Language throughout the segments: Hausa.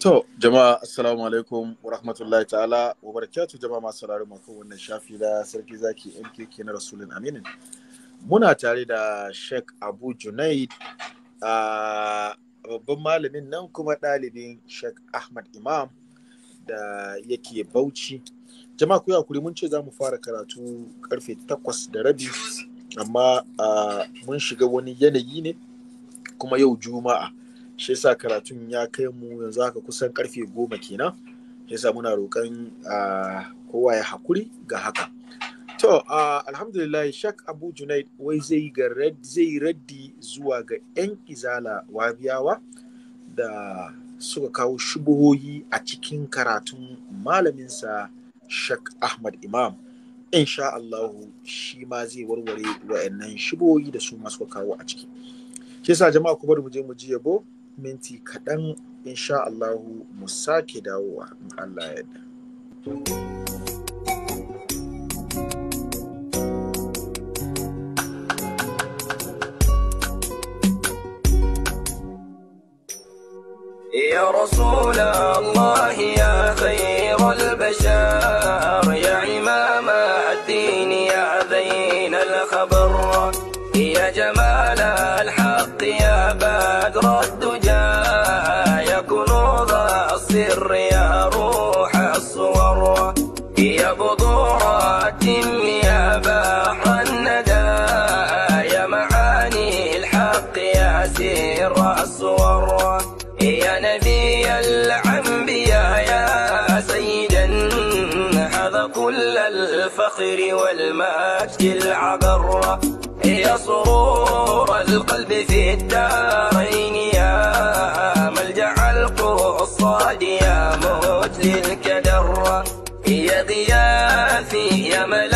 To, jama'a assalamu alaikum wa rahmatullahi ta'ala wa barakatuh jama'a masu sauraron mako wannan shafi da sarki zaki MKK na Rasulun Aminin. Muna tare da Sheikh Abu Junaid a babban malamin nan kuma ɗalibin Sheikh Ahmad Imam da yake Bauchi. Jama'a ku kuri mun ce za mu fara karatu karfe takwas da rabi amma mun shiga wani yanayi ne kuma yau Juma'a. shi yasa karatun ya kai mu yanzu haka kusan karfe goma kenan shi yasa muna roƙon kowa ya hakuri ga haka to alhamdulillah shak abu junaid wai zai ga zai raddi zuwa ga yan izala wabiyawa da suka kawo shubuhoyi a cikin karatun malaminsa shak ahmad imam insha Allahu shi ma zai warware wa'annan shubuhoyi da su ma suka kawo a ciki shi yasa jama'a ku da mu je mu ji yabo minti kaɗan insha Allahu mu sake dawowa in Allah ya يا رسول الله يا خير البشر سرور القلب في الدارين يا ملجأ القصاد يا موت للكدر يا غياثي يا ملا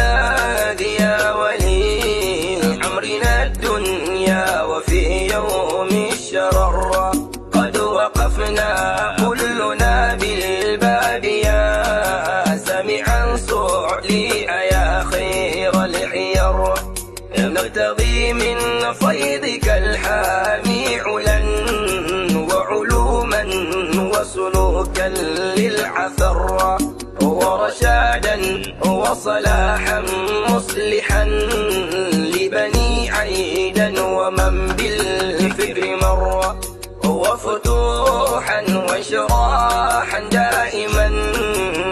صلاحا مصلحا لبني عيدا ومن بالفكر مر وفتوحا وشراحا دائما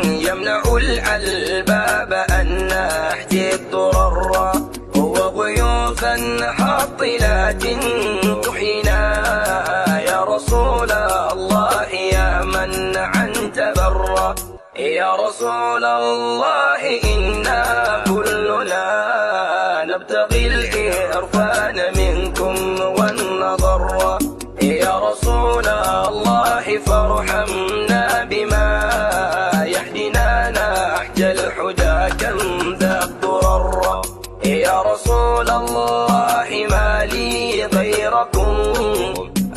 يمنع الألباب أن نحتي الضرر وغيوثا حاطلات يا رسول الله إنا كلنا نبتغي الإرفان منكم والنظر يا رسول الله فارحمنا بما يهدنا نحج الحجى كم ذا الضرر يا رسول الله ما لي غيركم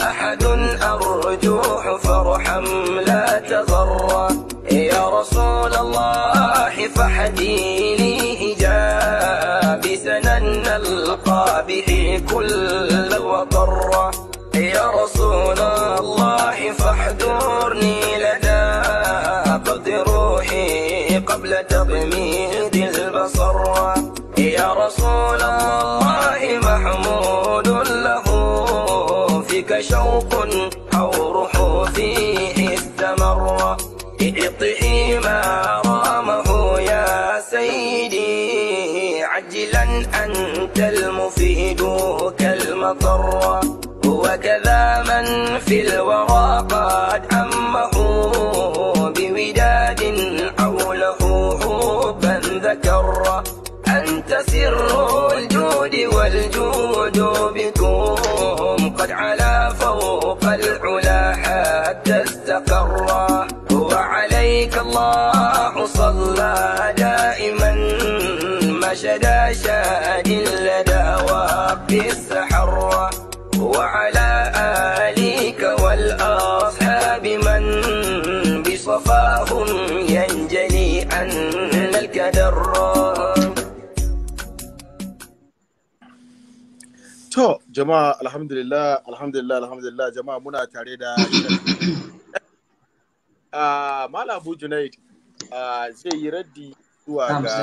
أحد أرجوح فارحم لا تغير فحدي لي إجابي سنلقى به كل وطر يا رسول الله فاحذرني لدى قد روحي قبل تضميد البصر يا رسول الله محمود له فيك شوق أو روح فيه استمر اطحي ما رام من في الورى قد أمه بوداد حوله حبا ذكر أنت سر الجود والجود بكم قد على فوق العلا حتى استقر وعليك الله صلى دائما مشدى شاد لدى وقت السحر وعلى آليك والأصحاب من بصفاهم ينجلي عنك درا To, jama'a alhamdulillah, alhamdulillah, alhamdulillah, jama'a muna tare da uh, ah, Mala Abu Junaid ah, zai yi raddi zuwa ga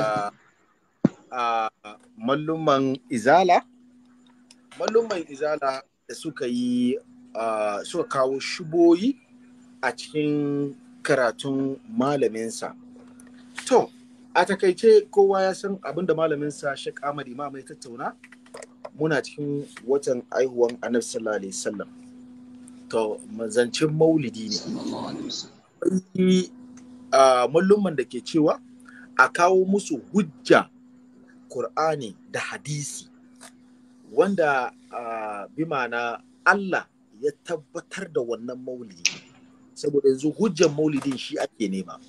ah, malluman izala. Malluman izala da suka yi suka kawo shiboyi a cikin karatun malaminsa to a takaice kowa ya san abin da malaminsa shi kama da ya tattauna muna cikin watan aihuwan Annabi sallallahu alaihi wasallam to mazancin maulidi ne mallumman da ke cewa a kawo musu hujja Kur'ani da hadisi wanda bima na Allah ya tabbatar da wannan maulidi saboda yanzu hujjar maulidin shi ake nema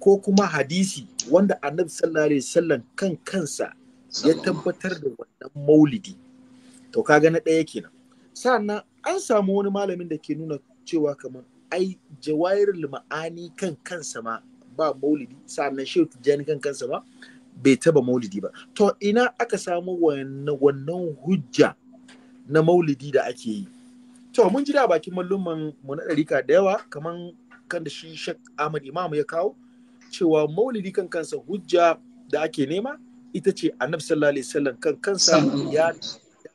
ko kuma hadisi wanda annabi sallallahu alaihi wasallam kan kansa ya tabbatar da wannan maulidi to kaga na ɗaya kenan sannan an samu wani malamin da ke nuna cewa kamar ai jawairul ma'ani kan kansa ma ba maulidi sannan shehu tijjani kan kansa ma bai taba maulidi ba to ina aka samu wannan hujja na maulidi da ake yi to mun ji da bakin malluman mu na ɗarika da yawa kamar kan da shi shek ahmad imam ya kawo cewa maulidi kan kansa hujja da ake nema ita ce annabi sallallahu alaihi wasallam kan kansa ya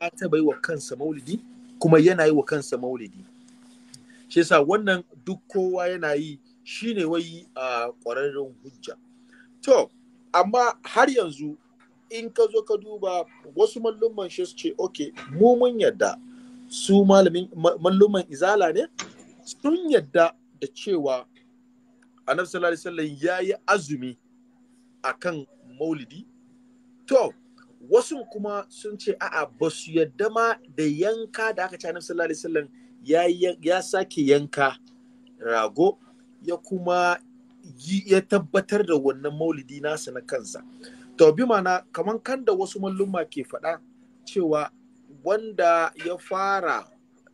ya taba yi wa kansa maulidi kuma yana yi wa kansa maulidi shi yasa wannan duk kowa yana yi shine wai a ƙwararren hujja to amma har yanzu in ka zo ka duba wasu malluman shi su ce ok mu mun yadda su malluman izala ne sun yadda da cewa annabi sallallahu alaihi ya yi azumi a kan maulidi to wasu kuma sun ce a'a ba su yadda ma da yanka da aka ci annabi sallallahu alaihi ya sake yanka rago ya kuma ya tabbatar da wannan maulidi nasa na kansa to bi mana kamar kan da wasu mallumma ke faɗa cewa wanda ya fara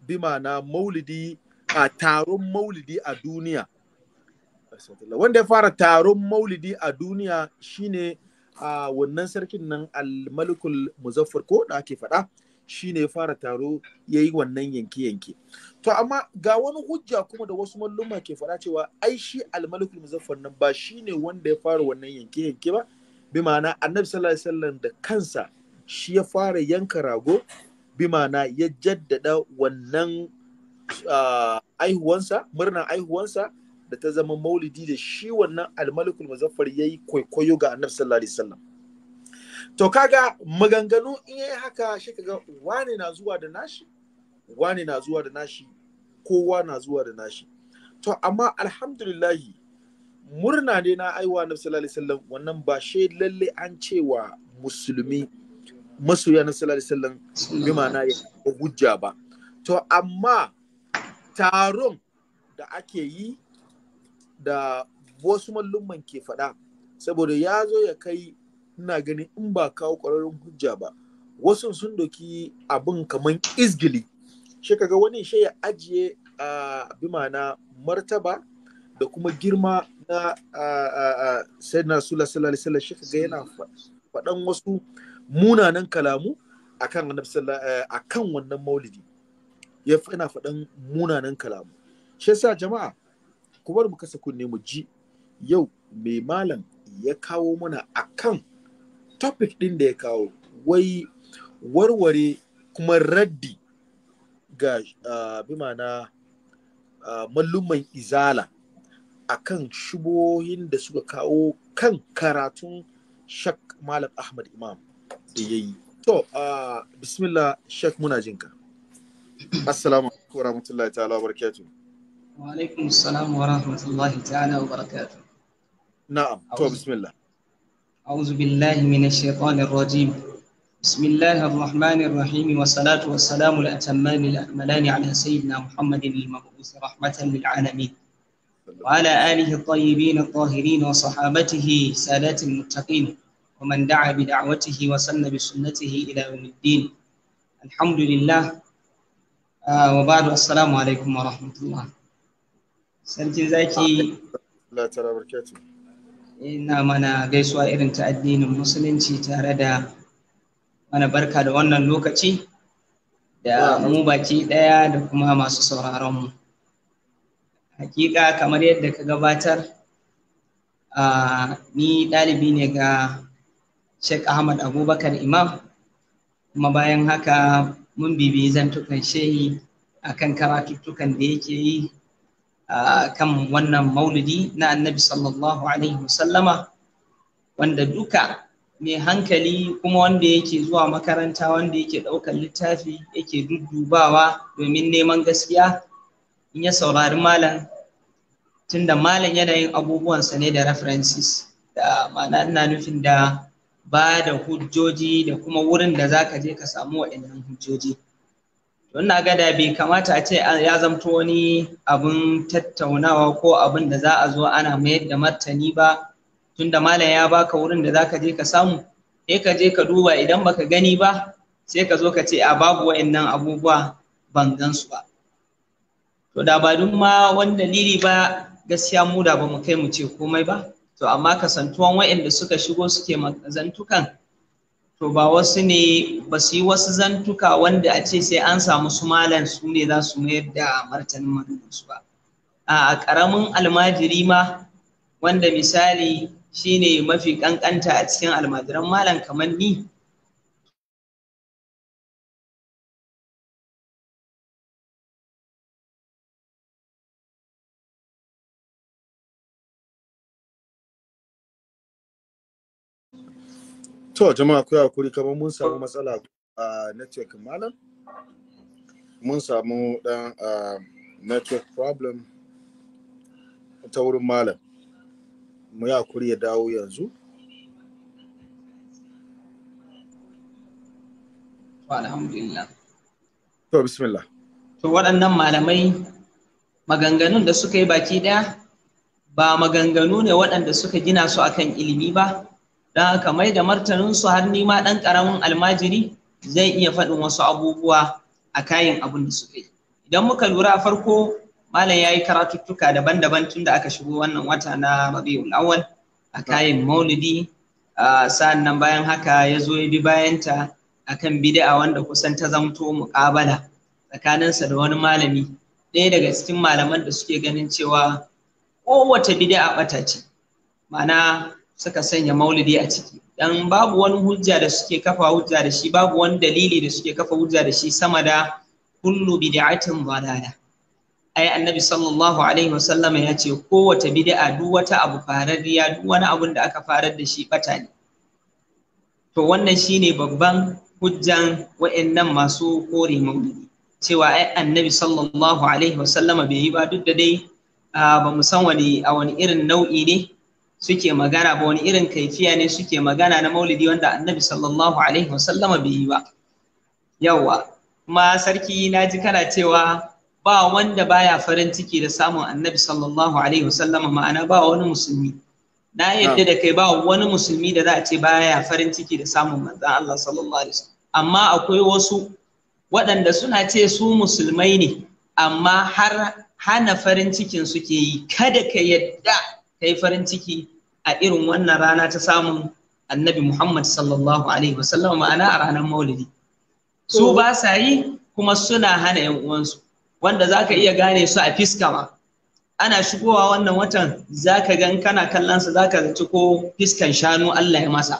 bi mana maulidi a taron maulidi a duniya wanda ya fara taron maulidi a duniya shine a wannan sarkin nan al-malikul muzaffar ko da ake faɗa shi ne fara taro ya yi wannan yanke-yanke. To amma ga wani hujja kuma da wasu malluma ke faɗa cewa ai shi almalikul muzaffar nan ba shi ne wanda ya fara wannan yanke-yanke ba bi ma'ana annabi sallallahu alaihi wasallam da kansa shi ya fara yanka rago bi ma'ana ya jaddada wannan ah, aihuwansa murnar aihuwansa da ta zama maulidi da shi wannan almalikul muzaffar ya yi kwaikwayo ga annabi sallallahu alaihi wasallam to kaga maganganu in yayi haka shi kaga wane na zuwa da nashi wane na zuwa da nashi kowa na zuwa da nashi to amma alhamdulillahi murna ne na aiwa na sallallahu alaihi wasallam wannan ba shi lalle an cewa musulmi masoya na sallallahu alaihi wasallam bi ma'ana ya hujja ba to amma taron da ake yi da wasu mallumman ke faɗa saboda ya zo ya kai ina ganin in ba kawo ƙwararrun hujja ba wasu sun doki abin kaman izgili shi kaga wani shi ya ajiye a bi ma'ana martaba da kuma girma na sayyidina sula sallallahu alaihi shi kaga yana faɗan wasu munanan kalamu akan eh, wannan maulidi ya yana faɗan munanan kalamu shi sa jama'a ku bar mu kasa kunne mu ji yau mai malam ya kawo mana akan topic ɗin da ya kawo wai warware kuma raddi ga uh, ah, bimana uh, ah, malluman izala a kan shubohin da suka kawo kan karatun shak malam ahmad imam da ya yi to uh, bismillah shak muna jinka assalamu alaikum rahmatullahi ta'ala wa barakatuh wa alaikum assalam wa rahmatullahi ta'ala wa barakatuh na'am to bismillah أعوذ بالله من الشيطان الرجيم بسم الله الرحمن الرحيم والصلاة والسلام الأتمان الأكملان على سيدنا محمد المبعوث رحمة للعالمين وعلى آله الطيبين الطاهرين وصحابته سادات المتقين ومن دعا بدعوته وسن بسنته إلى يوم الدين الحمد لله آه وبعد السلام عليكم ورحمة الله سنتي زكي لا ترى بركاته ina mana gaisuwa irin ta addinin musulunci tare da mana barka da wannan lokaci da mu baki ɗaya da kuma masu sauraron mu. Hakika kamar yadda ka gabatar, ni ɗalibi ne ga Sheikh Ahmad Abubakar Imam, kuma bayan haka mun bibi zantukan shehi akan karatuttukan da yake yi kan wannan maulidi na annabi sallallahu alaihi wasallama wanda duka mai hankali kuma wanda yake zuwa makaranta wanda yake ɗaukar littafi yake duddubawa domin neman gaskiya in ya saurari malam tunda malam yana yin abubuwansa ne da references da ma'ana ina nufin da ba da hujjoji da kuma wurin da za ka je ka samu waɗannan hujjoji ina ga da bai kamata a ce ya zamto wani abun tattaunawa ko abun da za a zo ana mayar da martani ba tunda malam ya baka wurin da za ka je ka samu sai ka je ka duba idan baka gani ba sai ka zo ka ce a babu wa'annan abubuwa ban gan su ba to da ba duk ma wani dalili ba gaskiya mu da ba mu kai mu ce komai ba to amma kasantuwan wa'anda suka shigo suke zantukan to ba wasu ne ba su yi wasu zantuka wanda a ce sai an samu su Malam su ne za su mayar da martanin su ba a ƙaramin almajiri ma wanda misali shine mafi ƙanƙanta a cikin almajiran malam kamar ni To jama'a ku kuri kamar mun samu matsala a network malam. Mun samu dan network problem ta wurin malam. Mu ya kuri ya dawo yanzu. Alhamdulillah. To bismillah. To waɗannan malamai maganganun da suka yi baki ɗaya ba maganganu ne waɗanda suka gina su akan ilimi ba. don haka mai da su har nima ɗan karamin almajiri zai iya faɗin wasu abubuwa a kayan abin da suka idan muka lura a farko malam ya yi karatuttuka daban-daban tun da aka shigo wannan wata na rabiul awwal a kayan maulidi sa'an nan bayan haka ya zo ya bi bayanta akan bid'a wanda kusan ta zamto muƙabala tsakaninsa da wani malami ɗaya daga cikin malaman da suke ganin cewa kowace bid'a ɓata ce mana suka sanya maulidi a ciki dan babu wani hujja da suke kafa hujja da shi babu wani dalili da suke kafa hujja da shi sama da kullu bid'atin dalala ai annabi sallallahu alaihi wasallam ya ce kowace bid'a duk wata abu farariya duk wani abun da aka farar da shi bata ne to wannan shine babban hujjan wa'annan masu kore maulidi cewa ai annabi sallallahu alaihi wasallam bai yi ba duk da dai ba mu san wani a wani irin nau'i ne suke magana ba wani irin kaifiya ne suke magana na maulidi wanda annabi sallallahu alaihi wasallama bai yi ba yawa kuma sarki na ji kana cewa ba wanda baya farin ciki da samun annabi sallallahu alaihi wasallama ma'ana ba wani musulmi na yadda da kai ba wani musulmi da za a ce baya farin ciki da samun manzon Allah sallallahu alaihi wasallam amma akwai wasu waɗanda suna ce su musulmai ne amma har hana farin cikin suke yi kada ka yadda kai farin ciki a irin wannan rana ta samun annabi Muhammad sallallahu alaihi wasallam ma'ana a ranar maulidi su ba sa yi kuma suna hana yan uwansu wanda ka iya gane su a fiska ma ana shigowa wannan watan "za ka gan kana kallon sa ka zaci ko fiskan shanu Allah ya masa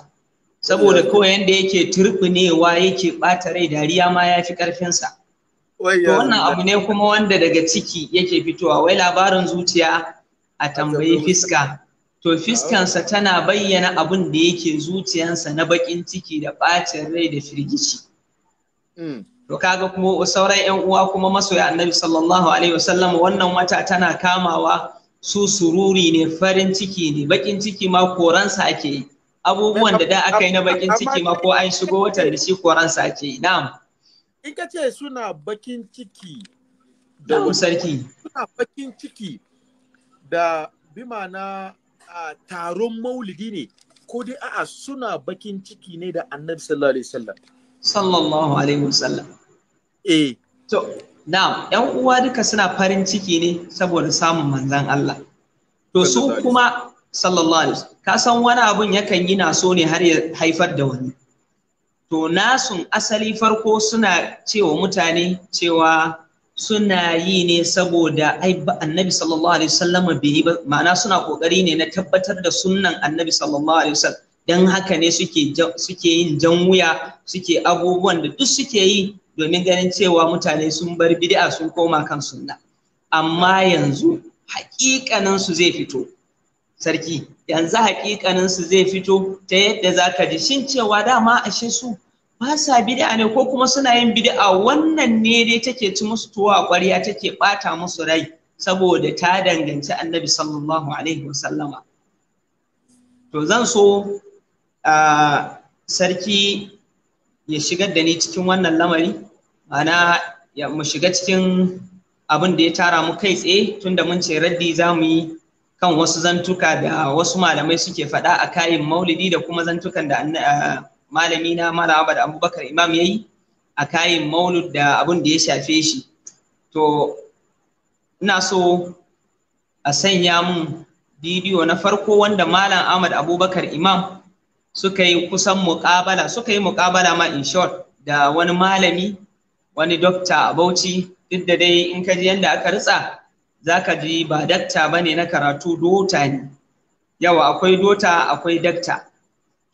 saboda kawai yanda yake turbinewa yake ɓata rai dariya ma yafi fi ƙarfinsa. wannan abu ne kuma wanda daga ciki yake fitowa wai labarin zuciya a tambayi fiska to fiskansa tana bayyana abin da yake zuciyansa na bakin ciki da ɓacin rai da firgici hmm. to kaga kuma sauran yan uwa kuma masoya annabi sallallahu alaihi wasallam wannan wata tana kamawa su sururi ne farin ciki ne bakin ciki ma koransa ake yi abubuwan da da aka yi na bakin ciki ma ko an shigo watan da shi koransa ake yi na'am in ka ce suna bakin ciki da sarki suna bakin ciki da bima na taron maulidi ne ko dai a'a suna bakin ciki ne da annabi sallallahu alaihi wasallam sallallahu alaihi wasallam eh to na, yan uwa duka suna farin ciki ne saboda samun manzan Allah to su kuma sallallahu alaihi wasallam ka san wani abun yakan yi na so ne har ya haifar da wani to nasun asali farko suna cewa mutane cewa suna yi ne saboda ai annabi sallallahu alaihi wasallam bai ba ma'ana suna kokari ne na tabbatar da sunnan annabi sallallahu alaihi wasallam dan haka ne suke suke yin jan wuya suke abubuwan da duk suke yi domin ganin cewa mutane sun bar bid'a sun koma kan sunna amma yanzu hakikanin su zai fito sarki yanzu hakikanin su zai fito ta yadda zaka ji shin cewa dama ashe su ba sa bid'a ne ko kuma suna yin bid'a wannan ne dai take ci musu tuwa ƙwarya take ɓata musu rai saboda ta danganci annabi sallallahu alaihi wasallama to zan so sarki ya shigar da ni cikin wannan lamari ana mu shiga cikin abin da ya tara mu kai tsaye tunda mun ce raddi za mu yi kan wasu zantuka da wasu malamai suke faɗa a kayan maulidi da kuma zantukan da malami na malam da abubakar imam yayi a kayin maulud da abun da ya shafe shi to ina so a sanya mun bidiyo na farko wanda malam ahmad abubakar imam suka yi kusan muƙabala suka yi muƙabala ma in short da wani malami wani dokta a bauchi duk da dai in ka ji yadda aka ritsa za ka ji ba dakta ba ne na karatu dota ne yawa akwai dota akwai dakta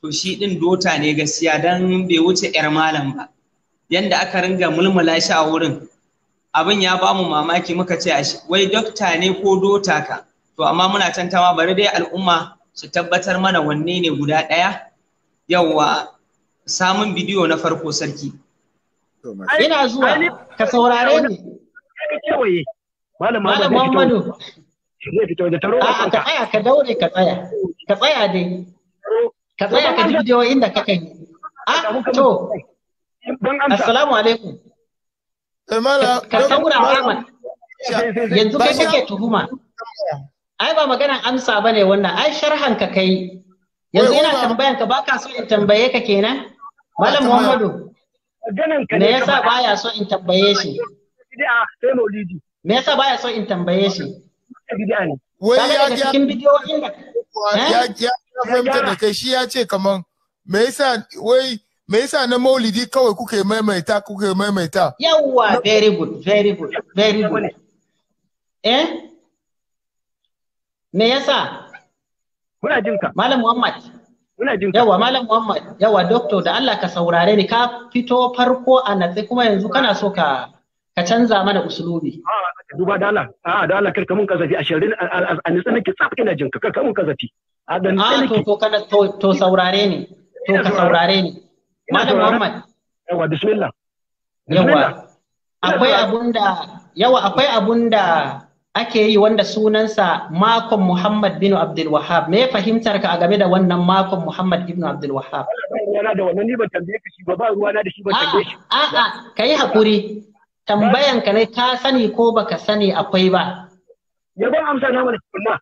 to shi din dota ne gaskiya dan bai wuce yar malam ba yanda aka ringa mulmula shi a wurin abin ya ba mu mamaki muka ce wai dokta ne ko dota ka to amma muna tantama bari dai al'umma su tabbatar mana wanne ne guda ɗaya yawwa samun bidiyo na farko sarki ina zuwa ka saurare ni malam Muhammadu zai fito da taro ka tsaya ka daure ka tsaya ka tsaya dai ka tsaya ka ji bidiyoyin da kakan yi a ah, to assalamu alaikum eh, ka saura Ahmad yanzu kai kake tuhuma ai ba maganan amsa bane wannan ai sharhan ka kai yanzu ina tambayan ka baka so in tambaye ka kenan malam Muhammadu me yasa baya so in tambaye shi me yasa baya so in tambaye shi wai ya ga cikin bidiyoyin da ya ya fahimta da kai shi ya ce kaman me yasa wai me yasa na maulidi kawai kuke maimaita kuke maimaita yawwa very good very good very good eh me yasa muna jin ka malam muhammad muna jin ka yawa malam muhammad yawa doctor da Allah ka saurare ni ka fito farko a natse kuma yanzu kana so ka ka canza mana usulubi ah, duba da Allah a ah, da Allah kar ka mun kazafi a shirin a nitsa nake tsaf ina jin ka kar ka mun kazafi a ah, to to kada to saurare ni to ka saurare ni malam Muhammad yawa bismillah yawa akwai abunda yawa akwai abunda ake yi wanda sunansa makon Muhammad bin Abdul Wahab me fahimtar ka a game da wannan makon Muhammad Bin Abdul Wahab ruwana ah, ah, ka yi ba hakuri tambayan ka ne ka sani ko baka sani akwai ba ya amsa na mana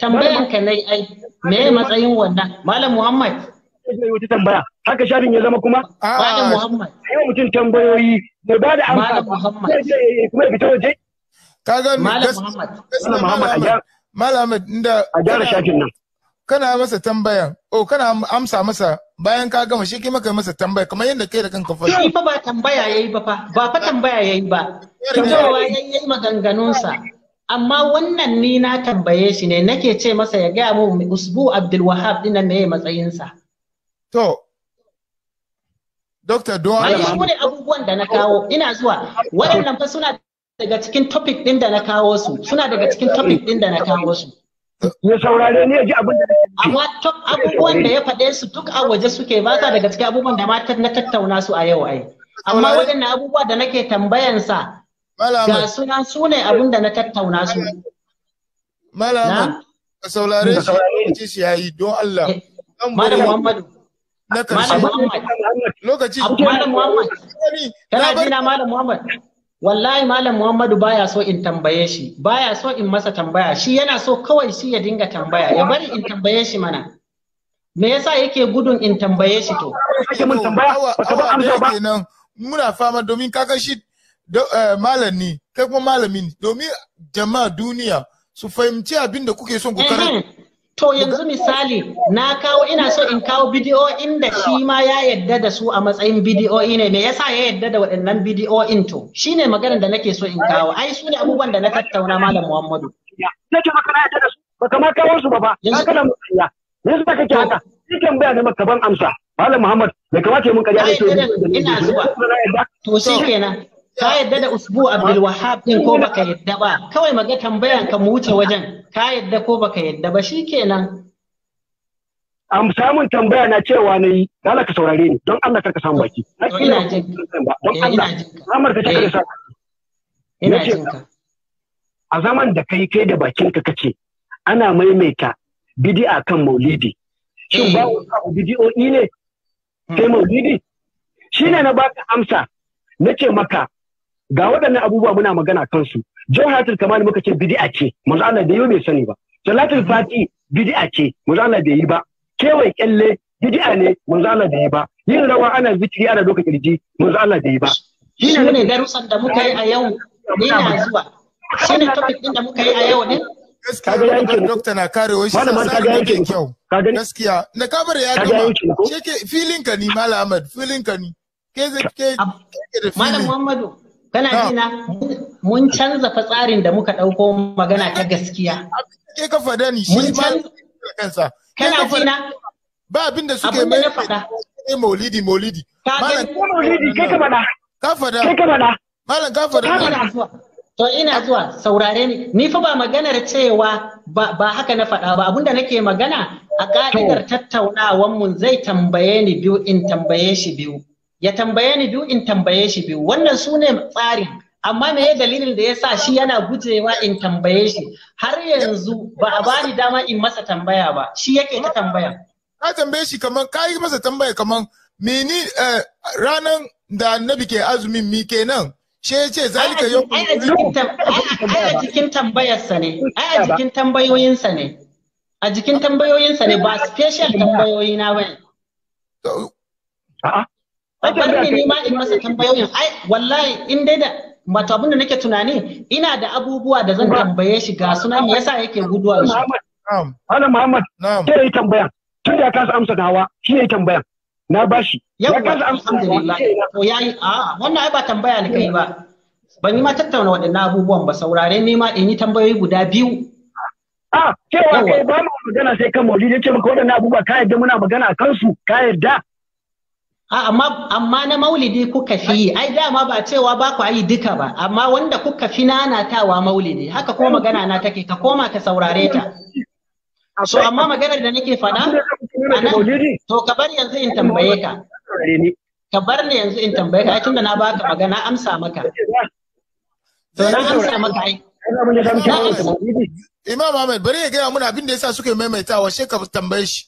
tambayan ka ne ai me matsayin wannan malam muhammad zai wuce tambaya haka shafin ya zama kuma malam muhammad sai mutum tambayoyi ne ba da amsa eh, kuma ya fita waje kaga malam muhammad malam muhammad malam inda a gyara shafin nan kana masa tambaya oh kana amsa masa bayan ka gama shi kai masa tambaya kamar yadda kai da kanka fa shi fa ba tambaya yayi ba fa ba fa tambaya yayi ba fitowa yayi maganganunsa amma wannan ni na tambaye shi ne nake ce masa ya gaya mu usbu abdul wahab dinan meye matsayinsa to Dr. Duwa Malam ne abubuwan da na kawo ina zuwa waɗannan fa suna daga cikin topic din da na kawo su suna daga cikin topic din da na kawo su ne saurare ne ji abin da amma abubuwan da ya faɗe su duk a waje suke ba sa daga cikin abubuwan da matar na tattauna su a yau ai amma waɗannan abubuwa da nake tambayansa ga suna su ne abin da na tattauna su malama ka saurare shi shi yayi don Allah eh, malam Muhammadu na karshe lokaci malam Muhammad kana jina malam Muhammad wallahi malam Muhammadu baya so in tambaye shi baya so in masa tambaya shi yana so kawai shi ya dinga tambaya ya bari in tambaye shi mana me yasa yake gudun in tambaye shi to kake mun tambaya ba ka ba amsa ba muna fama domin kaga shi Eh, malami kai kuma malami domin jama'a duniya su fahimci abin da kuke son ku mhm. karanta To yanzu misali na kawo ina so in kawo bidiyo'in da shi ma ya yadda da su a matsayin bidiyo ne me yasa ya yadda da waɗannan bidiyo'in to shine maganar da nake so in kawo ai su ne abubuwan da na tattauna malam Muhammadu na ce maka na yadda da su ba kamar kawo su ba ba haka da mutanya yanzu baka ke haka shi kan baya da maka ban amsa malam Muhammad bai kamata mun kaje da shi ina zuwa to shi kenan ka yadda da usbu abdul wahab din ko baka yadda ba kawai maga tambayan ka mu wuce wajen ka yadda ko baka yadda ba shikenan am samun tambaya na cewa na yi dala ka saurare ni don Allah kar ka samu baki ina jin don eh, Allah amar ka take da eh. sa ina jin a zaman da kai kai da bakin ka kace ana maimaita bid'a kan maulidi shin eh. ba wasu bid'o'i ne hmm. kai maulidi shine hmm. na baka amsa nace maka ga waɗannan abubuwa muna magana kansu jawharatul kamali muka ce bid'a ce manzo Allah bai yi bai sani ba salatul fati bid'a ce manzo Allah bai yi ba kewaye kyalle bid'a ne manzo Allah bai yi ba yin rawa ana zikiri ana doka kirji manzo Allah bai yi ba shine ne darussan da muka yi a yau ne na zuwa ne topic din da muka yi a yau ne gaskiya dokta na kare wai shi sa yanke kyau gaskiya na kabar ya gama shi ke filin ka ni malam ahmad filin ka ni ke ke malam muhammadu kana ji na mun canza fa tsarin da muka ɗauko magana ta gaskiya ke ka faɗa ni shi ma kansa kana ji na ba abin da suke mai faɗa eh, maulidi maulidi malam maulidi kai ka faɗa ka faɗa kai ka faɗa malam ka faɗa to ina zuwa saurare ni ni fa ba maganar cewa ba haka na faɗa ba abinda nake magana a ka'idar tattaunawanmu mun zai tambaye ni biyu in tambaye shi biyu ya tambaye ni biyu in tambaye shi biyu wannan su ne tsarin amma me ya dalilin da ya sa shi yana gujewa in tambaye shi har yanzu ba a bani dama in masa tambaya ba shi yake ta tambaya ka tambaye shi kaman ka yi masa tambaya kaman meni eh, ranan da annabi ke azumin mi kenan she ya ce zalika yau ai a jikin tambayarsa ne ai a jikin tambayoyinsa ne a jikin tambayoyinsa ne ba special tambayoyi na bane a'a Babbar ne nema in masa tambayoyin. Ai, wallahi in dai da abin da nake tunani ina da abubuwa da zan tambaye shi ga sunan me yasa yake guduwa shi. Hana Muhammad, ke yi tambaya. Tun da kasa amsa nawa, shi ne tambaya. Na bashi. Ya kasa amsa nawa. To a wannan ai ba tambaya ne kai ba. Ban yi ma tattauna waɗannan abubuwan ba saurare ni ma in yi tambayoyi guda biyu. A cewa kai ba mu magana sai kan maulidi ce maka waɗannan abubuwa ka yarda muna magana a kansu ka yarda amma amma na maulidi kuka fi yi ai dama ba cewa ba ku yi duka ba amma wanda kuka fi tawa maulidi haka kuma magana na take ka koma ka saurare ta so amma maganar da nake faɗa to ka bar yanzu in tambaye ka ka bar ni yanzu in tambaye ka tunda na baka magana amsa maka to na amsa maka ai Imam Ahmed bari ya gaya muna abin da yasa suka maimaitawa sai ka tambaye shi.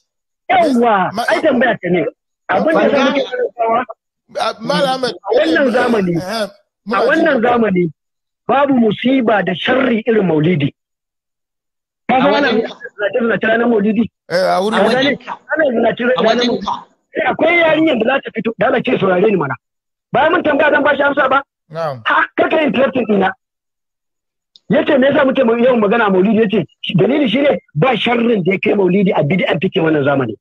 Yawwa, ai tambaya ta ne. abin da zamani a wannan eh, eh, zamani babu musiba da sharri irin maulidi ka ga wannan zinace na maulidi eh, a wurin akwai yarinyar da za ta fito da ke saurare ni mana bayan mun tambaya zan bashi amsa ba ha kaka interrupting dina yace me yasa muke yawan magana maulidi yace dalili shine ba sharrin da ya kai maulidi a bid'a fike wannan zamani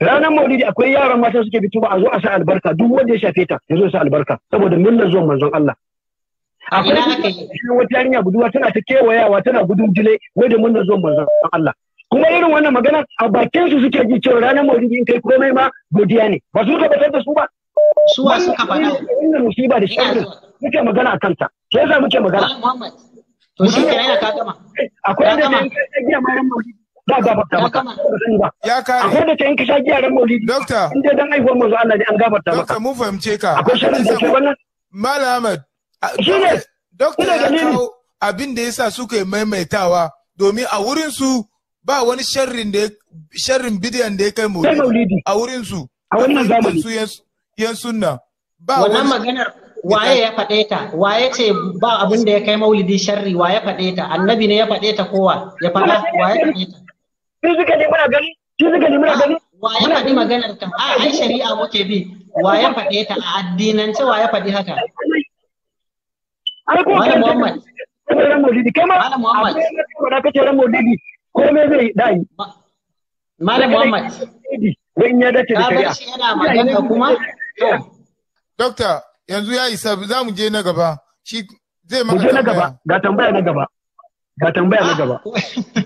ranar maulidi akwai yaran mata suke fito ba a zo a sa albarka duk wanda ya shafe ta ya zo sa albarka saboda milla zuwan manzon Allah akwai wata yarinya buduwa tana ta kewayawa tana gudun jile wai da milla zuwan manzon Allah kuma irin wannan magana a bakin su suke ji cewa ranar maulidi in kai komai ma godiya ne ba su tabbatar da su ba su wa suka faɗa wannan musiba da sharri muke magana akan ta sai yasa muke magana to shi ne ka gama akwai da kai gina ma ran maulidi ya kare akwai da doctor doctor mun fahimce ka akwai ahmad ya kawo abin da yasa suka yi maimaitawa domin a wurin ba wani sharrin da da ya kai maulidi a wurin su a wannan waye ya faɗe ta waye ce ba abin ya kai maulidi sharri waye faɗe ta annabi ne ya faɗe ta kowa ya faɗa waye faɗe ta physically muna gani physically muna gani wa ya faɗi maganar ta a ai shari'a muke bi wa ya faɗe ta a addinance wa ya faɗi haka Malam Muhammad Malam Muhammad komai zai dai Malam Muhammad don ya dace da shari'a yana magana kuma Dokta yanzu ya isa za mu je na gaba shi zai maka na gaba ga tambaya na gaba ga tambaya na gaba ah,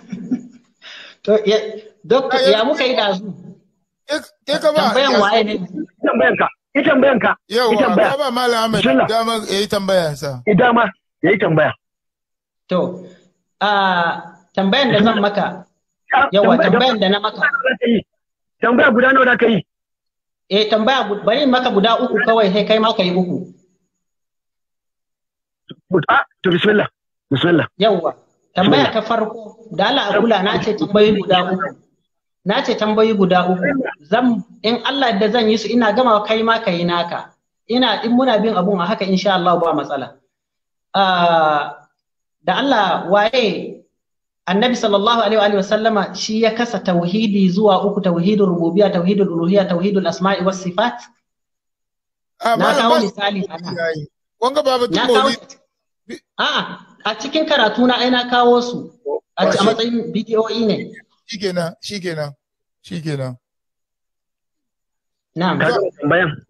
To, ya muka yi ɗazu? Tambayan waye ne? Tambayan ka, yi tambayan ka. Yau, ba ba Malam Ahmed dama ya yi tambaya sa. Dama ya yi tambaya. To, tambayan da zan maka. Yawa, tambayan da na maka. Tambaya guda nawa da ka yi? E, tambaya bari maka guda uku kawai sai kai ma ka yi uku. Ah, to, bismillah, bismillah. Yawwa. tambaya ta farko da Allah a kula na ce tambayi guda uku na ce tambayi guda uku zan in Allah da zan yi su ina gama kai ma ka yi naka ina in muna bin abun a haka insha Allah ba matsala ah, da Allah waye annabi sallallahu alaihi wa sallama shi ya kasa tauhidi zuwa uku tauhidul rububiyya tauhidul uluhiyya tauhidul asma'i was sifat ah, na kawo misali a nan. babu tumozi a'a a cikin karatu na aina kawo su a matsayin bidiyoyi e ne shikenan shikenan shikenan Na'am.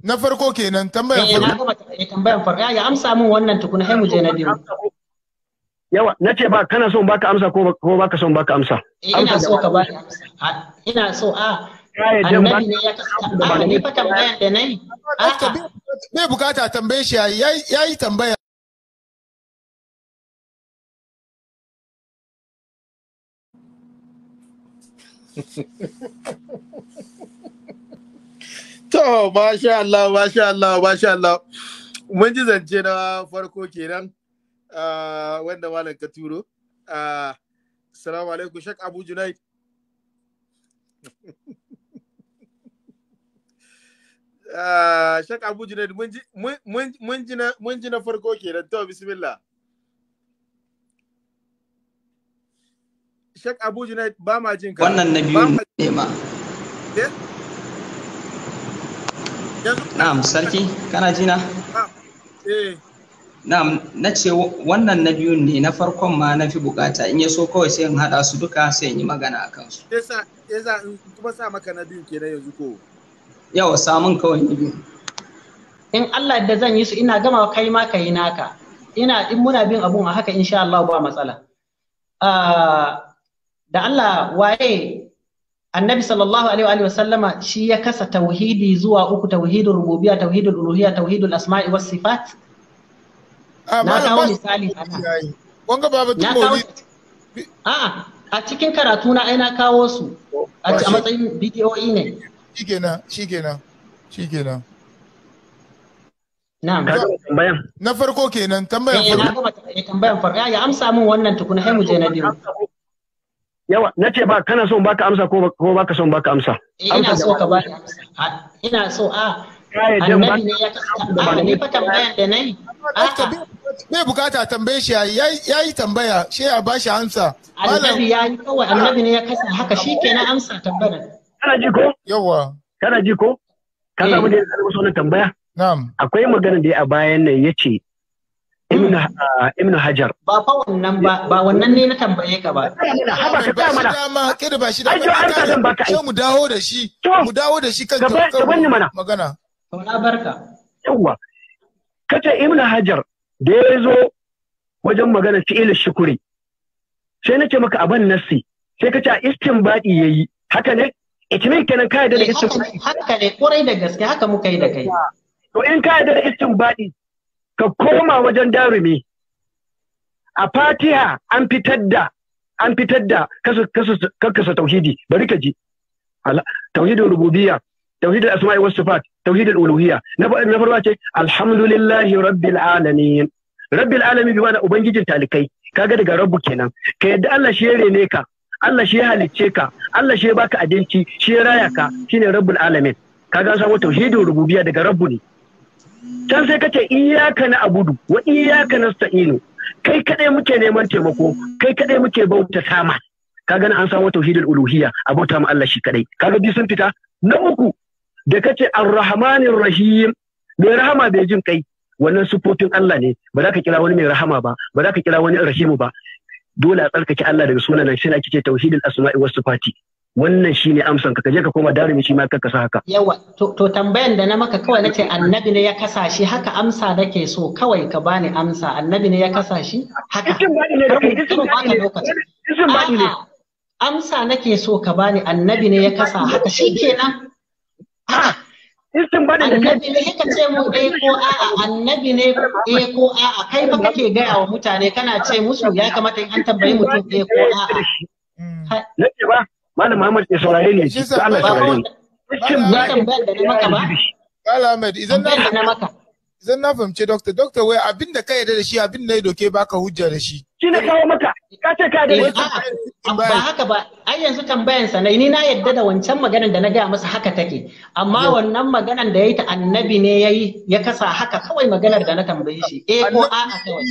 Na farko kenan tambayan eh, farko. Eh tambayan farko. Ya amsa min wannan tukuna sai mu je na biyu. Yawa, na ce ba kana son baka amsa ko ko baka son baka amsa. Eh, ina so ka ba ina so a Annabi ne ya kasance ne fa tambayar da nayi. Bai bukata tambaye shi yayi yayi tambaya. to masha Allah masha Allah masha Allah mun ji zance na farko kenan ah, wanda malam ka turo ah, assalamu alaikum shak abu junaid ah, shak abu junaid mun ji na farko kenan to bismillah Shek Abu Junaid ba ma jin ka. Wannan na biyu ne ma. Eh? Na'am sarki kana ji na? Na'am eh. na ce wannan na biyun ne na farkon ma na fi bukata in ya so kawai sai in haɗa su duka sai in yi magana a kansu. Yasa yasa in kuma sa maka na biyun kenan yanzu ko. Yawa samun kawai na biyun. In Allah da zan yi su ina gama kai ma ka yi naka. Ina in muna bin abun a haka insha Allah ba matsala. Uh, da Allah waye annabi sallallahu alaihi wa sallama shi ya kasa tauhidi zuwa uku tauhidul rububiyya tauhidul uluhiyya tauhidul asma'i was sifat ah, na kawo misali ana wanga babu tumori a a cikin karatu na ai na kawo su a matsayin bidiyoyi ne shikenan shikenan shikenan Na'am. Na farko kenan tambayar farko. Eh na gama tambayar farko. Ya amsa min wannan tukuna sai mu je na biyu. yawa na ce ba kana son baka amsa ko baka son baka amsa eh, ina so ah, ka ba ina so a annabi ne ya ah, ni fa tambayan da ah, bukata tambaye shi ya yi tambaya shi ya ba shi amsa annabi ya yi kawai annabi ne ya kasa haka shi ke na amsa tambaya kana ji ko yawa kana ji ko ka samu eh. da ya zama tambaya na'am akwai magana da ya a bayan nan ya ce ibn hajar ba fa wannan ba ba wannan ne na tambaye ka ba haba ka tsaya mana dama kada ba shi da ka zan baka ai mu dawo da shi mu dawo da shi kan gaban mana magana to na barka yawa kace ibn hajar da ya zo wajen magana fi'il shukuri sai nake maka aban nasi sai kace istinbadi yayi haka ne itimin kenan kai da eh, istinbadi haka ne kurai da gaske haka muka yi da kai to in ka yarda da istinbadi ka koma wajen darumi a fatiha an fitar da an fitar da kakkasa tauhidi bari ka ji tauhidin rububiyya tauhidin asma'i was sifat tauhidin uluhiyya na farko ce alhamdulillahi rabbil alamin rabbil alamin bi na ubangijin talikai kaga daga rabbu kenan ka yadda Allah shi ya rene ka Allah shi ya halicce ka Allah shi ya baka abinci shi ya raya ka shi ne rabbul alamin kaga samu tauhidin rububiyya daga rabbu ne can sai kace iyaka na abudu wa iyaka nasta'inu kai kadai muke neman taimako kai kadai muke bauta sama gani an samu tauhidul uluhiyya a bauta ma Allah shi kadai kaga bi sun fita na uku da kace arrahmanir rahim mai rahama bai jin kai wannan sufofin Allah ne ba za ka kira wani mai rahama ba ba za ka kira wani rahimu ba dole a tsarkake Allah daga sunanan shi ne ake ce tauhidul asma'i was sifati wannan shi ne amsan ka je ka koma darimi shi ma ka sa haka yawa to tambayan da na maka kawai na ce annabi ne ya kasa shi haka amsa nake so kawai ka bani amsa annabi ne ya kasa shi haka amsa nake so ka bani annabi ne ya kasa haka shi nan! annabi ne ya ce mu eh ko a'a annabi ne eh ko a'a kai fa kake gaya wa mutane kana ce musu ya kamata in an tambayi mutum eh ko a'a Malam Muhammad ya saurare ni. Allah ya saurare ni. Shin ba ka Kala Ahmed idan na maka. idan na fahimce doctor doctor wai abin da ka yarda da shi abin da ya doke baka hujja da shi. Shi ne kawo maka ka ce ka da ba haka ba ai yanzu tambayan sa ni na yarda da wancan maganar da na gaya masa haka take amma wannan maganar da yayi ta annabi ne yayi ya kasa haka kawai maganar da na tambaye shi eh ko a'a kawai.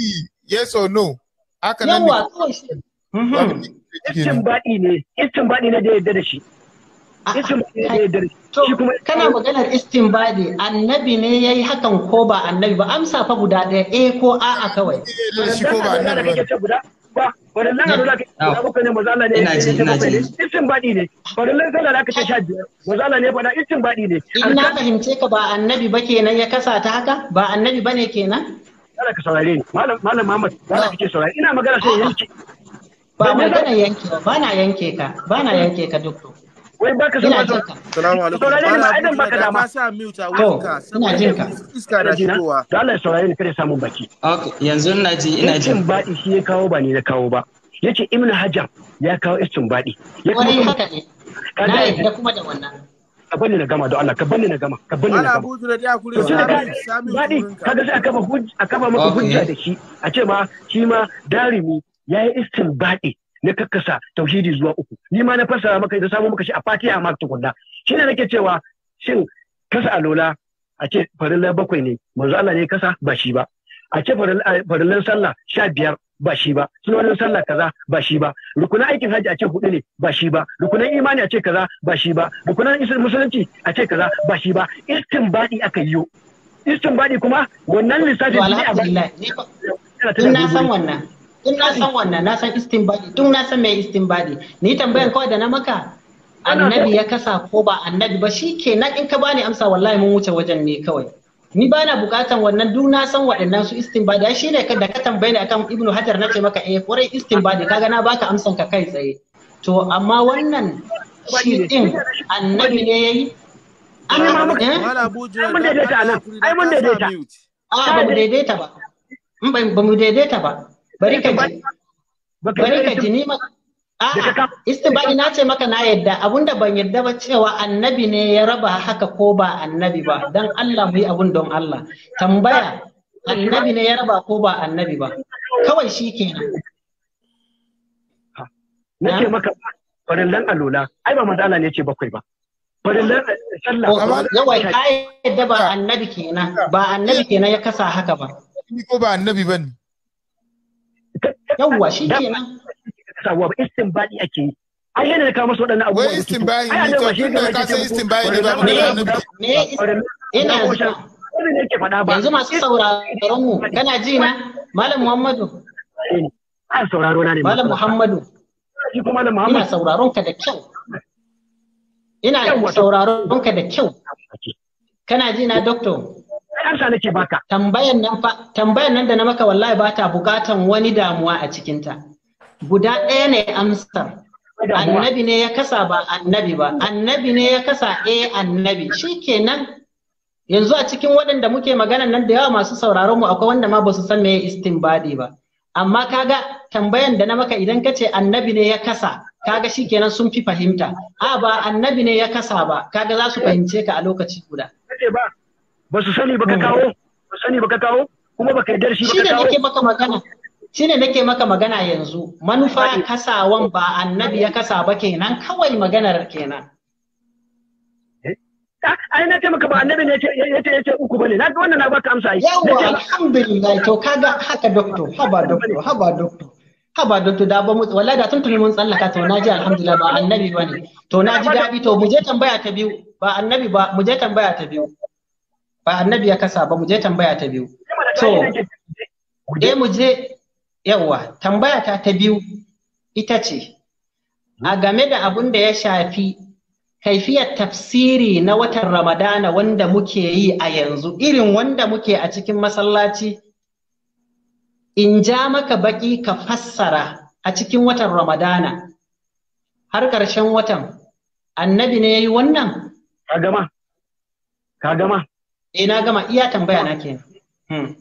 Yes or no. Haka nan ne. Yawa kawai shi. istinbadi ne istinbadi ne da yadda ah, da shi To, kana maganar istinbadi annabi ne ya yi hakan ko ba annabi ba amsa fa guda ɗaya eh ko a'a kawai. Eh, a dole ina da na fahimce ka ba annabi ba kenan ya kasa ta haka ba annabi ba ne kenan kada ka saurare ni malam Muhammad kada saurare ina magana sai yanki ba magana yanke ba na yanke ka ba na yanke ka duk wai baka so ma salamu alaikum saurare ma idan baka da ma sa mute a wurinka ina jin ka iska da shigowa to Allah ni kada samu baki okay yanzu ina ji ina jin baɗi shi ya kawo ba ni na kawo ba yace ibnu hajar ya kawo istin baɗi ya kuma haka ne na yadda kuma da wannan ka bani na gama don Allah ka bani na gama ka bani na gama to tunda baɗi kaga sai a kafa a kafa maka hujja da shi a ce ma shi ma darimi ya yi baɗi na kakkasa tauhidi zuwa uku ni ma na fassara maka da samu maka shi a fatiha ma tukunna ne nake cewa shin kasa alola a ce farilla bakwai ne manzo Allah ne kasa ba shi ba a ce farillan sallah sha biyar ba shi ba sunanin sallah kaza ba shi ba rukunan aikin hajji a ce hudu ne ba shi ba rukunan imani a ce kaza ba shi ba rukunan musulunci a ce kaza ba shi ba baɗi aka yi baɗi kuma wannan lissafin ne a ba na san wannan Duk na san wannan, na san istinbadi, duk na san mai istinbadi. Ni tambayan kawai da na maka annabi ya kasa ko ba annabi ba shi ke na in ka bani amsa wallahi mun wuce wajen ne kawai. Ni ba na bukatan wannan duk na san waɗannan su istinbadi shi ne da ka tambaye ni akan Ibn Hajar na ce maka eh kwarai istinbadi kaga na baka amsan ka kai tsaye. To amma wannan shi din annabi ne yayi An ma mun daidaita nan. Ai mun daidaita. A ba mu daidaita ba. Ba mu daidaita ba. Eh, bari ka ji bari ka ji ni ma a'a na ce maka na yadda abunda ban yadda ba cewa annabi ne ya raba haka ko ba annabi ba dan Allah mu yi abun don Allah tambaya annabi ne ya raba ko ba annabi ba kawai shi kenan ce maka farillan alula ai ba manzo Allah ne ce bakwai ba farillan sallah oh, yawa kai da ba annabi kenan ba annabi kenan ya kasa haka ba ni ko ba annabi bane yawwa shi kenan sawa ba ake ai yana da kawo waɗannan abubuwa wai ne to ka san ne ba ne ina yanzu masu sauraron mu kana ji na malam muhammadu sauraro na ne malam muhammadu ina sauraron ka da kyau ina sauraron ka da kyau kana ji na doctor ansa nake baka tambayan nan fa tambayan nan da na maka wallahi ba ta bukatan wani damuwa a cikin ta guda ɗaya ne amsar annabi ne ya kasa ba annabi ba annabi ne ya kasa eh annabi shikenan yanzu a cikin waɗanda muke magana nan da yawa masu sauraron mu akwai wanda ma ba su san meye istinbadi ba amma kaga tambayan da na maka idan ka ce annabi ne ya kasa kaga kenan sun fi fahimta a ba annabi ne ya kasa ba kaga za su fahimce ka a lokaci guda ba su sani ba ka mm. kawo ba sani ba ka kawo kuma ba ka yarda shi ba ka kawo shine nake maka magana shine nake maka magana yanzu manufa kasawan ba annabi ya kasa ba kenan kawai maganar kenan eh? ah, ai na maka ba annabi ne ya ce ce uku bane na wannan na baka amsa ai yawa alhamdulillah to kaga haka doctor haba doctor haba doctor haba doctor da ba mu wallahi da tuni mun tsallaka to naji alhamdulillah ba annabi bane to naji gabi to mu je tambaya ta biyu ba annabi ba mu je tambaya ta biyu ba annabi ya kasa ba mu je tambaya ta biyu to eh mu je yawa tambaya ta ta biyu ita ce a game da abun da ya shafi kaifiyar tafsiri na watan ramadana wanda muke yi a yanzu irin wanda muke a cikin masallaci in ja maka baki ka fassara a cikin watan ramadana har ƙarshen watan annabi ne ya yi wannan? Ka gama, ka gama. eh na gama iya tambaya na kenan hmm.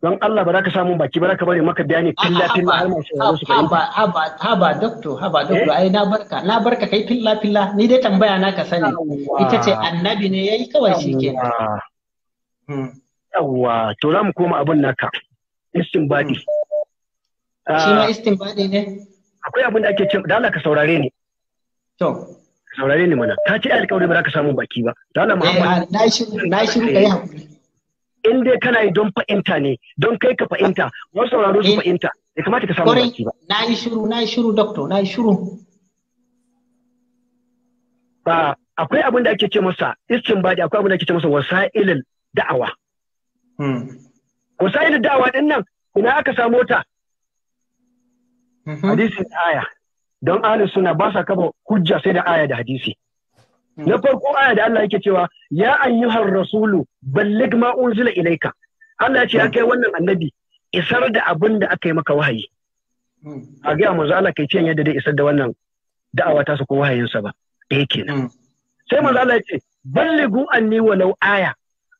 don Allah ba za ka samu baki ba za ka bari maka bayani filla filla har mai shawarar su fahimta. Haba haba haba dokto eh? ai na barka na barka kai filla filla ni dai tambaya na ka sani ita ce annabi ne yayi kawai shi ke. Hmm. Yawwa to za mu koma abin naka istinbadi. Hmm. Shi ma istinbadi ne? Akwai abin da ake cewa da Allah ka saurare ni. To. saurare ni mana ka ce alƙawari ba za ka samu baki ba dala eh, muhammad na shiru kai hakuri in dai kana yi don fa'inta ne don kai ka fa'inta wasu sauraro su eh, fa'inta ya kamata ka samu baki ba na yi shiru na yi shiru doctor na yi shiru ba akwai abin da ake ce masa istinbadi akwai abin da ake ce masa wasa'ilil da'awa hmm. wasa'ilil da'awa din nan ina aka samu ta mm-hmm. hadisin aya don ahlus suna ba sa kafa hujja sai da aya da hadisi hmm. na farko aya da Allah yake cewa ya ayyuhar rasulu ballig ma unzila ilaika Allah ya ce ya kai wannan annabi isar da abin da aka yi maka wahayi hmm. a gaya manzo Allah kai ce yadda dai isar da wannan da'awa ta su ko wahayinsa ba da eh, yake hmm. sai manzo Allah ya ce balligu anni walau aya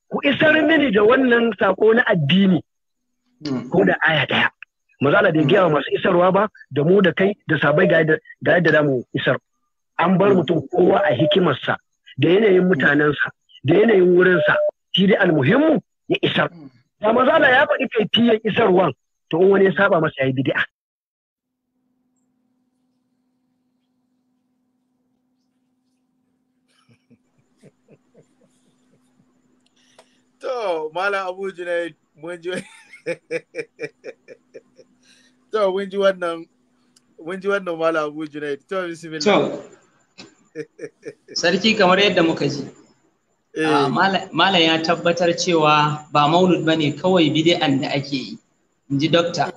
ku isar mini da wannan sako na addini ko da aya daya mazala bai gaya masu isarwa ba da mu da kai da sabai ga yadda da mu isar an bar mutum kowa a hikimarsa da yanayin mutanensa da yanayin wurinsa shi dai almuhimmu ya isar da mazala ya faɗi kaifiyan isarwan to in wani ya saba masa yayi bid'a to malam abu junaid mun to mun ji wannan mun ji wannan mala abu junaid to bismillah to sarki kamar yadda muka ji eh. ah, malam ya tabbatar cewa ba maulud bane kawai bid'an da ake yi inji dokta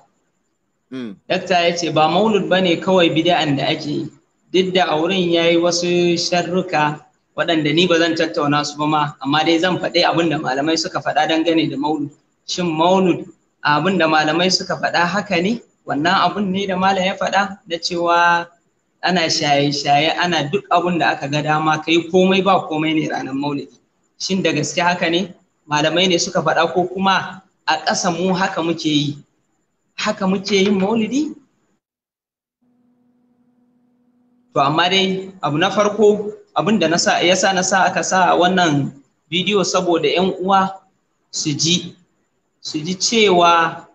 hmm. Dokta ya ce ba maulud bane kawai bid'an da ake yi duk da a wurin ya yi wasu sharruka waɗanda ni ba zan tattauna su ba ma amma dai zan faɗi abin da malamai suka faɗa dangane da maulud shin maulud abin da malamai suka faɗa haka ne wannan abun ne da malam ya faɗa na cewa ana shaye-shaye ana duk abun da aka ga dama kai komai ba komai ne ranar maulidi shin da gaske haka ne malamai ne suka faɗa ko kuma a ƙasa mu haka muke yi haka muke yin maulidi to amma dai abu na farko abin da ya sa na sa aka sa wannan bidiyo saboda 'yan uwa su ji su ji cewa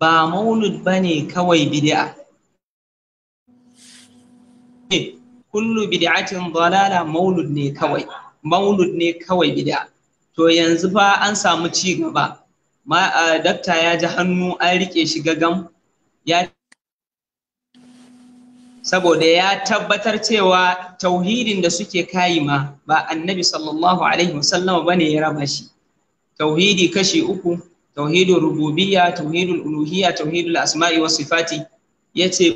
ba maulud ba ne kawai bid'a eh, kullu bid'atin dalala maulud ne kawai maulud ne kawai bid'a to yanzu fa an samu ci gaba ma dakta ya ji hannu an rike shi gagam ya saboda ya tabbatar cewa tauhidin da suke kayi ma ba annabi sallallahu alaihi wasallam bane ya raba shi tauhidi kashi uku tauhidul rububiyya tauhidul uluhiyya tauhidul asma'i was sifati yace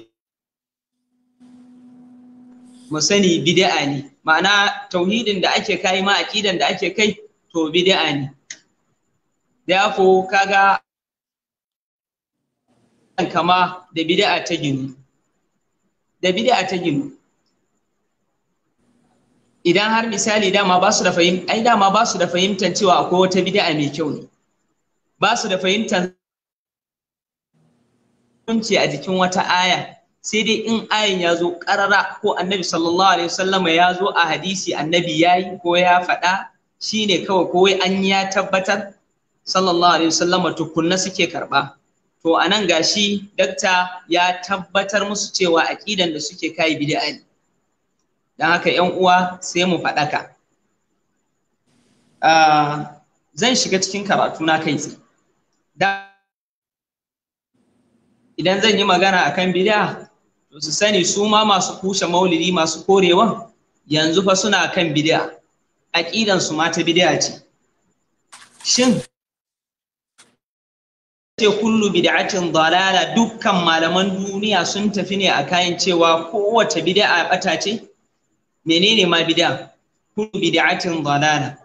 mu sani bid'a ne ma'ana tauhidin da ake kai ma aqidan da ake kai to bid'a ne therefore kaga kama da bid'a ta ginu da bid'a ta ginu idan har misali dama ba su da fahimta ai dama ba su da fahimtar cewa akwai wata bid'a mai kyau ne ba su da fahimta ce a jikin wata aya sai dai in ayan ya zo ƙarara ko annabi sallallahu alaihi wasallama ya zo a hadisi annabi ya yi ko ya faɗa shine kawai ko an ya tabbatar sallallahu alaihi wasallama tukunna suke karɓa to a nan shi dakta ya tabbatar musu cewa aƙidan da suke kai bid'a ne don haka yan uwa sai mu faɗaka ah, zan shiga cikin karatu na kai tsaye idan zan yi magana akan bid'a to su sani su ma masu kushe maulidi masu korewa? yanzu fa suna kan bid'a aqidan su ma ta bid'a ce shin ce kullu bid'atin dalala dukkan malaman duniya sun tafi ne a kayan cewa kowace bid'a bata ce menene ma bid'a kullu bid'atin dalala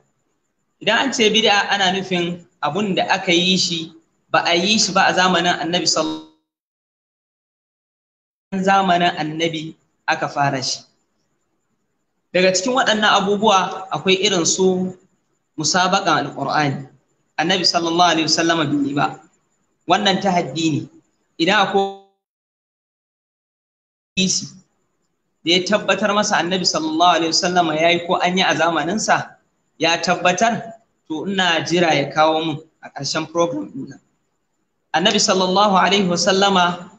idan an ce bid'a ana nufin abun da aka yi shi ba a yi shi ba a zamanin annabi sallallahu zamanin annabi aka fara shi daga cikin waɗannan abubuwa akwai irin su musabaqa alƙur'ani annabi sallallahu alaihi wasallama bin ba wannan tahaddi ne idan akwai da ya tabbatar masa annabi sallallahu alaihi wasallama ya ko an yi a zamaninsa ya tabbatar to ina jira ya kawo mun a ƙarshen program ɗin annabi sallallahu alaihi wasallama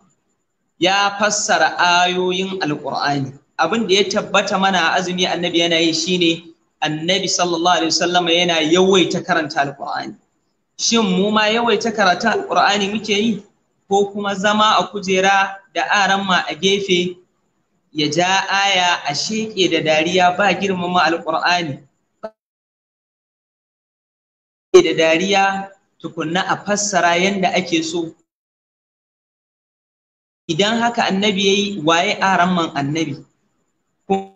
ya fassara ayoyin Alƙur'ani. abin da ya tabbata mana azumi annabi yana yi shine annabi sallallahu alaihi wasallama yana yawaita karanta alqur'ani shin mu ma yawaita karanta alqur'ani muke yi ko kuma zama a kujera da aranma a gefe ya ja aya a sheƙe da dariya ba girmama alqur'ani da dariya tukunna a fassara yanda ake so idan haka annabi yayi waye aramman annabi ko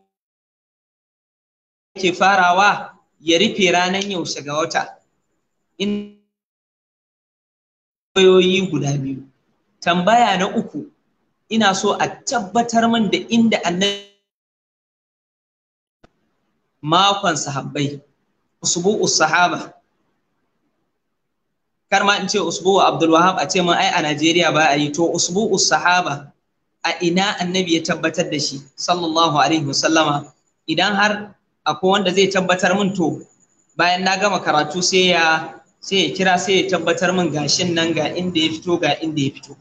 ke farawa ya rufe ranar yaushe ga wata in koyoyi guda biyu tambaya na uku ina so a tabbatar min da inda annabi makon sahabbai usbu'us sahaba kar ma in ce usbu'u Abdul Wahab a ce mun ai a Najeriya ba a yi to usbu'u sahaba a ina annabi ya tabbatar da shi sallallahu alaihi wasallama idan har akwai wanda zai tabbatar min to bayan na gama karatu sai ya sai ya kira sai ya tabbatar min gashin nan ga inda ya fito ga inda ya fito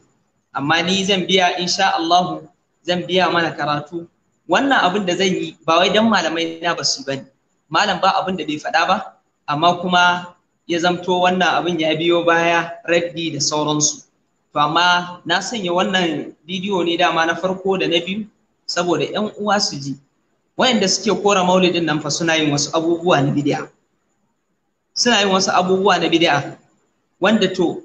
amma ni zan biya insha Allah zan biya mana karatu wannan abin da zan yi ba wai dan malamai na basu bane malam ba abin da bai faɗa ba amma kuma ya zamto wannan abin ya biyo baya raddi da sauransu to amma na sanya wannan bidiyo ne dama na farko da na biyu saboda yan uwa su ji wayanda suke kora maulidin nan fa suna yin wasu abubuwa na bid'a suna yin wasu abubuwa na bid'a wanda to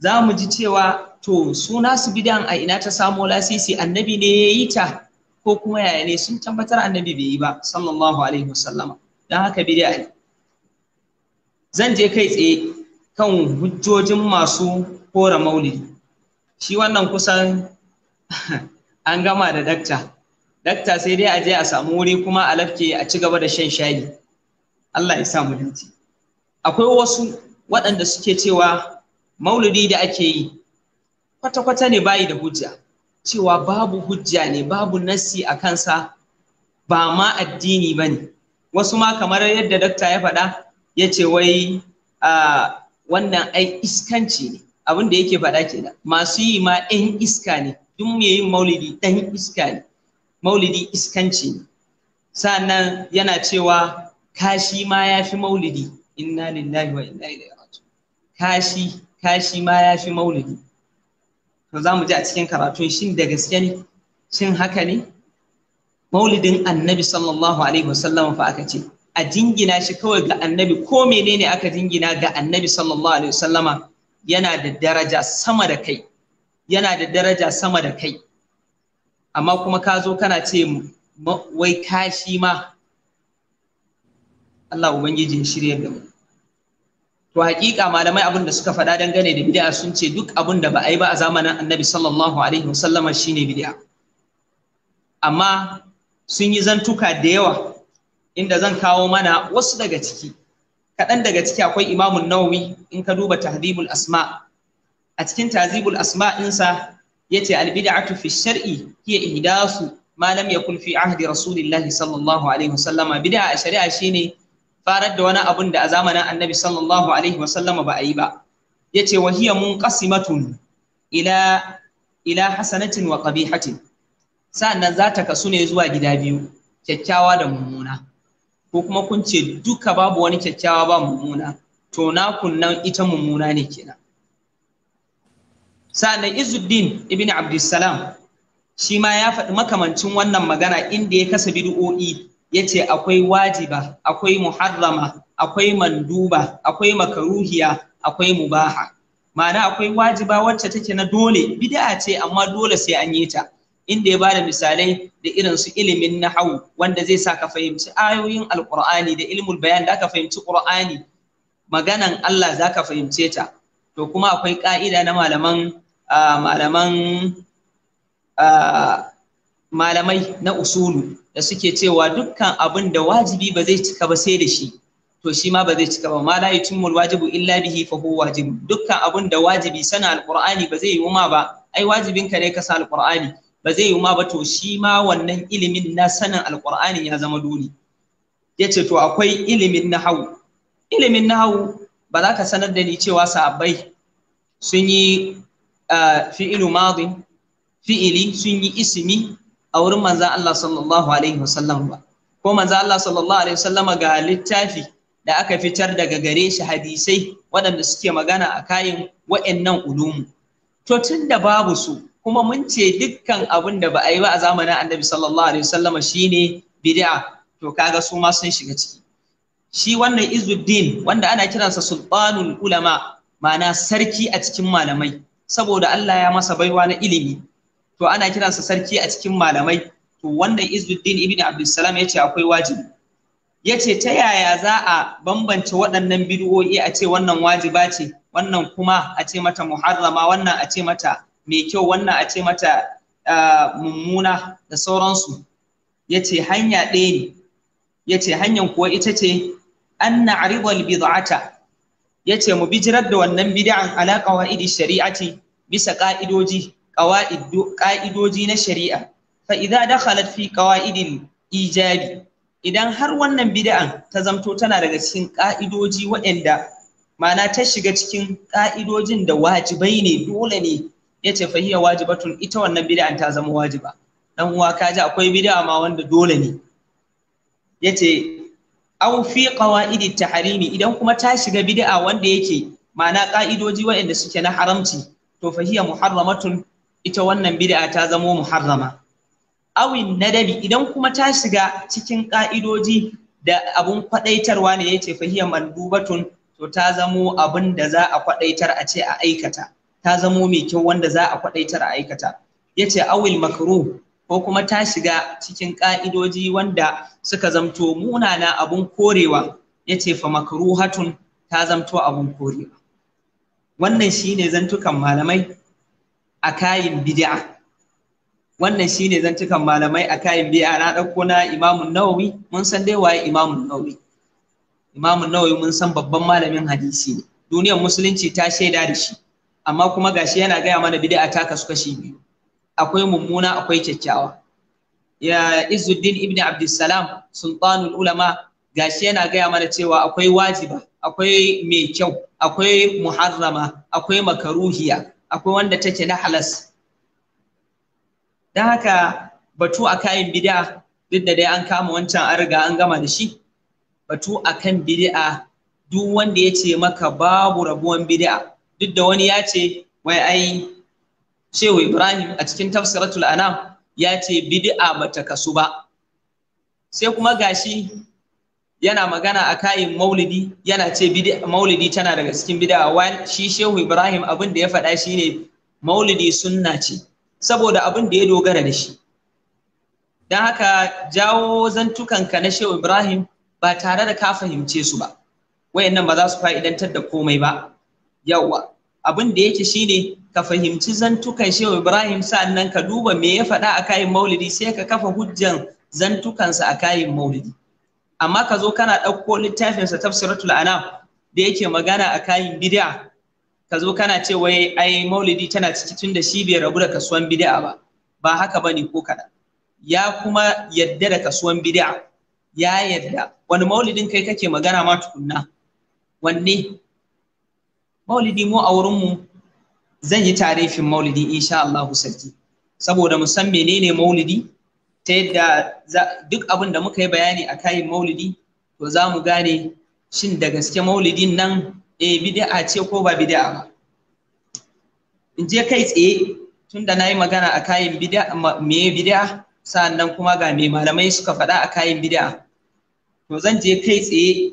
za mu ji cewa to suna su bid'an a ina ta samo lasisi annabi ne ya yi ta ko kuma yaya ne sun tabbatar annabi bai yi ba sallallahu alaihi wasallama don haka bid'a ne zan je kai tsaye kan hujjojin masu kora maulidi shi wannan kusan an gama da dakta dakta sai dai a je a samu wuri kuma a lafke a ci gaba da shan shayi Allah ya sa mu dace akwai wasu waɗanda suke cewa maulidi da ake yi kwata-kwata ne bayi da hujja cewa babu hujja ne babu nassi a kansa ba ma addini ba ne wasu ma kamar yadda dakta ya faɗa ya ce wai wannan ai iskanci ne abin da yake faɗa da. masu yi ma ɗan iska ne duk mai yin maulidi ɗan iska ne maulidi iskanci ne sannan yana cewa kashi ma ya fi maulidi inna lillahi wa inna ilaihi raji'un kashi kashi ma ya fi maulidi to za mu ji a cikin karatu shin da gaske ne shin haka ne maulidin annabi sallallahu alaihi wasallam fa aka ce a jingina shi kawai ga annabi ko menene aka jingina ga annabi sallallahu alaihi wasallama yana da daraja sama da kai yana da daraja sama da kai amma kuma ka zo kana ce wai kashi ma Allah ubangiji ya shirya da mu to hakika malamai abin da suka faɗa dangane da bid'a sun ce duk abin da ba a yi ba a zamanin annabi sallallahu alaihi wasallama shine bid'a amma sun yi zantuka da yawa inda zan kawo mana wasu daga ciki kaɗan daga ciki akwai imamun nawawi in ka duba tahdhibul asma a cikin tahdhibul asma insa yace al bid'atu fi shar'i hiya ihdasu ma lam yakun fi ahdi rasulillahi sallallahu alaihi wasallama bid'a a shari'a shine farar da wani abun da a zamanin annabi sallallahu alaihi wasallama ba a yi ba yace wa hiya munqasimatun ila ila hasanatin wa qabihatin sa'annan za ta kasu ne zuwa gida biyu kyakkyawa da mummuna ko kuma kun ce duka babu wani kyakkyawa ba mummuna to na kunnan ita mummuna ne kenan sa'annan izuddin ibn abdussalam shi ma ya faɗi makamancin wannan magana inda ya kasa bid'o'i ya ce akwai wajiba akwai muharrama akwai manduba akwai makaruhiya akwai mubaha ma'ana akwai wajiba wacce take na dole bid'a ce amma dole sai an yi ta inda ya ba da misalai da irin su ilimin nahawu wanda zai sa ka fahimci ayoyin alqur'ani da ilmul bayan da ka fahimci qur'ani maganan Allah za ka fahimce ta to kuma akwai ka'ida na malaman malaman malamai na usulu da suke cewa dukkan abin da wajibi ba zai cika ba sai da shi to shi ma ba zai cika ba ma la yutimul wajibu illa bihi fa huwa wajib dukkan abin da wajibi sana alqur'ani ba zai yi ma ba ai wajibin ka ne ka sa alqur'ani ba zai yi ma ba to shi ma wannan ilimin na sanin alqur'ani ya zama dole ce to akwai ilimin hau. ilimin hau ba za ka sanar da ni cewa sahabbai sun yi eh, fi'ilu madi fi'ili sun yi ismi a wurin manza Allah sallallahu alaihi wasallam ba ko manza Allah sallallahu alaihi wasallam ga littafi da aka fitar daga gare shi hadisai waɗanda suke magana a kayan wa'annan ulumu to tun da babu su kuma mun ce dukkan abin da ba a yi ba a zamanin annabi sallallahu alaihi wasallam shine bid'a to kaga su ma sun shiga ciki shi wannan izuddin wanda ana kiransa sultanul ulama ma'ana sarki a cikin malamai saboda Allah ya masa baiwa na ilimi to ana kiransa sarki a cikin malamai to wannan izuddin ibn Abdulsalam yace akwai wajibi yace ta yaya za a bambance waɗannan bid'o'i a ce wannan wajiba ce wannan kuma a ce mata muharrama wannan a ce mata mai kyau wannan a ce mata ah, mummuna da sauransu ya ce hanya ɗaya ne ya ce hanyar kuwa ita ce an na aribal bid'ata ya ce mu bijirar da wannan bid'an ala qawaidi shari'ati bisa ƙa'idoji ƙa'idoji na shari'a fa idza dakhalat fi ijabi idan har wannan bid'an ta zamto tana daga cikin ƙa'idoji waɗanda ma'ana ta shiga cikin ƙa'idojin da wajibai ne dole ne yace fa wajiba wajibatun ita wannan bid'an ta zama wajiba dan uwa kaji akwai bid'a ma wanda dole ne yace aw fi at tahrimi idan kuma ta shiga bid'a wanda yake ma'ana ka'idoji waɗanda suke na haramci to fahiya muharramatun ita wannan bid'a ta zama muharrama awin nadabi idan kuma ta shiga cikin ka'idoji da abun kwadaitarwa ne yace fa mandubatun to ta zamo abin da za a kwadaitar a ce a aikata ta zamo mai kyau wanda za a kwadaitar a aikata ce awil makaru ko kuma ta shiga cikin ka'idoji wanda suka zamto munana abun korewa Ya ce fa hatun ta zamto abun korewa wannan shi ne zantukan malamai a kayin bid'a wannan shi ne zantukan malamai a kayan biya na ɗauko na imamun nawawi mun san dai waye imamun nawawi imamun nawawi mun san babban malamin hadisi ne duniyar musulunci ta shaida da shi amma kuma gashi yana gaya mana bid'a ta kasu kashi biyu akwai mummuna akwai kyakkyawa ya izuddin ibn Abdussalam sultanul ulama gashi yana gaya mana cewa akwai wajiba akwai mai kyau akwai muharrama akwai makaruhiya akwai wanda take na halas dan haka batu a kayan bid'a duk da dai an kama wancan an riga an gama da shi batu akan bid'a duk wanda ya ce maka babu rabuwan bid'a duk da wani ya ce wai ai shehu ibrahim a cikin tafsiratul anam ya ce bid'a bata kasu ba sai kuma gashi yana magana a kayin maulidi yana ce maulidi tana daga cikin bid'a wal shi shehu ibrahim abin da ya faɗa shine maulidi sunna ce saboda abin da ya dogara da shi don haka jawo zantukanka na shehu ibrahim ba tare da ka fahimce su ba wayannan ba za su fa'idantar da komai ba yawa abin da yake shine ka fahimci zantukan shehu ibrahim sa'annan ka duba me ya faɗa a kayan maulidi sai ka kafa hujjan zantukansa a kayan maulidi amma ka zo kana ɗauko littafinsa tafsiratul anam da yake magana a kayin bid'a ka zo kana ce wai ai maulidi tana ciki tun da shi bai rabu da kasuwan bid'a ba ba haka bane ko kada ya kuma yadda da kasuwan bid'a ya yadda wani maulidin kai kake magana ma tukunna wanne maulidi mu a wurinmu zan yi tarifin maulidi insha Allahu sarki saboda mu san menene maulidi ta yadda duk abin da muka yi bayani a kayan maulidi to za mu gane shin da gaske maulidin nan eh bid'a ce ko ba bid'a ba in je kai tsaye tun da na yi magana a kayan bid'a me bid'a kuma ga me malamai suka faɗa a kayan bid'a to zan je kai tsaye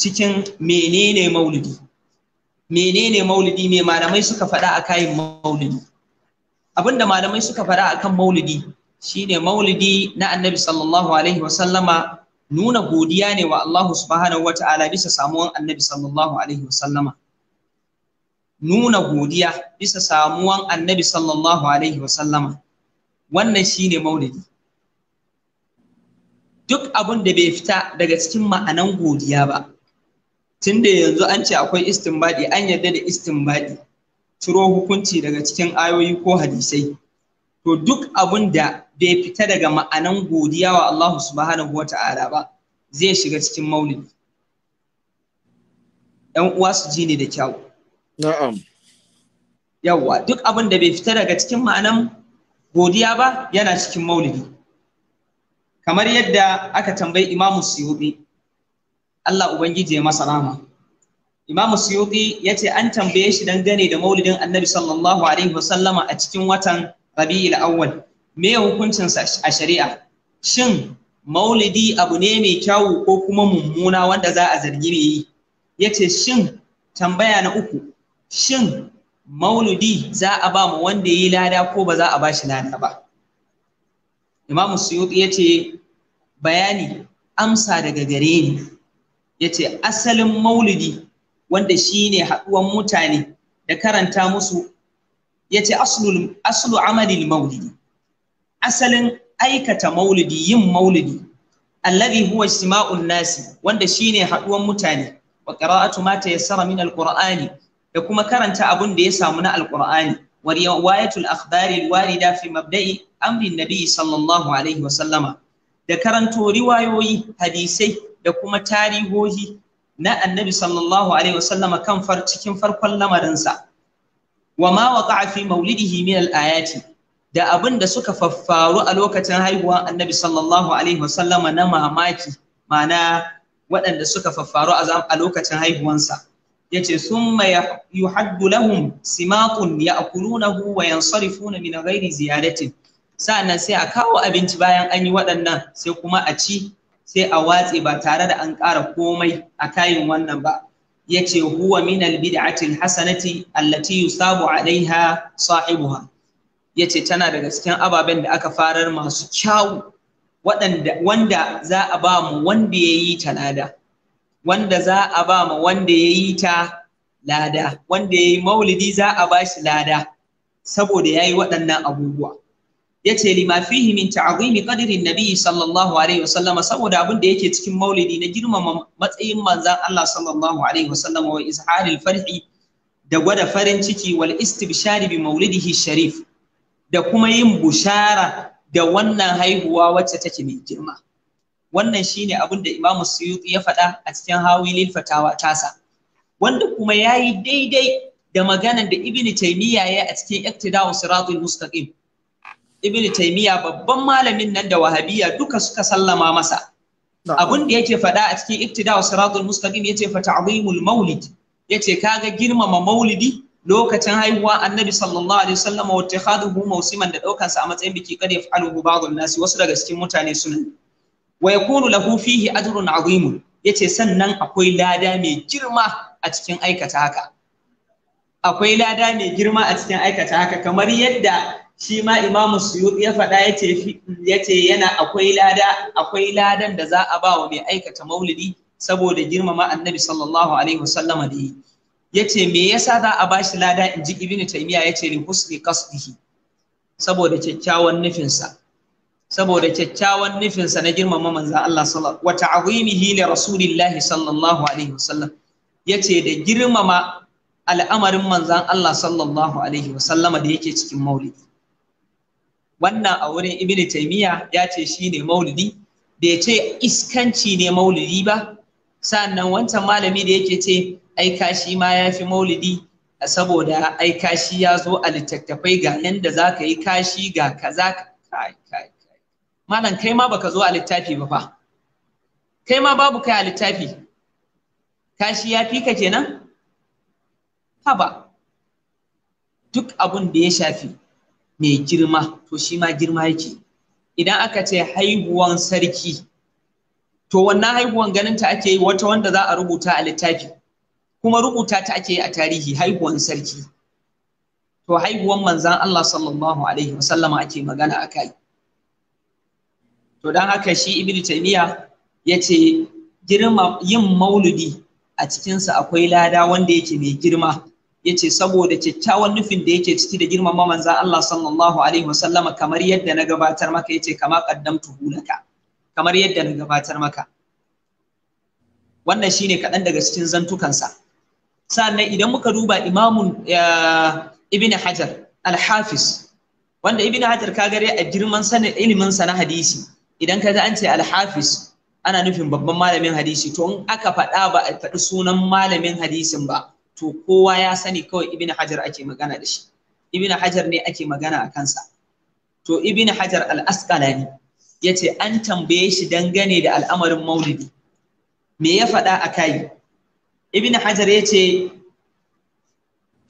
cikin menene maulidi menene maulidi me malamai suka faɗa a kayan maulidi abinda malamai suka faɗa akan maulidi shine maulidi na annabi sallallahu alaihi wasallama nuna godiya ne wa Allah subhanahu wata'ala bisa samuwan annabi sallallahu alaihi wasallama nuna godiya bisa samuwan annabi sallallahu alaihi wasallama wannan shine maulidi duk abin da bai fita daga cikin ma'anan godiya ba tunda yanzu an ce akwai istinbadi an yarda da istinbadi ciro hukunci daga cikin ayoyi ko hadisai to duk abun da bai fita daga ma'anan godiya wa Allah subhanahu wata'ala ba zai shiga cikin maulidi ɗan uwa su ji ne da kyau na'am yawwa duk abin da bai fita daga cikin ma'anan godiya ba yana cikin maulidi kamar yadda aka tambayi imamu suyubi Allah ubangiji ya masa rama Imam Suyuti ya ce an tambaye shi dangane da maulidin Annabi sallallahu alaihi wasallama a cikin watan Rabi'ul Awwal me hukuncin a shari'a shin maulidi abu ne mai kyawu ko kuma mummuna wanda za a zargi mai yi Ya ce shin tambaya na uku shin maulidi za a ba mu wanda yi lada ko ba za a ba shi lada ba Imam Suyuti ya ce bayani amsa daga gare ni yace asalin maulidi wanda shine haduwan mutane da karanta musu yace aslul aslu amalil maulidi asalin aikata maulidi yin maulidi alladhi huwa istima'un nasi wanda shine haduwan mutane wa qira'atu ma tayassara min alqur'ani da kuma karanta abun da ya samu na alqur'ani wa riwayatul akhbari alwarida fi mabda'i amri nabi sallallahu alaihi wa sallama da karanto riwayoyi hadisai da kuma tarihohi na annabi sallallahu alaihi wasallama kan far cikin farkon lamarinsa wa ma waqa'a fi maulidihi min al-ayati da abin da suka faffaru a lokacin haihuwar annabi sallallahu alaihi wasallama na mamaki mana waɗanda suka faffaru a lokacin haihuwansa yace summa yuhaddu lahum simaqun ya'kulunahu wa yansarifuna min ghairi ziyadatin sa'annan sai a kawo abinci bayan an yi waɗannan sai kuma a ci sai a watse ba tare da an ƙara komai a kayan wannan ba yace huwa min albid'atil hasanati allati yusabu alaiha sahibuha yace tana da cikin ababen da aka farar masu kyawu waɗanda wanda za a ba mu wanda yayi ta lada wanda za a ba mu wanda yayi ta lada wanda yayi maulidi za a ba shi lada saboda yayi waɗannan abubuwa yace ce limafihi min ta'azimi qadrin nabi sallallahu alaihi wasallama saboda abin da yake cikin maulidi na girmama matsayin manzan Allah sallallahu alaihi wasallama wa izharil farhi da gwada farin ciki wal istibshari bi maulidihi sharif da kuma yin bushara da wannan haihuwa wacce take mai girma wannan shine abin da Imam Suyuti ya faɗa a cikin Hawilil Fatawa tasa wanda kuma yayi daidai da maganar da Ibn Taymiyyah ya a cikin Iqtida'us Siratul Mustaqim ibn taimiyya babban malamin nan da wahabiyya duka suka sallama masa Abun da yake faɗa a cikin iktida siratul mustaqim yace fa ta'zimul maulid yace kaga girmama maulidi lokacin haihuwa annabi sallallahu alaihi wasallam wa ittihaduhu mawsiman da daukan sa a matsayin biki kada yaf'aluhu ba'dun nasi wasu daga cikin mutane sunan wa yakunu lahu fihi ajrun azim yace sannan akwai lada mai girma a cikin aikata haka akwai lada mai girma a cikin aikata haka kamar yadda shi ma imamu suyuti ya faɗa ya ce yana akwai lada akwai ladan da za a ba wa mai aikata maulidi saboda girmama annabi sallallahu alaihi wasallam da yi ya ce me yasa za a ba shi lada in ji ibn taymiya ya ce li husni qasdihi saboda kyakkyawan sa saboda kyakkyawan nufinsa na girmama manzon Allah sallallahu wa ta'zimihi li rasulillahi sallallahu alaihi wasallam ya ce da girmama al'amarin manzon Allah sallallahu alaihi wasallama da yake cikin maulidi wannan a wurin ibn taymiya ya ce shi ne maulidi bai ce iskanci ne maulidi ba sannan wancan malami da yake ce ai kashi ma ya fi maulidi saboda ai kashi ya zo a littattafai ga yanda za ka yi kashi ga kaza kai kai malam kai ma baka zo a littafi ba fa kai ma babu kai a littafi kashi ya fi ka kenan haba duk abun da ya shafi mai girma to shi ma girma yake idan aka ce haihuwan sarki to wannan haihuwan ganinta ake yi wata wanda za a rubuta a littafi kuma rubuta ta ake yi a tarihi haihuwan sarki to haihuwan manzan Allah sallallahu alaihi wasallama ake magana akai to dan haka shi ibnu taymiya yace girma yin mauludi a cikinsa akwai lada wanda yake mai girma yace saboda kyakkyawan nufin da yake ciki da girmama manzan Allah sallallahu alaihi wasallama kamar yadda na gabatar maka yace kama qaddamtu hulaka kamar yadda na gabatar maka wannan shine kaɗan daga cikin zantukansa sannan idan muka duba imamun ibn hajar al-hafiz wanda ibn hajar ka gare a girman sanin ilimin sa na hadisi idan ka an ce al-hafiz ana nufin babban malamin hadisi to in aka faɗa ba a faɗi sunan malamin hadisin ba to kowa ya sani kawai ibn hajar ake magana da shi ibn hajar ne ake magana a kansa to ibn hajar al-asqalani yace an tambaye shi dangane da al'amarin maulidi me ya faɗa a kai ibn hajar yace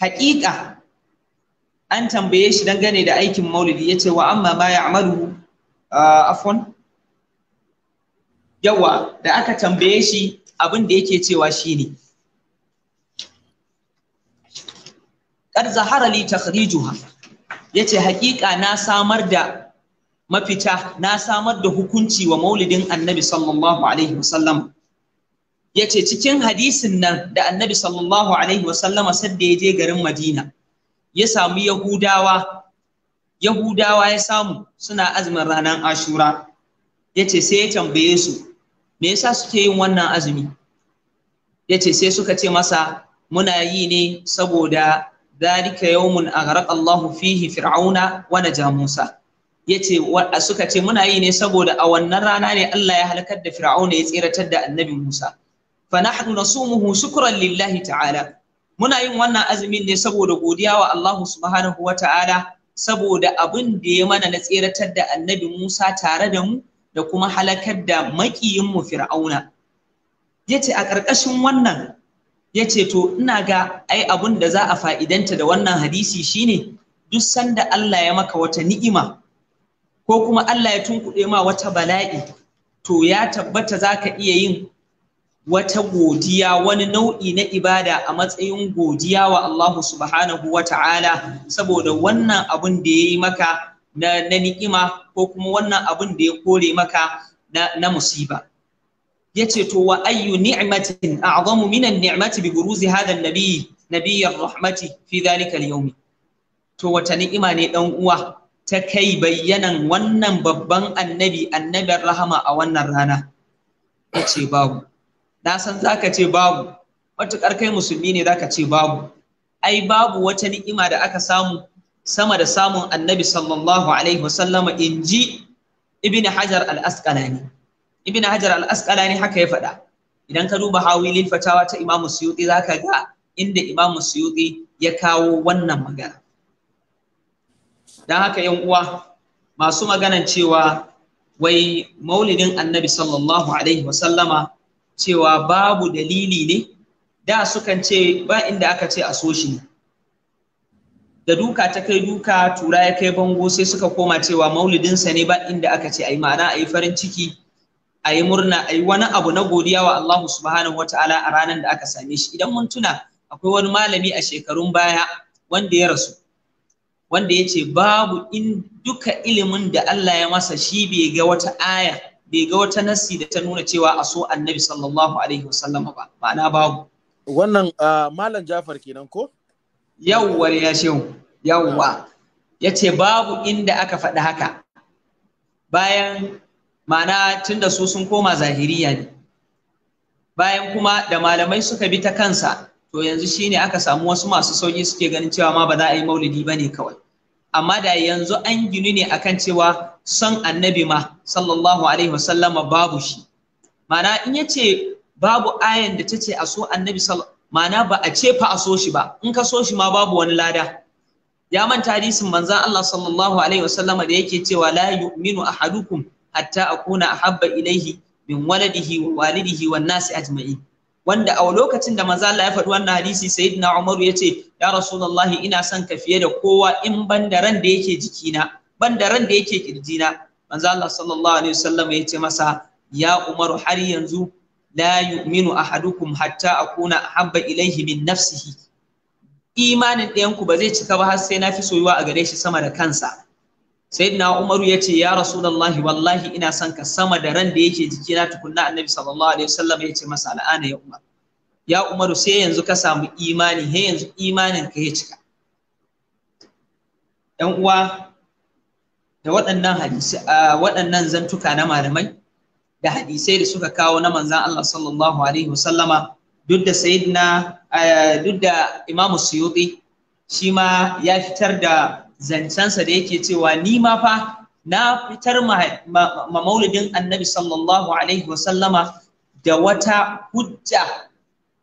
haƙiƙa an tambaye shi dangane da aikin maulidi yace wa amma ma ya'malu ah, afwan yawa da aka tambaye shi abin da yake cewa shine kad zahara li takhrijuha yace haƙiƙa na samar da mafita na samar da hukunci wa maulidin annabi sallallahu alaihi wasallam yace cikin hadisin nan da annabi sallallahu alaihi wasallama ya je garin madina ya samu yahudawa yahudawa ya samu suna azumin ranar ashura yace sai ya tambaye su me yasa suke yin wannan azumi yace sai suka ce masa muna yi ne saboda ذلك يوم أغرق Allahu fihi fir'auna ونجا موسى Musa yace suka ce muna yi ne saboda a wannan rana ne Allah ya halakar da fir'auna ya tsiratar da annabi Musa fa nahnu nasumuhu shukran lillahi ta'ala muna yin wannan azumin ne saboda godiya wa Allah subhanahu wa ta'ala saboda abin da ya mana na tseratar da annabi Musa tare da mu da kuma halakar da makiyin mu fir'auna yace a ƙarƙashin wannan ya ce to ina ga ai abun da za a fa'idanta da wannan hadisi shine duk sanda Allah ya maka wata ni'ima ko kuma Allah ya tunkuɗe ma wata bala'i to ya tabbata za ka iya yin wata godiya wani nau'i na ibada a matsayin godiya wa Allah subhanahu wa saboda wannan abun da ya yi maka na, ni'ima ko kuma wannan abun da ya kore maka na musiba. yace to wa ayyu ni'matin a'zamu min an-ni'mati bi buruzi hadha an-nabi nabiyyi rahmati fi dhalika al-yawm to wata ni'ima ne dan uwa ta kai bayyanan wannan babban annabi annabin rahama a wannan rana yace babu na san zaka ce babu matukar kai musulmi ne zaka ce babu ai babu wata ni'ima da aka samu sama da samun annabi sallallahu alaihi wasallama inji ibn hajar al-asqalani ibn hajar al-asqalani haka ya faɗa idan ka duba hawilil fatawa ta Imam suyuti zaka ga inda Imam suyuti ya kawo wannan magana don haka yan uwa masu maganan cewa wai maulidin annabi sallallahu alaihi wasallama cewa babu dalili ne da sukan ce ba inda aka ce a so shi ne da duka ta kai duka tura ya kai bango sai suka koma cewa maulidinsa ne ba inda aka ce a yi ma'ana a yi farin ciki a yi murna a yi wani abu na godiya wa Allah subhanahu wataala a ranar da aka same shi idan mun tuna akwai wani malami a shekarun baya wanda ya rasu wanda ya ce babu in duka ilimin da Allah ya masa shi bai ga wata aya bai ga wata nassi da ta nuna cewa a so annabi sallallahu alaihi wasallam ba ma'ana babu wannan malam Jafar kenan ko yawwa ya shehu yawwa ya ce babu inda aka faɗi haka bayan ma'ana tun da su sun koma zahiriya ne bayan kuma da malamai suka bi ta kansa to yanzu shine aka samu wasu masu sauki suke ganin cewa ma ba za a yi maulidi ba ne kawai amma da yanzu an ginu ne akan cewa son annabi ma sallallahu alaihi wasallama babu shi ma'ana in ya ce babu ayan da ta ce a so annabi ma'ana ba a ce fa a so shi ba in ka so shi ma babu wani lada ya manta hadisin manzon Allah sallallahu alaihi wasallama da yake cewa la yu'minu ahadukum hatta akuna ahabba ilaihi min waladihi wa walidihi wan nasi ajma'in wanda a lokacin da manzo Allah ya faɗi wannan hadisi sayyidina Umar ya ce ya rasulullahi ina son ka fiye da kowa in ban da yake jikina na. da ran da yake kirjina manzo Allah sallallahu alaihi wasallam ya ce masa ya Umar har yanzu la yu'minu ahadukum hatta akuna ahabba ilaihi min nafsihi imanin ɗayanku ba zai cika ba har sai na fi soyuwa a gare shi sama da kansa sayyidina umaru ya ce ya rasulullahi wallahi ina son ka sama da ran da yake jikina tukunna annabi sallallahu alaihi wasallam ya ce masa al'ana ya umar ya umaru sai yanzu ka samu imani he yanzu imanin ka ya cika yan uwa da waɗannan hadisi waɗannan zantuka na malamai da hadisai da suka kawo na manzan Allah sallallahu alaihi wasallama duk da sayyidina duk da imamu suyuti shi ma ya fitar da zancensa da yake cewa ni ma fa na fitar ma maulidin annabi sallallahu alaihi wasallama da wata hujja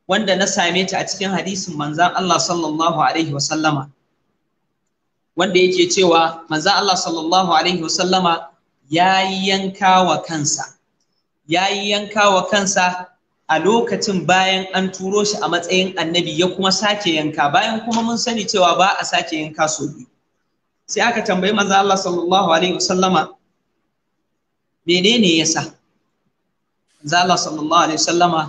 wanda na same ta a cikin hadisin manzan Allah sallallahu alaihi wasallama wanda yake cewa manzan Allah sallallahu alaihi wasallama ya yi yanka wa kansa ya yi yanka wa kansa a lokacin bayan an turo shi a matsayin annabi ya kuma sake yanka bayan kuma mun sani cewa ba a sake yanka so biyu sai aka tambayi manzo Allah sallallahu alaihi wasallama menene yasa manzo Allah sallallahu alaihi wasallama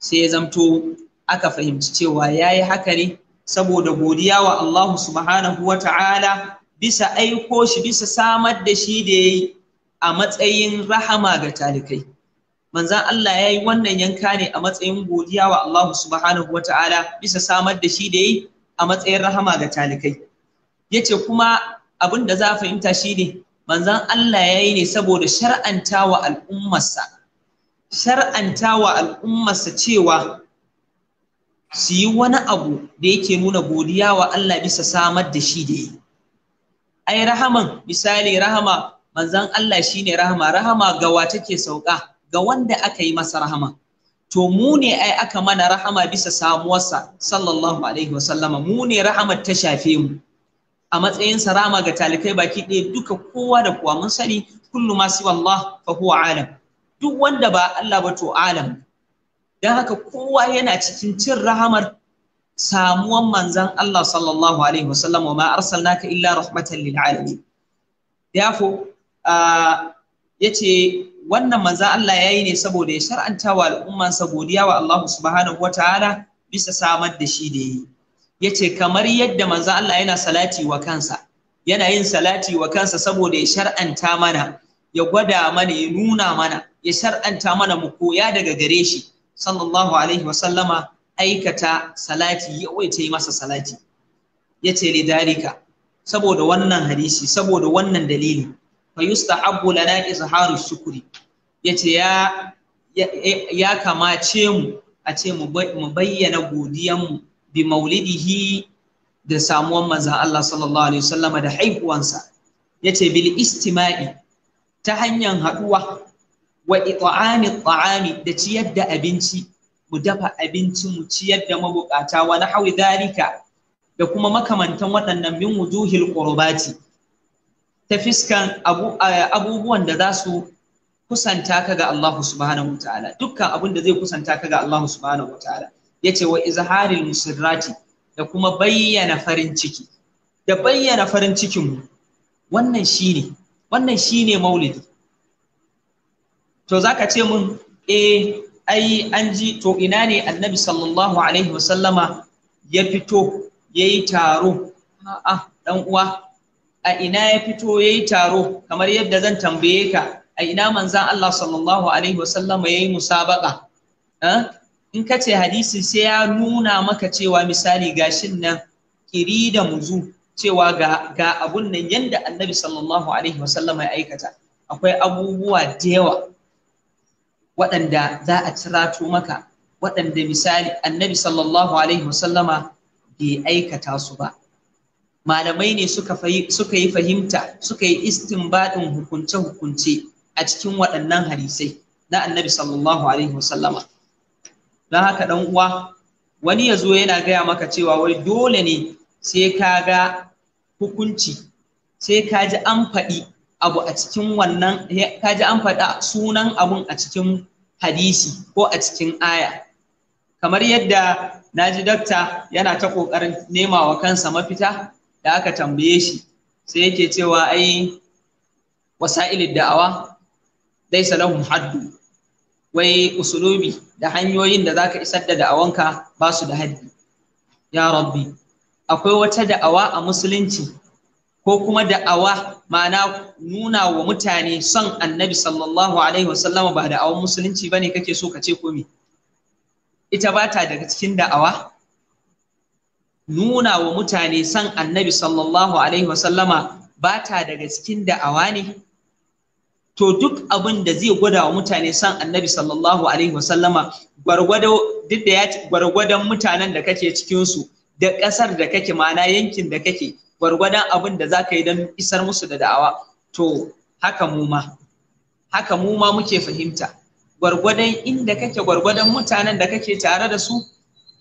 sai ya zamto aka fahimci cewa yayi haka ne saboda godiya wa Allah subhanahu wa ta'ala bisa aiko shi bisa samar da shi da yayi a matsayin rahama ga talikai manzan Allah ya yi wannan yanka ne a matsayin godiya wa Allah subhanahu wa ta'ala bisa samar da shi da yi a matsayin rahama ga talikai yace kuma abin da za a fahimta shi ne manzan Allah ya yi ne saboda shar'anta wa al'ummarsa shar'anta al'ummarsa cewa su yi wani abu da yake nuna godiya wa Allah bisa samar da shi da yi ai rahaman misali rahama manzon Allah shi ne rahama rahama ga wa take sauka ga wanda aka yi masa rahama to mu ne ai aka mana rahama bisa samuwarsa sallallahu alaihi wasallama mu ne rahamar ta shafe mu a matsayin sarama ga talikai baki ɗaya duka kowa da kowa mun sani kullu ma siwa Allah fa huwa alam duk wanda ba Allah ba to alam dan haka kowa yana cikin cin rahamar samuwan manzan Allah sallallahu alaihi wasallam wa ma arsalnaka illa rahmatan lil alamin yafo yace wannan manzan Allah yayi ne saboda ya shar'anta wa al'umman sa godiya wa Allah subhanahu wataala bisa samar da shi da yi yace kamar yadda manzo Allah yana salati wa kansa yana yin salati wa kansa saboda ya shar'anta mana ya gwada mana ya nuna mana ya shar'anta mana mu koya daga gare shi sallallahu alaihi wa sallama aikata salati ya yi masa salati yace lidarika saboda wannan hadisi saboda wannan dalili fa yustahabbu lana izharu shukri yace ya ya kamace mu a ce mu bayyana mu. bi maulidihi da samuwan manzan Allah sallallahu alaihi wasallama da haihuwansa yace bil istima'i ta hanyar haduwa wa it'ami ta'ami da ciyar da abinci mu dafa abinci mu ciyar da mabukata wa hawi dalika da kuma makamantan waɗannan min wujuhil qurbati ta fiskan abubuwan da za su kusanta ka ga Allah subhanahu wa dukkan abin da zai kusanta ka ga Allah subhanahu wa Ya ce wa izharil musirrati da kuma bayyana farin ciki da bayyana farin cikin mu wannan shine wannan shine maulidi to zaka ce mun eh ai an ji to ina ne annabi sallallahu alaihi wasallama ya fito yayi taro a'a dan uwa a ina ya fito yayi taro kamar yadda zan tambaye ka a ina manzan Allah sallallahu alaihi wasallama yayi eh? in ka ce hadisi sai ya nuna maka cewa misali gashin nan kiri da muzu cewa ga, ga abun nan yadda annabi sallallahu alaihi wasallam ya aikata akwai abubuwa da yawa waɗanda za a cirato maka waɗanda misali annabi sallallahu alaihi wasallama bai aikata su ba malamai ne suka, suka yi fahimta suka yi istinbadin hukunce-hukunce a cikin waɗannan hadisai na annabi sallallahu alaihi wasallama don haka ɗan uwa wani ya zo yana gaya maka cewa wai dole ne sai ka ga hukunci sai ka ji an faɗi abu a cikin wannan ka ji an faɗa sunan abun a cikin hadisi ko a cikin aya kamar yadda na ji dakta yana ta ƙoƙarin nema wa kansa mafita da aka tambaye shi sai yake cewa ai wasa'ilid da'awa dai lahum haddu wai usulubi da hanyoyin da zaka isar da da'awanka ba su da haddi ya rabbi akwai wata da'awa a musulunci ko kuma da'awa ma'ana nuna wa mutane son annabi sallallahu alaihi wasallama ba da'awan musulunci bane kake so ka ce komi ita ba ta daga cikin da'awa nuna wa mutane son annabi sallallahu alaihi wasallama ba ta daga cikin da'awa ne to duk abin da zai gwada wa mutane san annabi sallallahu alaihi wasallama gwargwado duk da ya gwargwadon mutanen da kake cikin su da kasar da kake mana yankin da kake gwargwadon abin da zaka yi don isar musu da da'awa to haka mu ma haka mu ma muke fahimta gwargwadon inda kake gwargwadon mutanen da kake tare da su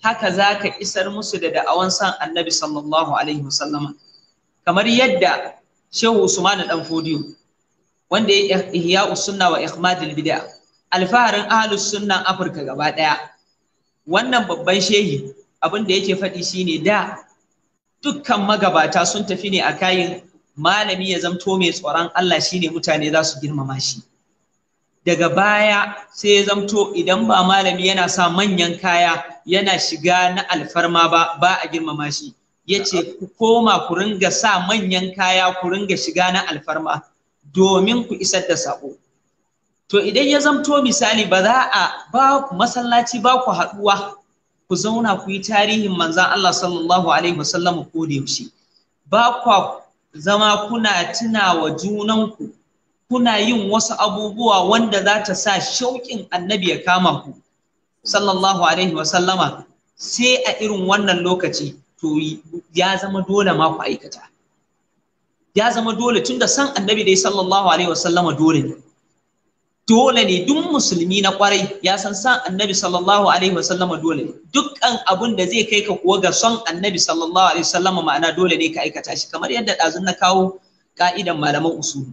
haka zaka isar musu da da'awan san annabi sallallahu alaihi wasallama kamar yadda shehu usman dan fodiyo wanda ya ihya sunna wa ikhmadul bid'a alfaharin ahlus sunnan afirka gaba daya wannan babban shehi abin da yake faɗi shine da dukkan magabata sun tafi ne a kayin malami ya zamto mai tsoron Allah shine mutane za su girmama shi daga baya sai ya zamto idan ba malami yana sa manyan kaya yana shiga na alfarma ba ba a girmama shi ya ce ku koma ku ringa sa manyan kaya ku ringa shiga na alfarma domin ku isar da sako to idan ya zamto misali ba za a ba masallaci ba ku haɗuwa ku zauna ku yi tarihin manzan Allah sallallahu alaihi wasallam ko da yaushe ba kwa zama kuna tuna wa ku, kuna yin wasu abubuwa wanda za ta sa shauƙin annabi ya kama ku sallallahu alaihi wasallama sai a irin wannan lokaci to ya zama dole ma ku aikata ya zama dole tun da san annabi dai sallallahu alaihi wasallama dole ne dole ne duk musulmi na kwarai ya san san annabi sallallahu alaihi wasallama dole ne dukkan abun da zai kai ka kuwa ga son annabi sallallahu alaihi wasallama ma'ana dole ne ka aikata shi kamar yadda ɗazun na kawo ka'idan malaman usulu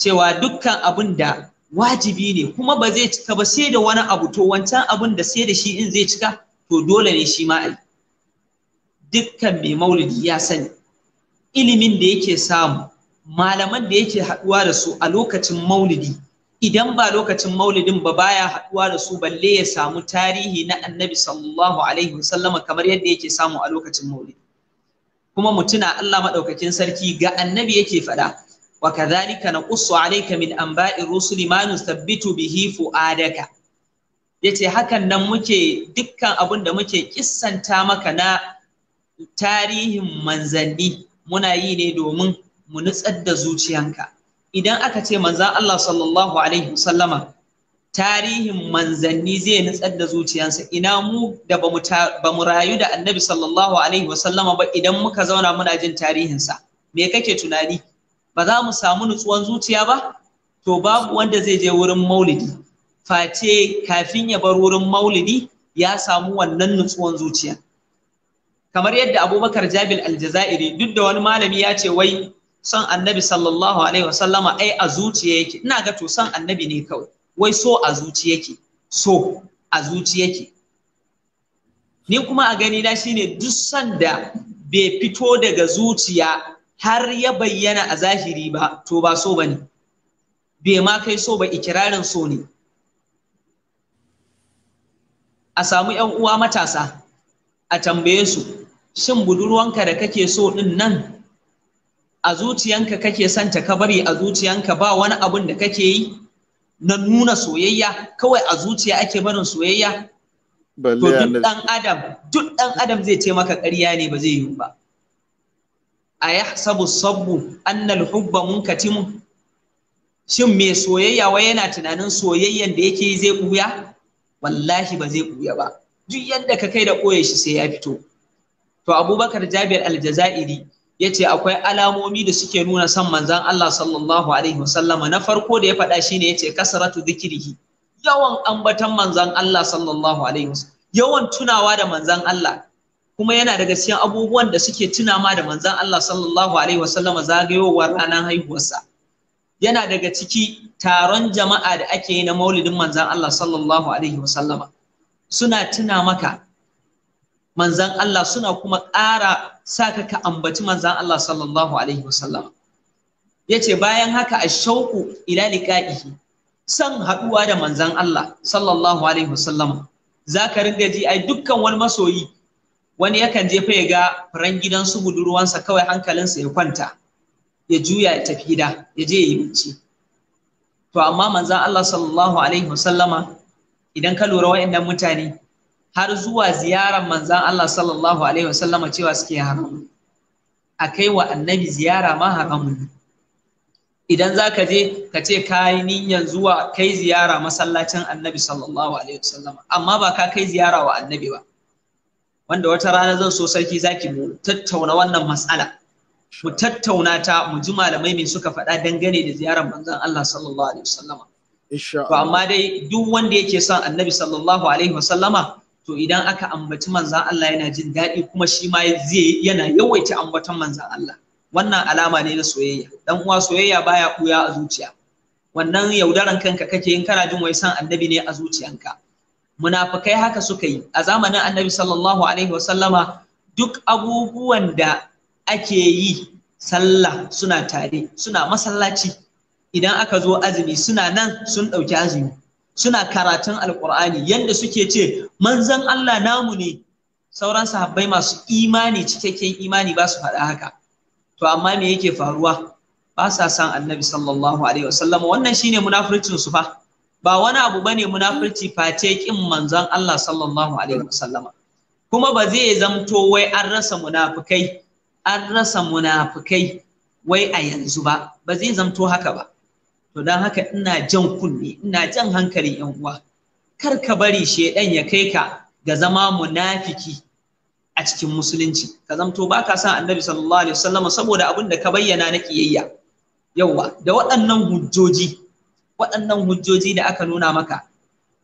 cewa dukkan abun da wajibi ne kuma ba zai cika ba sai da wani abu to wancan abun da sai da shi in zai cika to dole ne shi ma dukkan mai maulidi ya sani ilimin da yake samu malaman da yake haɗuwa da su a lokacin maulidi idan ba lokacin maulidin ba baya haɗuwa da su balle ya samu tarihi na annabi sallallahu alaihi wasallama kamar yadda yake samu a lokacin maulidi kuma mutuna Allah maɗaukakin sarki ga annabi yake faɗa wa kadhalika naqussu alayka min anba'i rusuli ma nusabbitu bihi fu'adaka yace hakan nan muke dukkan abin da muke kissanta maka na tarihin manzanni muna yi ne domin mu nutsar da zuciyanka idan aka ce manzan Allah sallallahu alaihi wasallama tarihin manzanni zai nutsar da zuciyansa ina mu da ba mu rayu da annabi sallallahu alaihi wasallama ba idan muka zauna muna jin tarihinsa me kake tunani ba za mu samu nutsuwan zuciya ba to babu wanda zai je wurin maulidi face kafin ya bar wurin maulidi ya samu wannan nutsuwan zuciya kamar yadda abubakar jabil aljazairi duk da wani malami ya ce wai son annabi sallallahu alaihi wasallama ai a zuciya yake ina ga to son annabi ne kawai wai so a zuciya yake so a zuciya yake ni kuma a gani na shine duk son da bai fito daga zuciya har ya bayyana a zahiri ba to ba so bane bai ma kai so ba ikirarin so ne a samu 'yan uwa matasa a tambaye su shin budurwanka da kake so din nan a zuciyanka kake son ta ka bari a zuciyanka ba wani abun da kake yi na nuna soyayya kawai a zuciya ake barin soyayya to duk dan adam duk dan adam zai ce maka ƙarya ne ba zai yi ba a sabu sabbu annal hubba katimu. shin me soyayya wai yana tunanin soyayyan da yake yi zai buya wallahi ba zai buya ba duk yadda ka kai da koye shi sai ya fito to abubakar jabir aljazairi ya ce akwai alamomi da suke nuna son manzan Allah sallallahu alaihi wasallama na farko da ya faɗa ne ya ce kasaratu zikirhi yawan ambatan manzan Allah sallallahu alaihi wasallam yawan tunawa da manzan Allah kuma yana daga cikin abubuwan da suke tuna ma da manzan Allah sallallahu alaihi wasallama zagayowar ranar haihuwarsa yana daga ciki taron jama'a da ake yi na maulidin manzan Allah sallallahu alaihi wasallama suna tuna maka manzan Allah suna kuma ƙara sa ka ka ambaci manzan Allah sallallahu alaihi wasallam yace bayan haka ashauku ila liqa'ihi san haɗuwa da manzan Allah sallallahu alaihi wasallam zaka ringa ji ai dukkan wani masoyi wani yakan jefa fa ya ga furan gidan su budurwansa kawai hankalinsa ya kwanta ya juya ya tafi gida ya je yi bacci to amma manzan Allah sallallahu alaihi wasallama idan ka lura wa'annan mutane har zuwa ziyarar manzan Allah sallallahu alaihi wasallama cewa suke haramu a kai wa annabi ziyara ma haramu ne idan za ka je ka ce kayi niyan niyyar zuwa kai ziyara masallacin annabi sallallahu alaihi wasallama amma ba ka kai ziyara wa annabi ba wanda wata rana zan so sarki zaki mu tattauna wannan matsala mu tattauna ta mu ji malamai me suka faɗa dangane da ziyarar manzan Allah sallallahu alaihi wasallama to amma dai duk wanda yake son annabi sallallahu alaihi wasallama to idan aka ambaci manzan Allah yana jin daɗi kuma shi ma zai yana yawaita ambaton manzan Allah wannan alama ne na soyayya dan uwa soyayya baya ɓuya a zuciya wannan yaudaran kanka kake in kana jin wai san annabi ne a zuciyanka munafikai haka suka yi a zamanin annabi sallallahu alaihi wasallama duk abubuwan da ake yi sallah suna tare suna masallaci idan aka zo azumi suna nan sun ɗauki azumi suna karatun Alƙur'ani. yadda suke ce manzan Allah namu ne sauran sahabbai masu imani cikakken imani ba su faɗa haka to amma me yake faruwa ba sa san annabi sallallahu alaihi wasallam wannan shine munafircin su fa ba wani abu bane munafirci face kin manzan Allah sallallahu alaihi wasallama kuma ba zai zamto wai an rasa munafukai. an rasa munafikai wai a yanzu ba ba zai zamto haka ba to don haka ina jan kunne ina jan hankali yan uwa kar ka bari shedan ya kai ka ga zama munafiki a cikin musulunci ka zamto ba ka san annabi sallallahu alaihi wasallam saboda abin da ka bayyana na kiyayya yawa da waɗannan hujjoji waɗannan hujjoji da aka nuna maka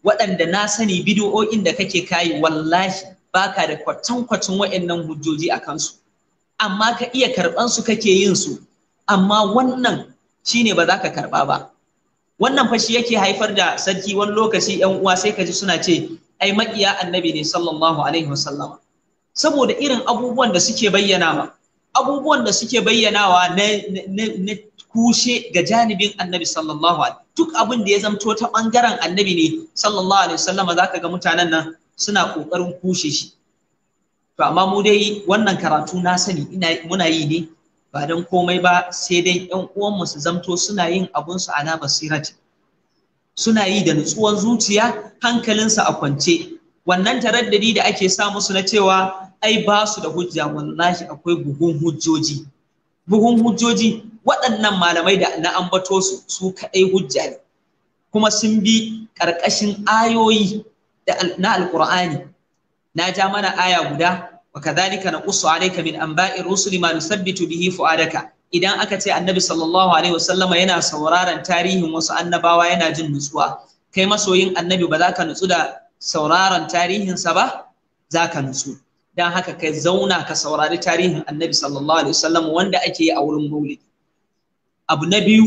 waɗanda na sani bidiyo'in da kake kayi wallahi baka da kwatan waɗannan hujjoji a kansu amma ka iya karɓan su kake yin su amma wannan Shi ne ba za ka karɓa ba wannan fashi yake haifar da sarki wani lokaci yan uwa sai ka ji suna ce ai maƙiya annabi ne sallallahu alaihi wasallama saboda irin abubuwan da suke bayyanawa abubuwan da suke bayyanawa na kushe ga janibin annabi sallallahu alaihi duk abin da ya zamto ta bangaren annabi ne sallallahu alaihi wasallama ka ga mutanen nan suna kokarin kushe shi to amma mu dai wannan karatu na sani muna yi ne ba don komai ba sai dai 'yan uwanmu su zamto suna yin abun abunsu ana basirati suna yi da nutsuwar zuciya hankalinsu a kwance wannan taraddadi da ake sa musu na cewa ai ba su da hujja wallahi akwai buhun hujjoji buhun hujjoji waɗannan malamai da na ambato su su kaɗai hujja ne kuma sun bi ƙarƙashin ayoyi na alƙur'ani na ja mana aya guda wa na naqussu alaika min anba'i rusuli ma nusabbitu bihi fu'adaka idan aka ce annabi sallallahu alaihi wasallama yana sauraron tarihin wasu annabawa yana jin nutsuwa kai masoyin annabi ba za ka nutsu da sauraron tarihinsa ba za ka nutsu don haka kai zauna ka saurari tarihin annabi sallallahu alaihi wasallam wanda ake yi a wurin maulidi abu na biyu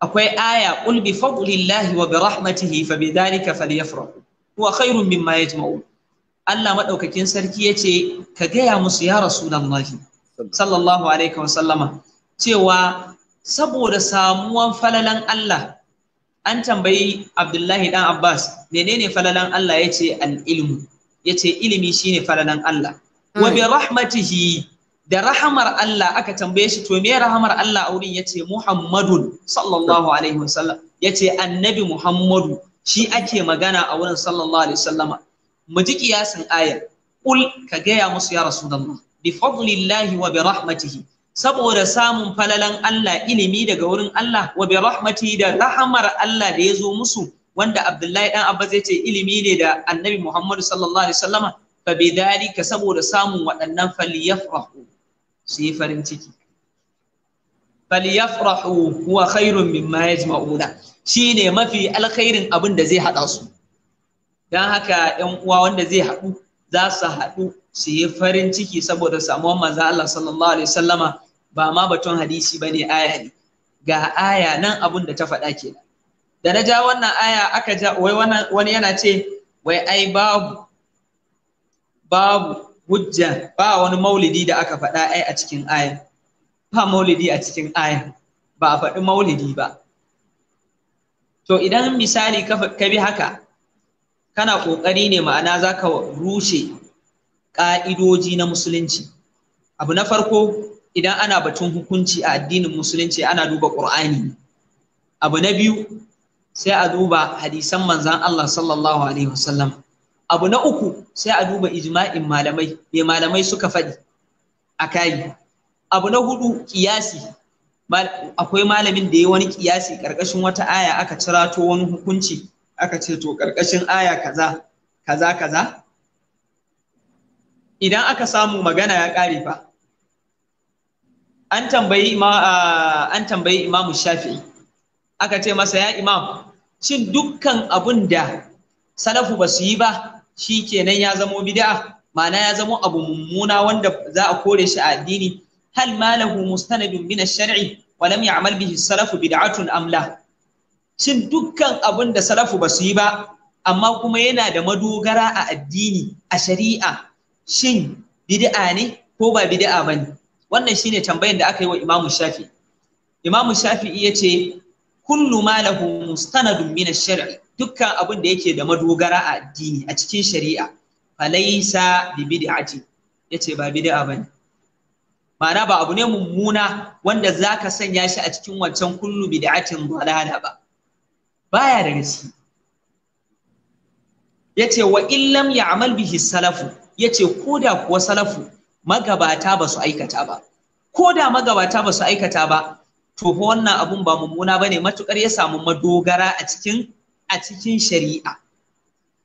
akwai aya qul bi fadlillahi wa bi rahmatihi fa bi dhalika falyafrahu huwa khairun mimma yajma'un Allah maɗaukakin sarki ya ce ka gaya musu ya rasulallahi sallallahu alaihi wasallama cewa saboda samuwan falalan Allah an tambayi Abdullahi dan Abbas menene falalan Allah ya ce al’ilmu ya ce ilimi shine falalan Allah hmm. wa bi rahmatihi da rahamar Allah aka tambaye shi to me rahamar Allah a wurin ya ce Muhammadun sallallahu alaihi sallam. ya ce annabi Muhammadu shi ake magana a wurin sallallahu alaihi wasallama mu ji kiyasin ayar ƙul ka gaya musu ya rasulullah bi fadlillahi wa bi rahmatihi saboda samun falalan Allah ilimi daga wurin Allah wa bi rahmatihi da rahamar Allah da ya zo musu wanda Abdullahi dan Abbas ya ce ilimi ne da Annabi Muhammad sallallahu alaihi wasallama fa bi dalika saboda samun waɗannan falyafrahu su yi farin ciki falyafrahu huwa khairun mimma yajma'una shine mafi alkhairin abin da zai hada su don haka yan uwa wanda zai haɗu za su haɗu su yi farin ciki saboda samuwan manzo Allah sallallahu alaihi wasallama ba ma batun hadisi bane aya ne ga aya nan abun da ta faɗa ke da na ja wannan aya aka ja wai wani yana ce wai ai babu babu hujja ba wani maulidi da aka faɗa ai a cikin aya ba maulidi a cikin aya ba faɗi maulidi ba to idan misali ka bi haka kana ƙoƙari ne ma'ana za ka rushe ƙa'idoji na musulunci abu na farko idan ana batun hukunci a addinin musulunci ana duba ƙur'ani abu na biyu sai a duba hadisan manzan Allah sallallahu alaihi wasallam abu na uku sai a duba ijma'in malamai me malamai suka faɗi a kai abu na hudu kiyasi akwai malamin da ya wani kiyasi ƙarƙashin wata aya aka cirato wani hukunci aka ce to ƙarƙashin aya kaza kaza kaza idan aka samu magana ya ƙare fa an tambayi an tambayi imamu shafi'i aka ce masa ya imam shin dukkan abun da salafu ba su yi ba shi kenan ya zamo bid'a ma'ana ya zamo abu mummuna wanda za a kore shi a addini hal ma lahu mustanadun min ash-shar'i wa lam ya'mal bihi salafu bid'atun amla shin dukkan abin da salafu ba su yi ba amma kuma yana da madogara a addini a shari'a shin bid'a ne ko ba bid'a ne wannan shine tambayin da aka yi wa Imamu Shafi Imamu Shafi iya ce kullu ma lahu mustanadun min ash dukkan abin da yake da madogara a addini a cikin shari'a falaisa bi bid'ati yace ba bid'a ne? ma'ana ba abu ne mummuna wanda zaka sanya shi a cikin wancan kullu bid'atin dalala ba baya da gaske yace wa illam Amal bihi salafu yace koda kuwa salafu magabata ba su aikata ba koda magabata ba su aikata ba to fa wannan abun ba mummuna bane matukar ya samu madogara a cikin a cikin shari'a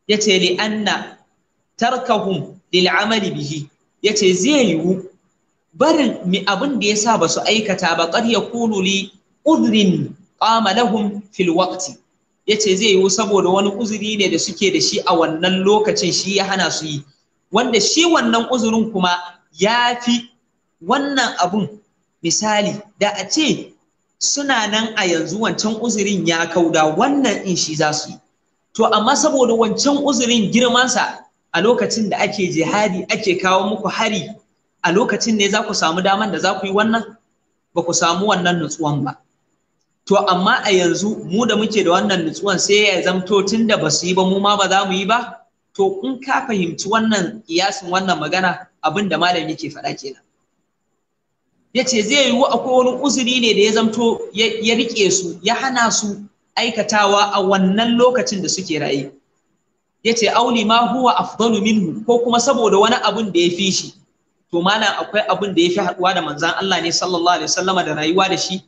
yace li anna tarkahum lil amali bihi yace zai yiwu barin mi abin da yasa ba su aikata ba qad kulu li udrin qama lahum fil waqti ya ce zai yiwu saboda wani uzuri ne da suke da shi a wannan lokacin shi ya hana su yi wanda shi wannan uzurin kuma ya fi wannan abun misali da a ce suna nan a yanzu wancan uzurin ya kauda wannan in shi za su yi to amma saboda wancan uzurin sa a lokacin da ake jihadi ake kawo muku hari a lokacin ne za ku samu daman da za ku yi wannan ba ku samu wannan nutsuwan ba to amma a yanzu mu da muke da wannan nutsuwan sai ya zamto tun da ba su yi ba mu ma ba za mu yi ba to in ka fahimci wannan kiyasin wannan magana abin da malam yake faɗa kenan ya ce zai yiwu akwai wani uzuri ne da ya zamto ya riƙe su ya hana su aikatawa a wannan lokacin da suke raye ya ce auli ma huwa afdalu minhu ko kuma saboda wani abun da ya fi shi to malam akwai abun da ya fi haɗuwa da manzan Allah ne sallallahu alaihi wasallama da rayuwa da shi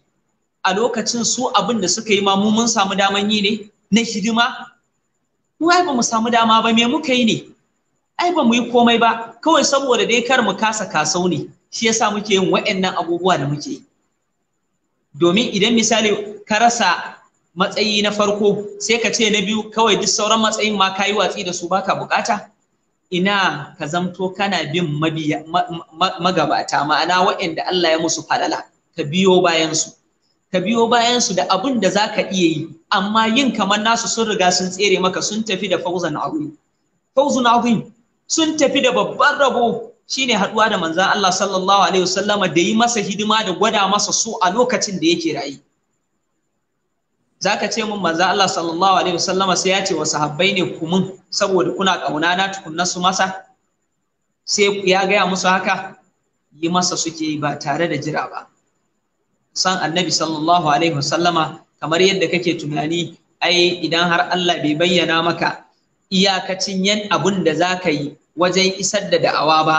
a lokacin su abin da suka yi ma mu mun samu daman yi ne na hidima mu ai ba mu samu dama ba me muka yi ne ai ba mu yi komai ba kawai saboda dai kar mu kasa kasau ne shi yasa muke yin wa'annan abubuwa da muke domin idan misali ka rasa matsayi na farko sai ka ce na biyu kawai duk sauran matsayin ma ka yi watsi da su baka bukata ina ka zamto kana bin magabata ma'ana wa'anda Allah ya musu falala ka biyo bayan su ka biyo bayan su da abin da zaka iya yi amma yin kamar nasu sun riga sun tsere maka sun tafi da fauzan azim fawzan azim sun tafi da babban rabo shine haduwa da manzon Allah sallallahu alaihi wasallama da yi masa hidima da gwada masa su a lokacin da yake rayu zaka ce mun manzon Allah sallallahu alaihi wasallama sai ya ce wa sahabbai ne mun saboda kuna kauna na tukun su masa sai ya gaya musu haka yi masa suke ba tare da jira ba san annabi sallallahu alaihi wasallama kamar yadda kake tunani ai idan har Allah bai bayyana maka iyakacin yan abun da za ka yi wajen isar da da'awa ba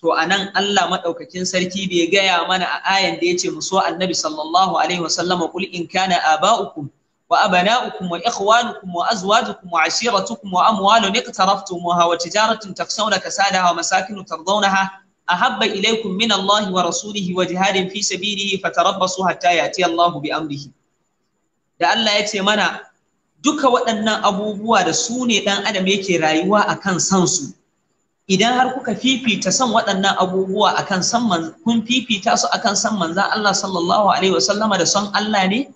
to anan Allah maɗaukakin sarki bai gaya mana a ayan da ya ce muso annabi sallallahu alaihi wasallama kul in kana aba'ukum wa abana'ukum wa ikhwanukum wa azwajukum wa ashiratukum wa amwalun iqtaraftum wa tijaratun taksawna kasadaha wa tardawnaha ahabba ilaykum min Allah wa rasulihi wa jihadin fi sabilihi fatarabbasu hatta yati Allah bi amrihi da Allah ya ce mana duka waɗannan abubuwa da su ne ɗan adam yake rayuwa akan san su idan har kuka fifita san waɗannan abubuwa akan san kun fifita su akan san manzan Allah sallallahu alaihi wasallama da san Allah ne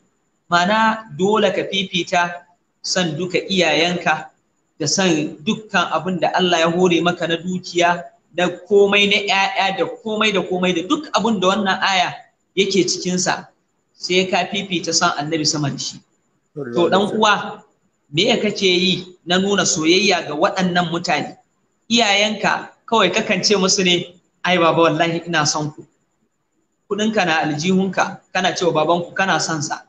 mana dole ka fifita san duka iyayenka da san dukkan abin da Allah ya hore maka na dukiya Da komai na ‘ya'ya da komai da komai da duk abin da wannan aya yake cikinsa sai ka fifita san annabi sama da shi. To ɗan uwa me ya kake yi na nuna soyayya ga waɗannan mutane iyayenka kawai kakance musu ne ai baba wallahi ina son ku kuɗinka na aljihunka kana cewa babanku kana son sa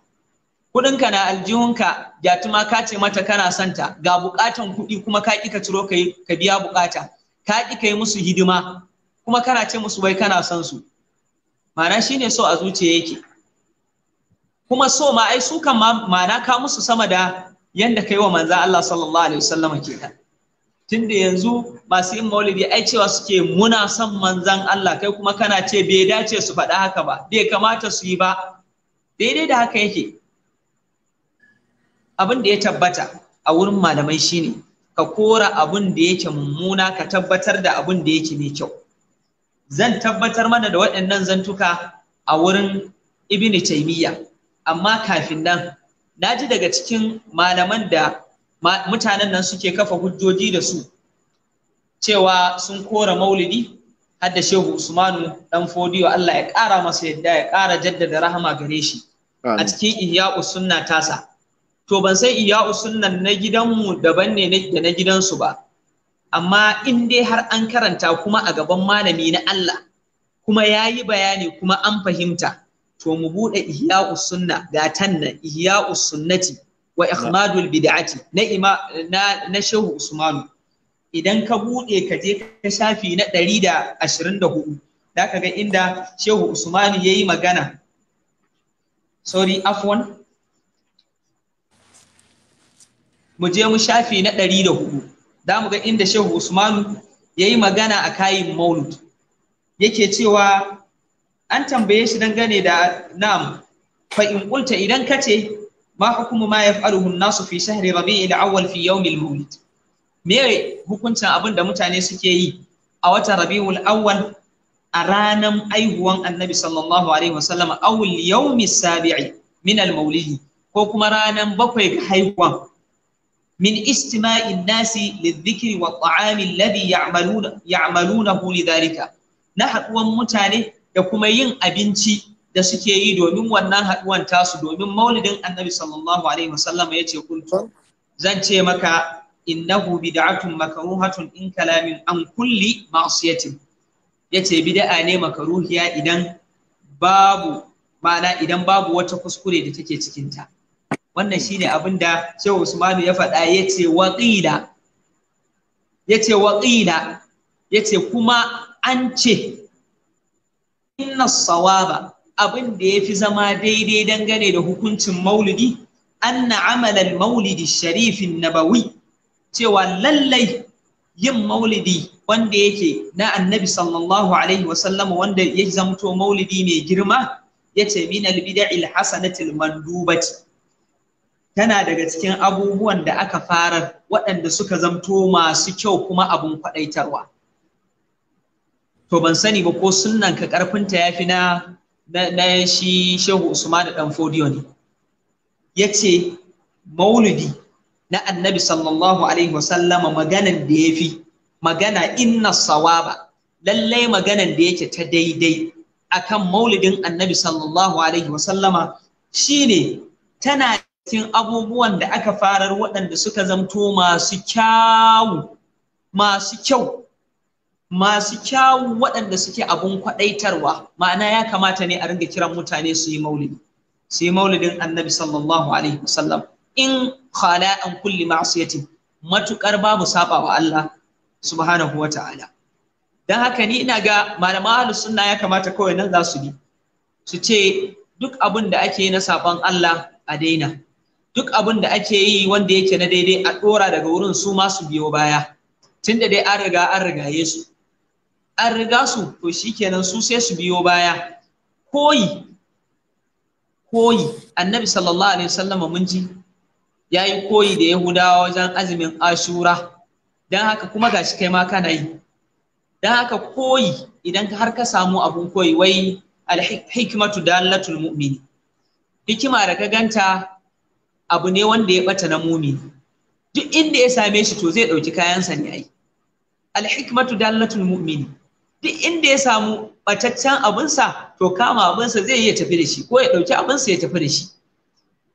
kuɗinka na aljihunka gyatuma ka ce mata kana son ta ga buƙatan kuɗi kuma ka ƙi ka ciro ka biya buƙata ka ƙi kai musu hidima kuma kana ce musu wai kana son su ma'ana shine so a zuciya yake kuma so ma ai su kan ma'ana ka musu sama da yanda kai wa manzo Allah sallallahu alaihi wasallam kenan tunda yanzu masu yin maulidi ai cewa suke muna son manzan Allah kai kuma kana ce bai dace su faɗa haka ba bai kamata su yi ba daidai da haka yake abin da ya tabbata a wurin malamai shine ka kora abun da yake mummuna ka tabbatar da abun da yake mai kyau zan tabbatar mana da waɗannan zantuka a wurin ibn taymiya amma kafin nan na ji daga cikin malaman da mutanen nan suke kafa hujjoji da su cewa sun kora maulidi har da shehu usmanu dan fodiyo allah ya ƙara masa yadda ya ƙara jaddada rahama gare shi a cikin ihya'u sunna tasa to ban san iya sunnan na gidanmu daban ne da na gidansu ba amma in dai har an karanta kuma a gaban malami na Allah kuma ya yi bayani kuma an fahimta to mu buɗe ihya sunna gatan nan ihya sunnati wa ikhmadul bid'ati na ima na, shehu usmanu idan ka buɗe ka je ka shafi na 124 da ka ga inda shehu usmanu yayi magana sorry afwan mu je mu shafi na ɗari da hudu za mu ga inda shehu usmanu ya yi magana a kayin maulud yake cewa an tambaye shi dangane da nam fa in ƙulta idan ka ce ma hukumu ma yaf'aluhu nasu fi shahri da awwal fi yawmil maulid me hukuncin abin da mutane suke yi a watan rabi'ul awwal a ranan aihuwan annabi sallallahu alaihi wasallam awul yawmi sabi'i min al maulidi ko kuma ranan bakwai ga haihuwan min istima'in nasi lidhikri wa ta'ami alladhi ya'maluna ya'malunahu lidhalika na haɗuwan mutane da kuma yin abinci da suke yi domin wannan haduwan tasu domin maulidin annabi sallallahu alaihi wasallam yace kuntu zan ce maka innahu bid'atun makruhatun in kalamin an kulli ma'siyatin yace bid'a ne makruhiya idan babu ma'ana idan babu wata kuskure da take cikinta wannan hmm. shine abin da Shehu Usmanu ya faɗa yace waqila yace waqila yace kuma an ce inna sawaba abin da yafi zama daidai dangane da hukuncin maulidi anna amalan maulidi sharifin nabawi cewa lallai yin maulidi wanda yake na annabi sallallahu alaihi wasallam wanda ya zamto maulidi mai girma yace min hasanati al mandubati tana daga cikin abubuwan da aka fara waɗanda suka zamto masu kyau kuma abun kwaɗaitarwa. To ban sani ba ko sunnan ka ƙarfinta ya fi na na shi Shehu Usman ɗan Fodiyo ne. Ya ce, Maulidi na annabi sallallahu Alaihi wasallama maganan da ya fi, magana inna sawaba, lallai maganan da yake ta daidai akan maulidin annabi sallallahu Alaihi wasallama shi ne tana cikin abubuwan da aka farar waɗanda suka zamto masu kyawu masu kyau masu kyawu waɗanda suke abun kwaɗaitarwa ma'ana ya kamata ne a ringa kiran mutane su yi maulidi su yi maulidin annabi sallallahu alaihi wasallam in khala an kulli ma'asiyatin matukar babu saba wa Allah subhanahu wa ta'ala dan haka ni ina ga malama ahlus sunna ya kamata kawai nan za su bi su ce duk abin da ake yi na saban Allah a daina duk abin da ake yi wanda yake na daidai a ɗora daga wurin su ma su biyo baya tunda dai an riga an rigaye su an riga su to shikenan su sai su biyo baya koyi koyi annabi sallallahu alaihi wasallam mun ji ya yi koyi da yahudawa wajen azumin ashura don haka kuma gashi kai ma kana yi don haka koyi idan har ka samu abun koyi wai alhikmatu dalatul mu'mini hikima da ka ganta abu ne wanda ya bata na mumi duk inda ya same shi to zai ɗauki kayansa ne ai alhikmatu dallatul mu'mini duk inda ya samu bataccen abinsa to kama abinsa zai iya tafi da shi ko ya ɗauki abinsa ya tafi da shi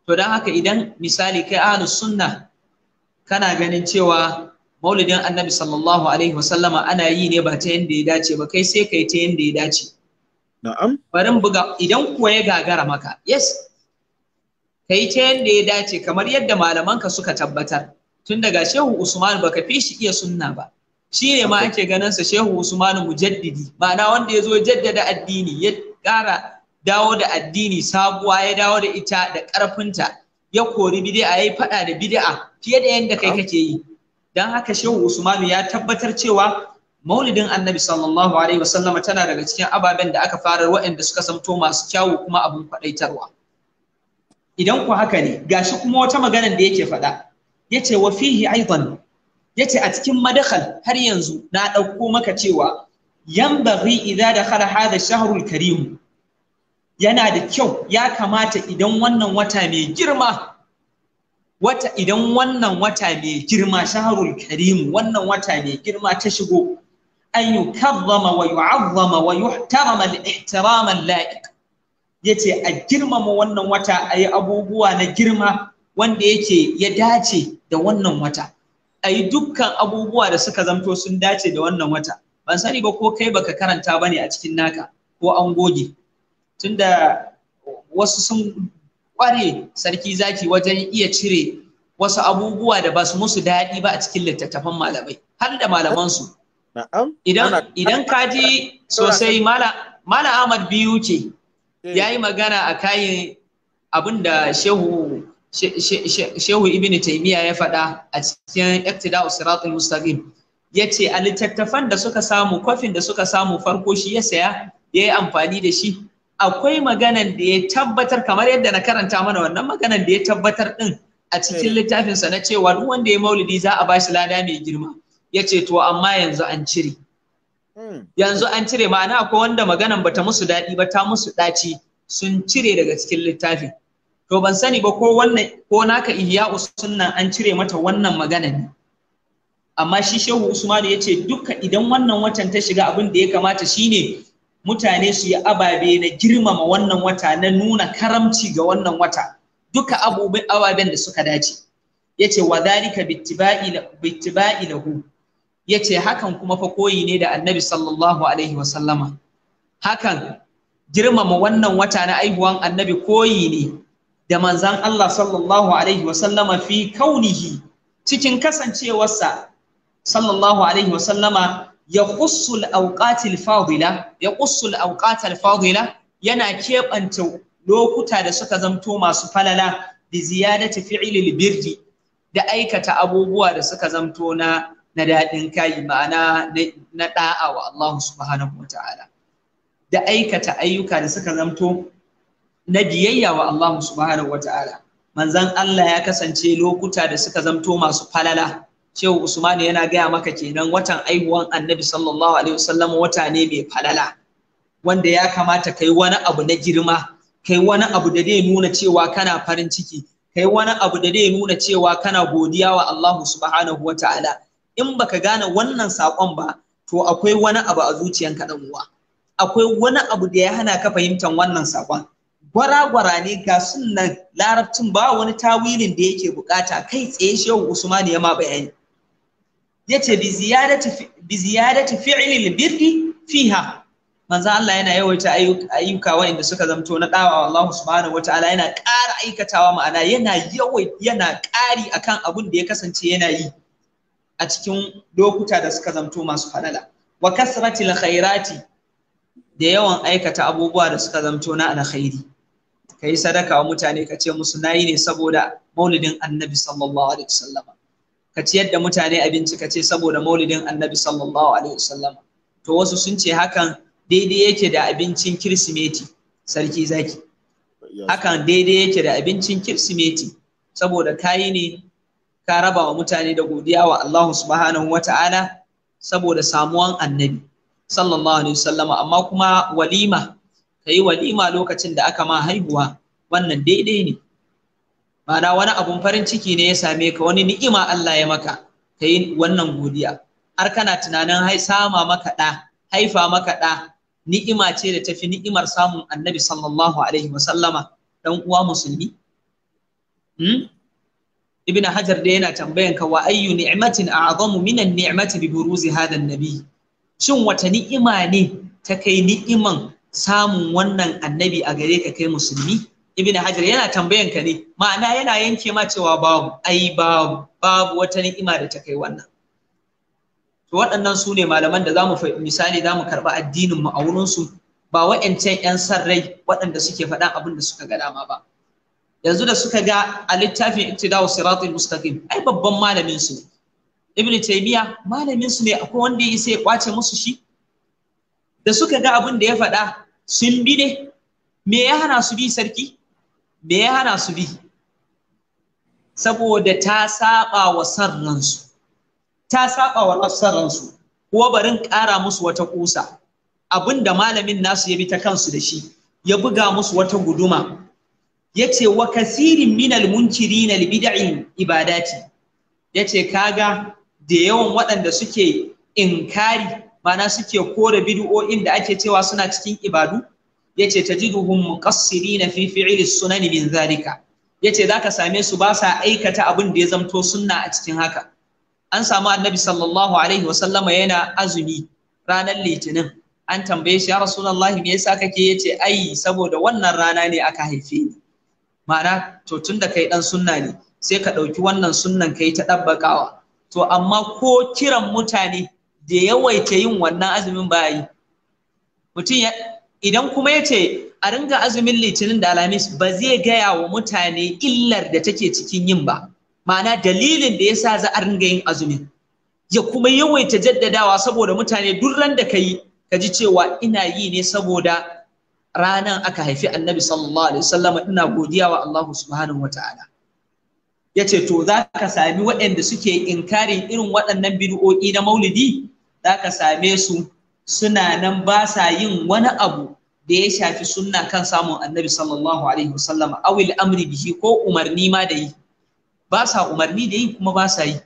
to don haka idan misali kai ahlu sunna kana ganin cewa maulidin annabi sallallahu alaihi wasallama ana yi ne ba ta yanda ya dace ba kai sai kai ta yanda ya dace na'am bari buga idan kuwa ya gagara maka yes ka yi ta yadda ya dace kamar yadda malamanka suka tabbatar tun daga shehu usman baka fi shi iya sunna ba shi ne ma ake ganin sa shehu usman mujaddidi ma'ana wanda ya zo jaddada addini ya ƙara dawo da addini sabuwa ya dawo da ita da ƙarfinta ya kori bid'a ya yi faɗa da bid'a fiye da yadda kai kake yi don haka shehu Usmanu ya tabbatar cewa maulidin annabi sallallahu alaihi wasallama tana daga cikin ababen da aka fara waɗanda suka samto masu kyawu kuma abin faɗaitarwa. idan ku haka ne gashi kuma wata magana da yake faɗa yace wa fihi Ya yace a cikin madakhal har yanzu na ɗauko maka cewa yanbaghi idza dakhala hadha shahrul karim yana da kyau ya kamata idan wannan wata mai girma wata idan wannan wata mai girma shahrul karim wannan wata mai girma ta shigo an yukazzama wa yu'azzama wa yuhtarama al-ihtirama al-la'iq Yace a girmama wannan wata a yi abubuwa na girma wanda yake ya dace da wannan wata a yi dukkan abubuwa da suka zamto sun dace da wannan wata ban sani ba ko kai baka karanta bane a cikin naka ko an goge tunda wasu sun kware sarki zaki wajen iya cire wasu abubuwa da ba su musu daɗi ba a cikin littattafan malamai har da malamansu idan ka ji sosai mala ahmad biyu ce Eh. ya yi magana a kayan abin da shehu shehu ibn taimiya ya faɗa a cikin Sirat usratul mustaqim ya ce a littattafan da suka samu kwafin da suka samu farko shi ya saya ya yi amfani da shi akwai maganan da ya tabbatar kamar yadda na karanta mana wannan maganan da ya tabbatar din a cikin eh. littafinsa na cewa duk wanda ya maulidi za a ba shi lada mai girma ya ce to amma yanzu an cire Hmm. yanzu an cire ma'ana akwai wanda maganan ta musu daɗi ba ta musu ɗaci sun cire daga cikin littafi. to ban sani ba ko wannan ko naka ihya sunnan an cire mata wannan magana ne amma shi shehu usmanu ya ce duka idan wannan watan ta shiga abin da ya kamata shine mutane su yi ababe na girmama wannan wata na nuna karamci ga wannan wata duka ababen da suka dace yace wa zalika bittiba'i bittiba'i lahu ya ce hakan kuma fa koyi ne da annabi sallallahu alaihi wasallama hakan girmama wannan wata na aihuwan annabi koyi ne da manzan Allah sallallahu alaihi wasallama fi kaunihi cikin kasancewarsa sallallahu alaihi wasallama ya kussul auqatil fadila ya kussul auqatil fadila yana keɓanta lokuta da suka zamto masu falala da ziyadati fi'ilil birri da aikata abubuwa da suka zamto na na daɗin kai ma'ana na da'a wa Allah subhanahu wa ta'ala da aikata ayyuka da suka zamto na biyayya wa Allah subhanahu wa ta'ala manzan Allah ya kasance lokuta da suka zamto masu falala cewa Usman yana gaya maka kenan watan aihuwan annabi sallallahu alaihi wasallam wata ne mai falala wanda ya kamata kai wani abu na girma kai wani abu da zai nuna cewa kana farin ciki kai wani abu da zai nuna cewa kana godiya wa Allah subhanahu wa ta'ala in baka gane wannan sakon ba to akwai wani abu a zuciyanka ɗan uwa akwai wani abu da ya hana ka fahimtar wannan sakon? gwara-gwara ne ga sunan larabcin ba wani tawilin da yake bukata kai tsaye shehu usman ya ma bayani yace bi ziyadati bi ziyadati fi'lil birri fiha manzo Allah yana yawaita ayyuka wanda suka zamto na dawa Allah subhanahu wataala yana ƙara aikatawa ma'ana yana yawai yana ƙari akan abun da ya kasance yana yi a cikin lokuta da suka zamto masu falala wa kasratil khairati da yawan aikata abubuwa da suka zamto na alkhairi ka yi sadaka wa mutane ka ce musu nayi ne saboda maulidin annabi sallallahu alaihi wasallam ka ciyar da mutane abinci ka ce saboda maulidin annabi sallallahu alaihi wasallam to wasu sun ce hakan daidai yake da abincin kirsimeti sarki zaki hakan daidai yake da abincin kirsimeti saboda kayi ne ka raba wa mutane da godiya wa Allah subhanahu wa ta'ala saboda samuwan annabi sallallahu alaihi wasallama amma kuma walima yi walima lokacin da aka ma haihuwa wannan daidai ne Mana wani abun farin ciki ne ya same ka wani ni'ima Allah ya maka kayi wannan godiya har kana tunanin hai sama maka da haifa maka da ni'ima ce da tafi ni'imar samun annabi sallallahu alaihi wasallama dan uwa musulmi hmm? ibn hajar da yana tambayan ka wa ayyu ni'matin a'zamu minan ni'mati bi buruzi hadha nabi shin wata ni'ima ne ta kai ni'iman samun wannan annabi a gare ka kai musulmi ibn hajar yana tambayan ka ne ma'ana yana yanke ma cewa babu ai babu babu wata ni'ima da ta kai wannan to waɗannan su ne malaman da zamu misali zamu karɓi addinin mu a wurin su ba wa'ancan 'yan sarrai waɗanda suke faɗan abin da suka ga dama ba yanzu da suka ga a littafin iktida'u siratul mustaqim ai babban malamin su ibnu taymiya malamin su ne akwai wanda ya sai kwace musu shi da suka ga abin da ya faɗa sun bi ne me ya hana su bi sarki me ya hana su bi saboda ta saba wa sarran su ta saba wa sarran su kuwa barin ƙara musu wata kusa abin da malamin nasu ya bi ta kansu da shi ya buga musu wata guduma yace wa kasirin minal munkirina na ibada ibadati yace kaga da yawan waɗanda suke inkari mana suke kore bid'o'in da ake cewa suna cikin ibadu yace tajiduhum muqassirina na fi'li sunani min zalika yace ka same su ba sa aikata abin da ya zamto sunna a cikin haka an samu annabi sallallahu alaihi wasallama yana azumi ranar litinin an tambaye shi ya rasulallahi me yasa kake yace ai saboda wannan rana ne aka haife ni ma'ana to tun da kai dan sunna ne sai ka ɗauki wannan sunnan ka yi ta ɗabbakawa to amma ko kiran mutane da yawaita yin wannan azumin ba yi mutum idan kuma ya ce a ringa azumin litinin da alhamis ba zai gaya wa mutane illar da take cikin yin ba ma'ana dalilin da ya sa za a ringa yin azumin ya kuma yawaita jaddadawa saboda mutane duk da ka yi ka ji cewa ina yi ne saboda ranan aka haifi annabi sallallahu alaihi wasallam ina godiya wa Allah subhanahu wataala yace to za sami waɗanda suke inkarin irin waɗannan bid'o'i na maulidi za same su suna nan ba sa yin wani abu da ya shafi sunna kan samun annabi sallallahu alaihi wasallam awil amri bihi ko umarni ma da yi ba sa umarni da yi kuma ba sa yi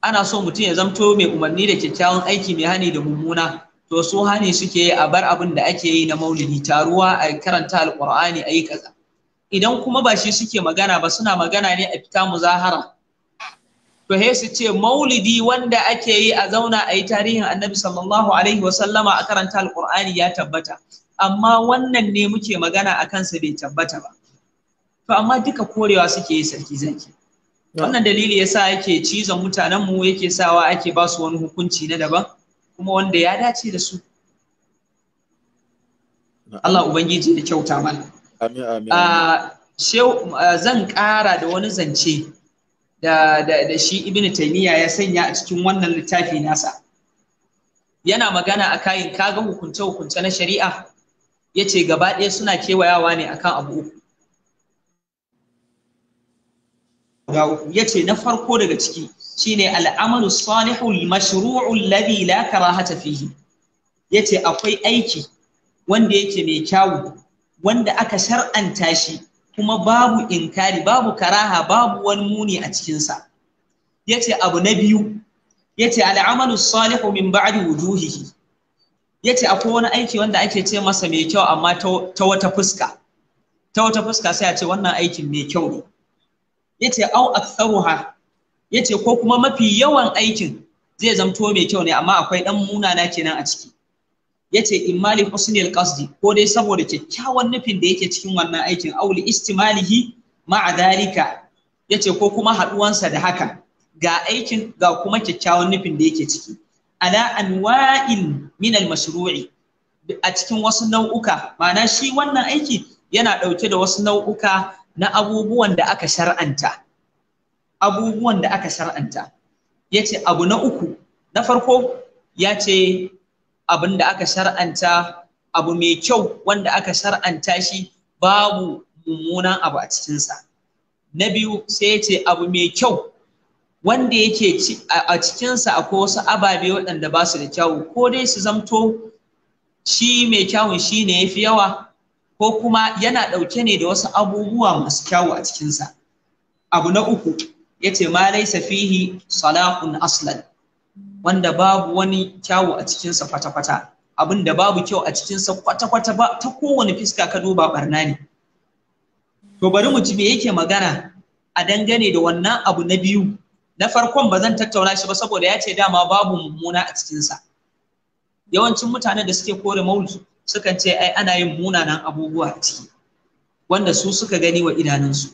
ana so mutum ya zamto mai umarni da kyakkyawan aiki mai hani da mummuna to su hani suke yi a bar abin da ake yi na maulidi taruwa a karanta alqur'ani ayi kaza idan kuma ba shi suke magana ba suna magana ne a fita muzahara to he su ce maulidi wanda ake yi a zauna a yi tarihin annabi sallallahu alaihi wasallama a karanta alqur'ani ya tabbata amma wannan ne muke magana a kansa bai tabbata ba to amma duka korewa suke yi sarki zaki wannan dalili yasa yake cizon mutanen mu yake sawa ake ba su wani hukunci na daban kuma wanda ya dace da su Allah ubangiji da kyauta mana ah, ah, zan ƙara da wani zance da, da, da shi ibn taymiya ya sanya a cikin wannan littafi nasa yana magana a kayin kaga hukunce-hukunce na shari'a ya ce gaba ɗaya suna kewayawa ne akan abu uku ya ce na farko daga ciki shine al'amalu salihul mashru'u alladhi la karahata fihi yace akwai aiki wanda yake mai kyawu wanda aka shar'anta shi kuma babu inkari babu karaha babu wani muni a cikin sa yace abu na biyu yace al'amalu salihu min ba'di wujuhihi yace akwai wani aiki wanda ake ce masa mai kyau amma ta wata fuska ta wata fuska sai a ce wannan aikin mai kyau ne yace au aktharuha yace ko kuma mafi yawan aikin zai zamto mai kyau ne amma akwai dan munana kenan a ciki yace imali husnil qasdi ko dai saboda kyakkyawan nufin da yake cikin wannan aikin auli istimalihi ma'a dalika yace ko kuma sa da haka ga aikin ga kuma kyakkyawan nufin da yake ciki ala anwa'in min al-mashru'i a cikin wasu nau'uka ma'ana shi wannan aiki yana ɗauke da wasu nau'uka na abubuwan da aka shar'anta abubuwan da aka shar'anta ya ce abu na uku na farko ya ce abin da aka shar'anta abu mai kyau wanda aka shar'anta shi babu mummunan abu a cikinsa na biyu sai ya ce abu mai kyau wanda yake a cikinsa akwai wasu ababe waɗanda ba su da kyawu ko dai su zamto shi mai kyawun shi ne ya fi yawa ko kuma yana ɗauke ne da wasu abubuwa masu kyawu a cikinsa abu na uku Ya ce ma laysa fihi salahun aslan wanda babu wani kyawu a cikinsa kwata kwata abin da babu kyau a cikinsa kwata kwata ba ta kowane fiska ka duba barna ne to bari mu ji me yake magana a dangane da wannan abu na biyu na farkon ba zan tattauna shi ba saboda ya ce dama babu mummuna a cikinsa. yawancin mutanen da suke kore maulid sukan ce ai ana yin munanan abubuwa a ciki wanda su suka gani wa idanunsu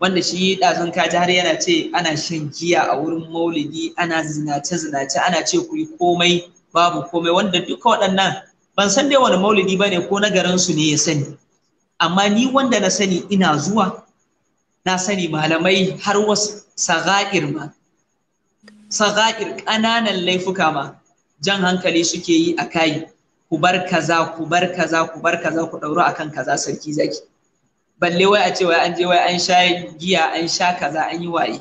wanda shi ɗazun kaji har yana ce ana shan giya a wurin maulidi ana zinace-zinace ana ce ku yi komai babu komai wanda duka waɗannan ban san dai wani maulidi bane ko na garin su ne ya sani amma ni wanda na sani ina zuwa na sani malamai har wasu saga'ir ma saga'ir ƙananan laifuka ma jan hankali suke yi a kayi ku bar kaza ku bar kaza ku bar kaza ku ɗauro akan kaza sarki zaki balle wai a ce wai an je wai an sha giya an sha kaza an yi waye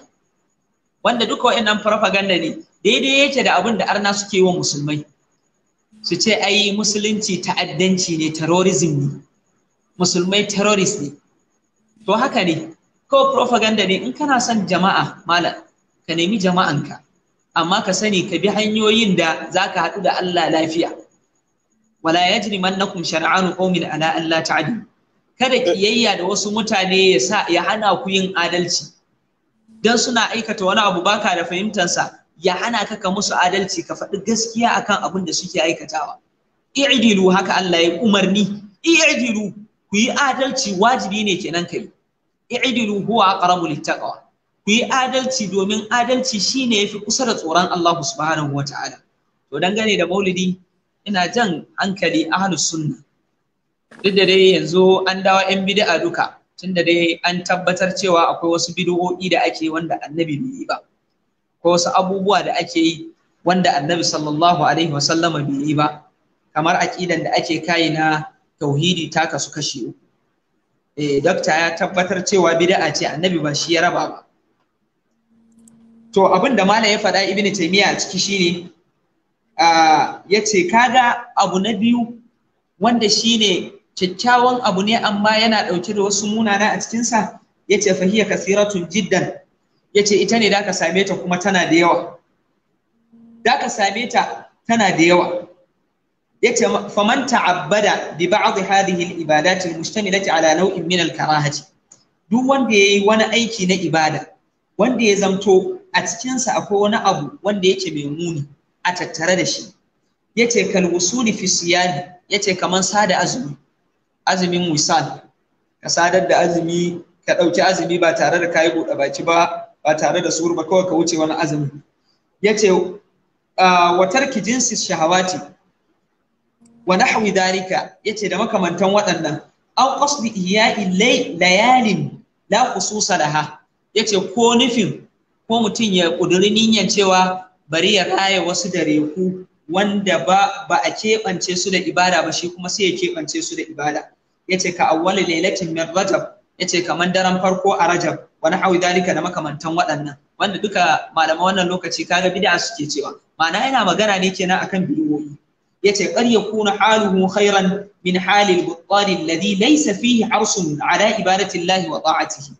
wanda duka wa'annan propaganda ne daidai yake da abin da arna suke yi wa musulmai su ce ai musulunci ta'addanci ne terrorism ne musulmai terrorist ne to haka ne kawai propaganda ne in kana son jama'a malam ka nemi jama'anka amma ka sani ka bi hanyoyin da zaka ka haɗu da Allah lafiya wala yajrimannakum shar'anu qawmin ala an la ta'dilu kada kiyayya da wasu mutane ya sa ya hana ku yin adalci dan suna aikata wani abu baka da fahimtansa ya hana ka ka musu adalci ka faɗi gaskiya akan abin da suke aikatawa i'dilu haka Allah ya umarni i'dilu ku yi adalci wajibi ne kenan kai i'dilu huwa aqrabu littaqwa ku yi adalci domin adalci shine yafi kusa da tsoron Allah subhanahu wataala to dangane da maulidi ina jan hankali ahlus sunna duk da dai yanzu an dawo yan bid'a duka tun da dai an tabbatar cewa akwai wasu bid'o'i da ake wanda annabi bai yi ba ko wasu abubuwa da ake yi wanda annabi sallallahu alaihi wasallama bai yi ba kamar aƙidan da ake kai na tauhidi ta kasu kashi uku eh dokta ya tabbatar cewa bid'a ce annabi ba shi ya raba ba to abin da malam ya faɗa ibnu taymiya a ciki shine ah, ya yace kaga abu na biyu wanda shine kyakkyawan abu ne amma yana ɗauke da wasu munana a cikinsa ya ce fahiyya kasiratun jiddan ya ce ita ne da ka same ta kuma tana da yawa da ka same ta tana da yawa ya ce faman ta'abbada bi ba'd hadhihi al-ibadati al-mustamilati ala nau'in min al-karahati duk wanda yayi wani aiki na ibada wanda ya zamto a cikinsa akwai wani abu wanda yake mai muni a tattare da shi yace kal wusuli fi siyami yace kaman sada azumi azumin wisal ka sadar da azumi ka ɗauki azumi ba tare da kayi buɗe baki ba ba tare da suhur ba kawai ka wuce wani azumi ya ce ah, watar ki jinsi shahawati wa nahwi dalika ya ce da makamantan waɗannan an qasdi iya'i layalin la khususa laha ya ce ko nufin ko mutum ya ƙuduri niyan cewa bari ya raya wasu dare ku wanda ba ba a keɓance su da ibada ba shi kuma sai ya keɓance su da ibada yace ka awwali lailatin min rajab yace kamar daren farko a rajab wani hawi dalika da makamantan waɗannan wanda duka malaman wannan lokaci kaga bid'a suke cewa ma'ana yana magana ne kenan akan bid'o'i yace qad yakunu haluhu khairan min halil buttan alladhi laysa fihi harsun ala ibadati llahi wa ta'atihi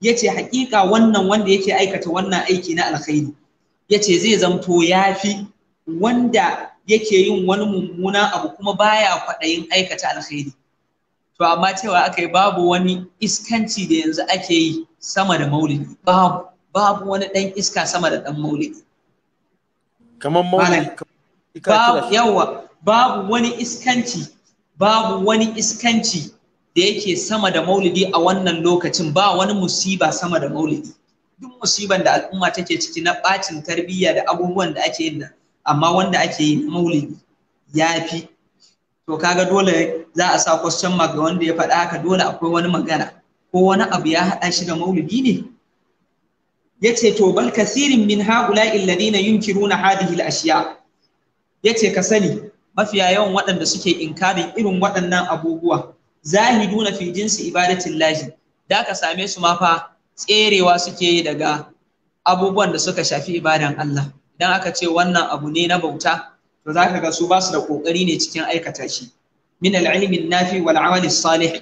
yace haƙiƙa wannan wanda yake aikata wannan aiki na alkhairi yace zai zamto fi. wanda yake yin wani mummunan abu kuma baya kwaɗayin aikata alkhairi to amma cewa aka yi babu wani iskanci da yanzu ake yi sama da maulidi babu babu wani ɗan iska sama da ɗan maulidi kamar maulidi babu yawa babu wani iskanci babu wani iskanci da yake sama da maulidi a wannan lokacin ba wani musiba sama da maulidi duk musiban da al'umma take ciki na bacin tarbiyya da abubuwan da ake yin nan amma wanda ake yi maulidi ya fi to kaga dole za a sa question mark ga wanda ya faɗa haka dole akwai wani magana ko wani abu ya haɗa shi da maulidi ne yace to bal kasirin min ha'ula illadina yunkiruna hadhihi al-ashya yace ka sani mafiya yawan waɗanda suke inkarin irin waɗannan abubuwa zahiduna fi jinsi ibadatin lahi da ka same su ma fa tserewa suke yi daga abubuwan da suka shafi ibadan Allah dan aka ce wannan abu ne na bauta to zaka ga su ba da kokari ne cikin aikata shi min al-ilmi nafi wal amali salih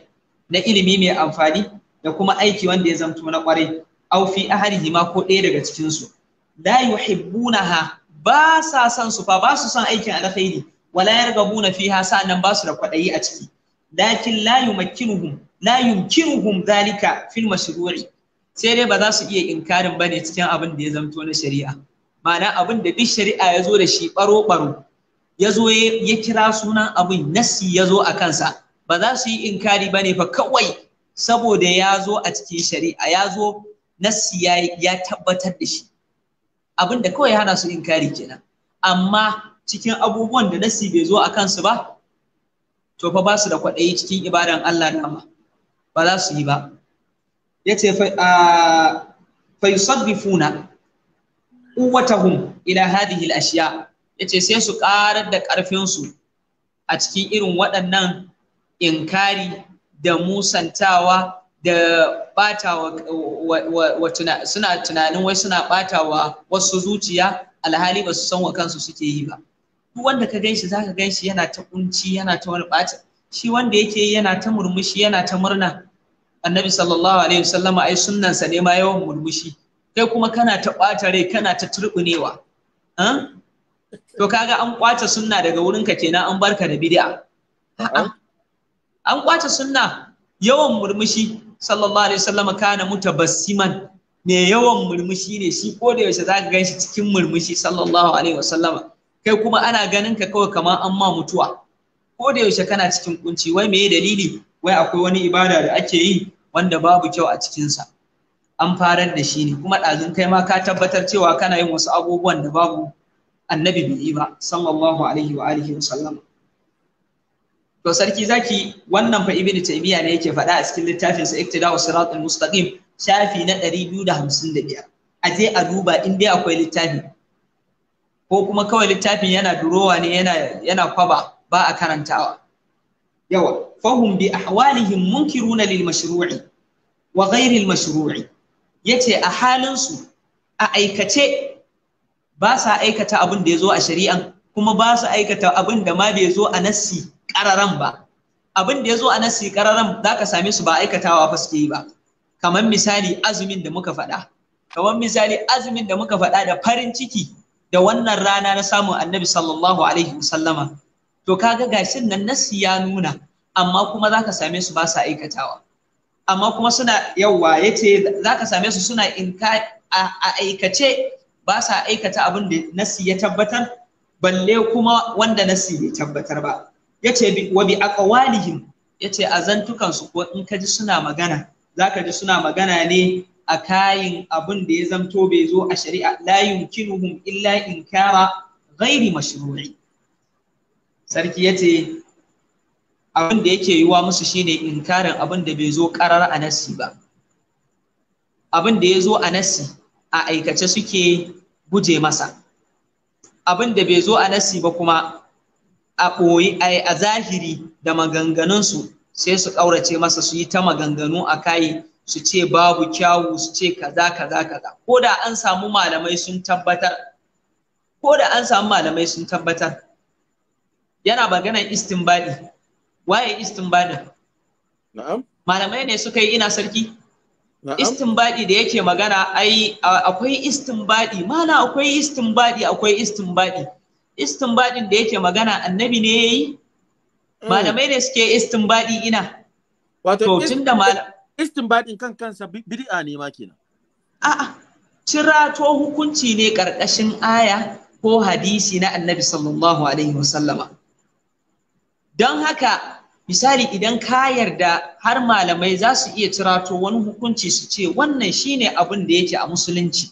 na ilimi mai amfani da kuma aiki wanda ya zamto na kwarai au fi ahadihi ma ko ɗaya daga cikin su la yuhibbunaha ba sa son su fa ba su son aikin alkhairi wala yarghabuna fiha sanan ba su da kwadayi a ciki lakin la yumakkinuhum la yumkinuhum dhalika fil mashru'i sai dai ba za su iya inkarin bane cikin abin da ya zamto na shari'a ma'ana abin da duk shari'a ya zo da shi baro-baro, ya zo ya kira sunan abin nasi ya zo a kansa ba za su yi inkari ba ne ba kawai saboda ya zo a cikin shari'a ya zo nassi ya tabbatar da shi abin da kawai hana su inkari kenan amma cikin abubuwan da nasi bai zo a kansu ba to fa ba su da kwaɗayi cikin ibadan Allah nama ba za su yi ba ya ce fa yusaddifuna quwwatahum ila hadhihi al ashya yace sai su karar da karfin su a cikin irin waɗannan inkari da musantawa da batawa suna tunanin wai suna batawa wasu zuciya alhali ba su san wa kansu suke yi ba duk wanda ka ganshi zaka ganshi yana ta kunci yana ta wani bata shi wanda yake yana ta murmushi yana ta murna annabi sallallahu alaihi wasallama ai sunnansa ne ma yawan murmushi kai kuma kana ta ɓata rai kana ta turɓunewa to kaga an ƙwace sunna daga wurinka kenan an barka da bid'a an ƙwace sunna yawan murmushi sallallahu alaihi wasallam kana mutabassiman me yawan murmushi ne shi ko da yaushe zaka ganshi cikin murmushi sallallahu alaihi wasallam kai kuma ana ganin ka kawai kamar an ma mutuwa ko da yaushe kana cikin kunci wai meye dalili wai akwai wani ibada da ake yi wanda babu kyau a cikinsa an farar da shi ne kuma ɗazun kai ma ka tabbatar cewa kana yin wasu abubuwan da babu annabi bai yi ba sallallahu alaihi wa alihi wa sallam to sarki zaki wannan fa ibnu taymiya ne yake faɗa a cikin littafin sa sirat al mustaqim shafi na 255 a je a duba in dai akwai littafi ko kuma kawai littafin yana durowa ne yana yana kwaba ba a karantawa yawa fahum bi ahwalihim munkiruna lil mashru'i wa ghairi al mashru'i yace a halin su a aikace ba sa aikata abin da ya zo a shari'an kuma ba su aikata abin da ma bai zo a nassi ƙararan ba abin da ya zo a nassi ƙararan za ka same su ba aikatawa fa suke yi ba kamar misali azumin da muka faɗa kamar misali azumin da muka faɗa da farin ciki da wannan rana na samun annabi sallallahu alaihi wasallama to kaga gashin nan nassi ya nuna amma kuma za ka same su ba sa aikatawa amma kuma suna yawa ya ce za ka same su suna ka a aikace ba sa aikata abin da nasi ya tabbatar balle kuma wanda nasi bai tabbatar ba ya ce wa bi aqwalihim ya ce a zantukansu ko in ka ji suna magana za ka ji suna magana ne a kayin abin da ya zamto bai zo a shari'a la yumkinuhum illa in inkara ghairi mashru'i sarki ya ce abin da yake yiwa musu shine inkarin abin da bai zo karar a nasi ba abin da ya zo a nasi a aikace suke guje masa abin da bai zo a nasi ba kuma a ɓoyi a zahiri da maganganunsu sai su ƙaurace masa su yi ta maganganu a kai su ce babu kyawu su ce kaza kaza kaza ko da an samu malamai sun tabbatar ko da an samu malamai sun tabbatar yana maganar istinbadi waye istinbadin na'am malamai ne suka yi ina sarki istinbadi da yake magana ai akwai istinbadi mana akwai istinbadi akwai istinbadi istinbadin da yake magana annabi ne yayi mm. malamai ne suke istinbadi ina wato tunda malam istinbadin kan kansa bid'a ne ma kenan a'a cirato hukunci ne karkashin aya ko hadisi na annabi sallallahu alaihi wasallama don haka misali idan ka yarda har malamai za su iya cirato wani hukunci su ce wannan shine abin da yake a musulunci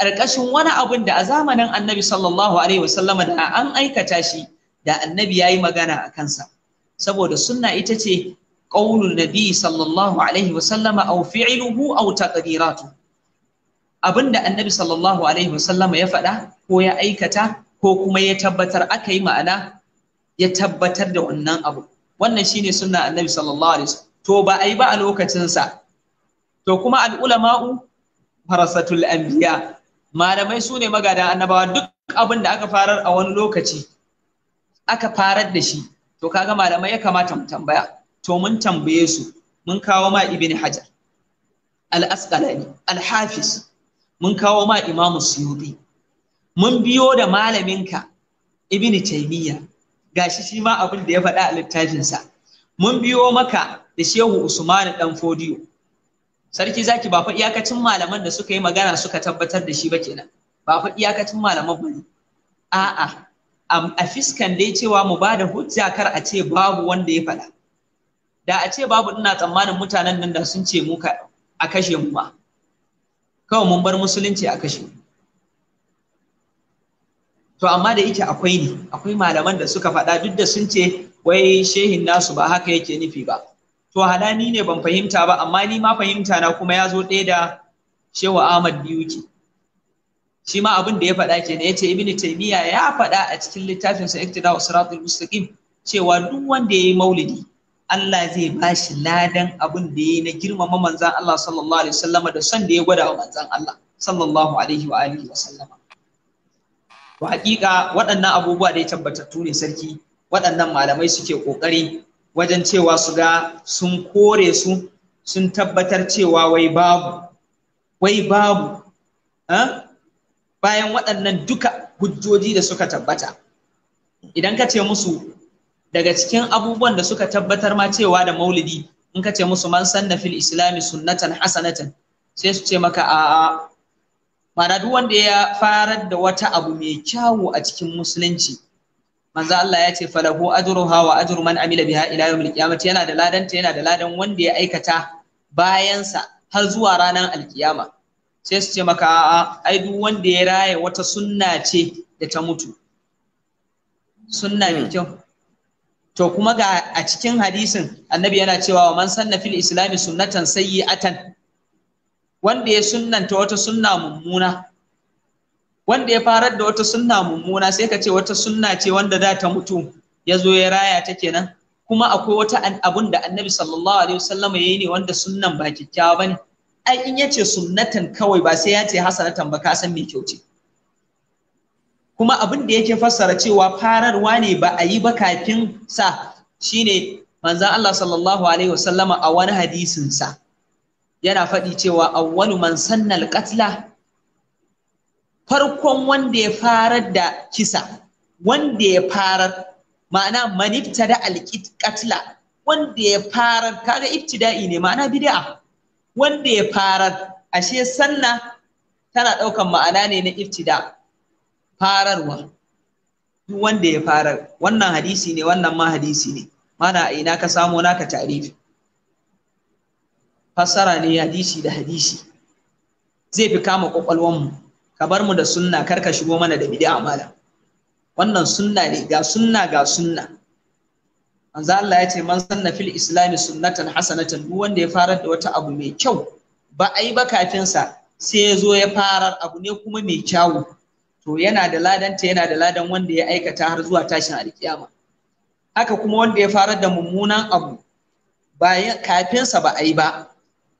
ƙarƙashin wani abin da a zamanin annabi sallallahu alaihi wasallama da an aikata shi da annabi ya yi magana a kansa saboda sunna ita ce ƙaunin nabi sallallahu alaihi wasallama au fi'iluhu au taqdiratu abin da annabi sallallahu alaihi wasallama ya faɗa ko ya aikata ko kuma ya tabbatar aka yi ma'ana ya tabbatar da wannan abu wannan shi ne sunna annabi sallallahu alaihi wasallam to ba a yi ba a lokacinsa, to kuma alulama'u farasatul anbiya malamai su ne magadan annabawa duk abin da aka farar a wani lokaci aka farar da shi to kaga malamai ya kamata mu tambaya to mun tambaye su mun kawo ma ibn hajar al-asqalani al-hafiz mun kawo ma imamu suyuti mun biyo da malaminka ibn taimiyya gashi shi ma abin da ya faɗa a littafinsa mun biyo maka da shehu usmanu dan fodiyo sarki zaki ba fa iyakacin malaman da suka yi magana suka tabbatar da shi ba kenan ba fa iyakacin malaman ba ne a'a a fiskan dai cewa mu ba da hujja kar a ce babu wanda ya faɗa da a ce babu ina tsammanin mutanen nan da sun ce mu a kashe mu ba kawai mun bar musulunci a kashe mu to amma da yake akwai ne akwai malaman da suka faɗa duk da sun ce wai shehin nasu ba haka yake nufi ba to halani ne ban fahimta ba amma ni ma fahimta na kuma ya zo ɗaya da shehu ahmad biyuki shi ma abin da ya faɗa kenan yace ibnu taymiya ya faɗa a cikin littafin sa iktida wa siratul mustaqim cewa duk wanda yayi maulidi Allah zai bashi ladan abin da yayi na girmama manzon Allah sallallahu alaihi wasallama da son da ya gwada wa manzon Allah sallallahu alaihi wa alihi wasallama to hakika waɗannan abubuwa da ya tabbatattu ne sarki waɗannan malamai suke ƙoƙari wajen cewa su ga sun kore su sun tabbatar cewa wai babu wai babu eh? bayan waɗannan duka hujjoji da suka tabbata idan ka ce musu daga cikin abubuwan da suka tabbatar ma cewa da maulidi in ka ce musu man sanna fil islami sunnatan hasanatan sai su ce maka a'a Mana duk wanda ya farar da wata abu mai kyawu a cikin musulunci manzo Allah ya ce falahu ajruha wa ajru man amila biha ila yawmil yana da ladanta yana da ladan wanda ya aikata bayansa har zuwa ranar alkiyama sai su ce maka a'a ai duk wanda ya raye wata sunna ce da ta mutu sunna mai kyau to kuma ga a cikin hadisin annabi yana cewa wa man sanna fil islami sunnatan sayyi'atan wanda ya sunnanta wata sunna mummuna wanda ya farar da wata sunna mummuna sai ka ce wata sunna ce wanda za ta mutu ya zo ya raya ta kenan kuma akwai wata abun da annabi sallallahu alaihi wasallam ya yi ne wanda sunnan ba kyakkyawa bane ai in yace sunnatan kawai ba sai ya ce hasanatan ba ka san me kyau ce kuma abin da yake fassara cewa fararwa ne ba a yi ba kafin sa shine manzon Allah sallallahu alaihi wasallama a wani hadisin sa yana faɗi cewa awwalu man sannal katla farkon wanda ya farar da kisa wanda ya farar ma'ana man da al katla wanda ya farar kaga ibtida'i ne ma'ana bid'a wanda ya farar ashe sanna tana ɗaukan ma'ana ne na da fararwa duk wanda ya farar wannan hadisi ne wannan ma hadisi ne mana ina ka samo naka ta'rifi fassara ne hadisi da hadisi zai fi kama mu ka bar mu da sunna kar ka shigo mana da bid'a amala wannan sunna ne ga sunna ga sunna manzo Allah ya ce man sanna fil islami sunnatan hasanatan duk wanda ya farar da wata abu mai kyau ba ai ba kafin sa sai ya zo ya fara abu ne kuma mai kyawu to yana da ladanta yana da ladan wanda ya aikata har zuwa tashin alkiyama haka kuma wanda ya fara da mummunan abu ba kafin sa ba ai ba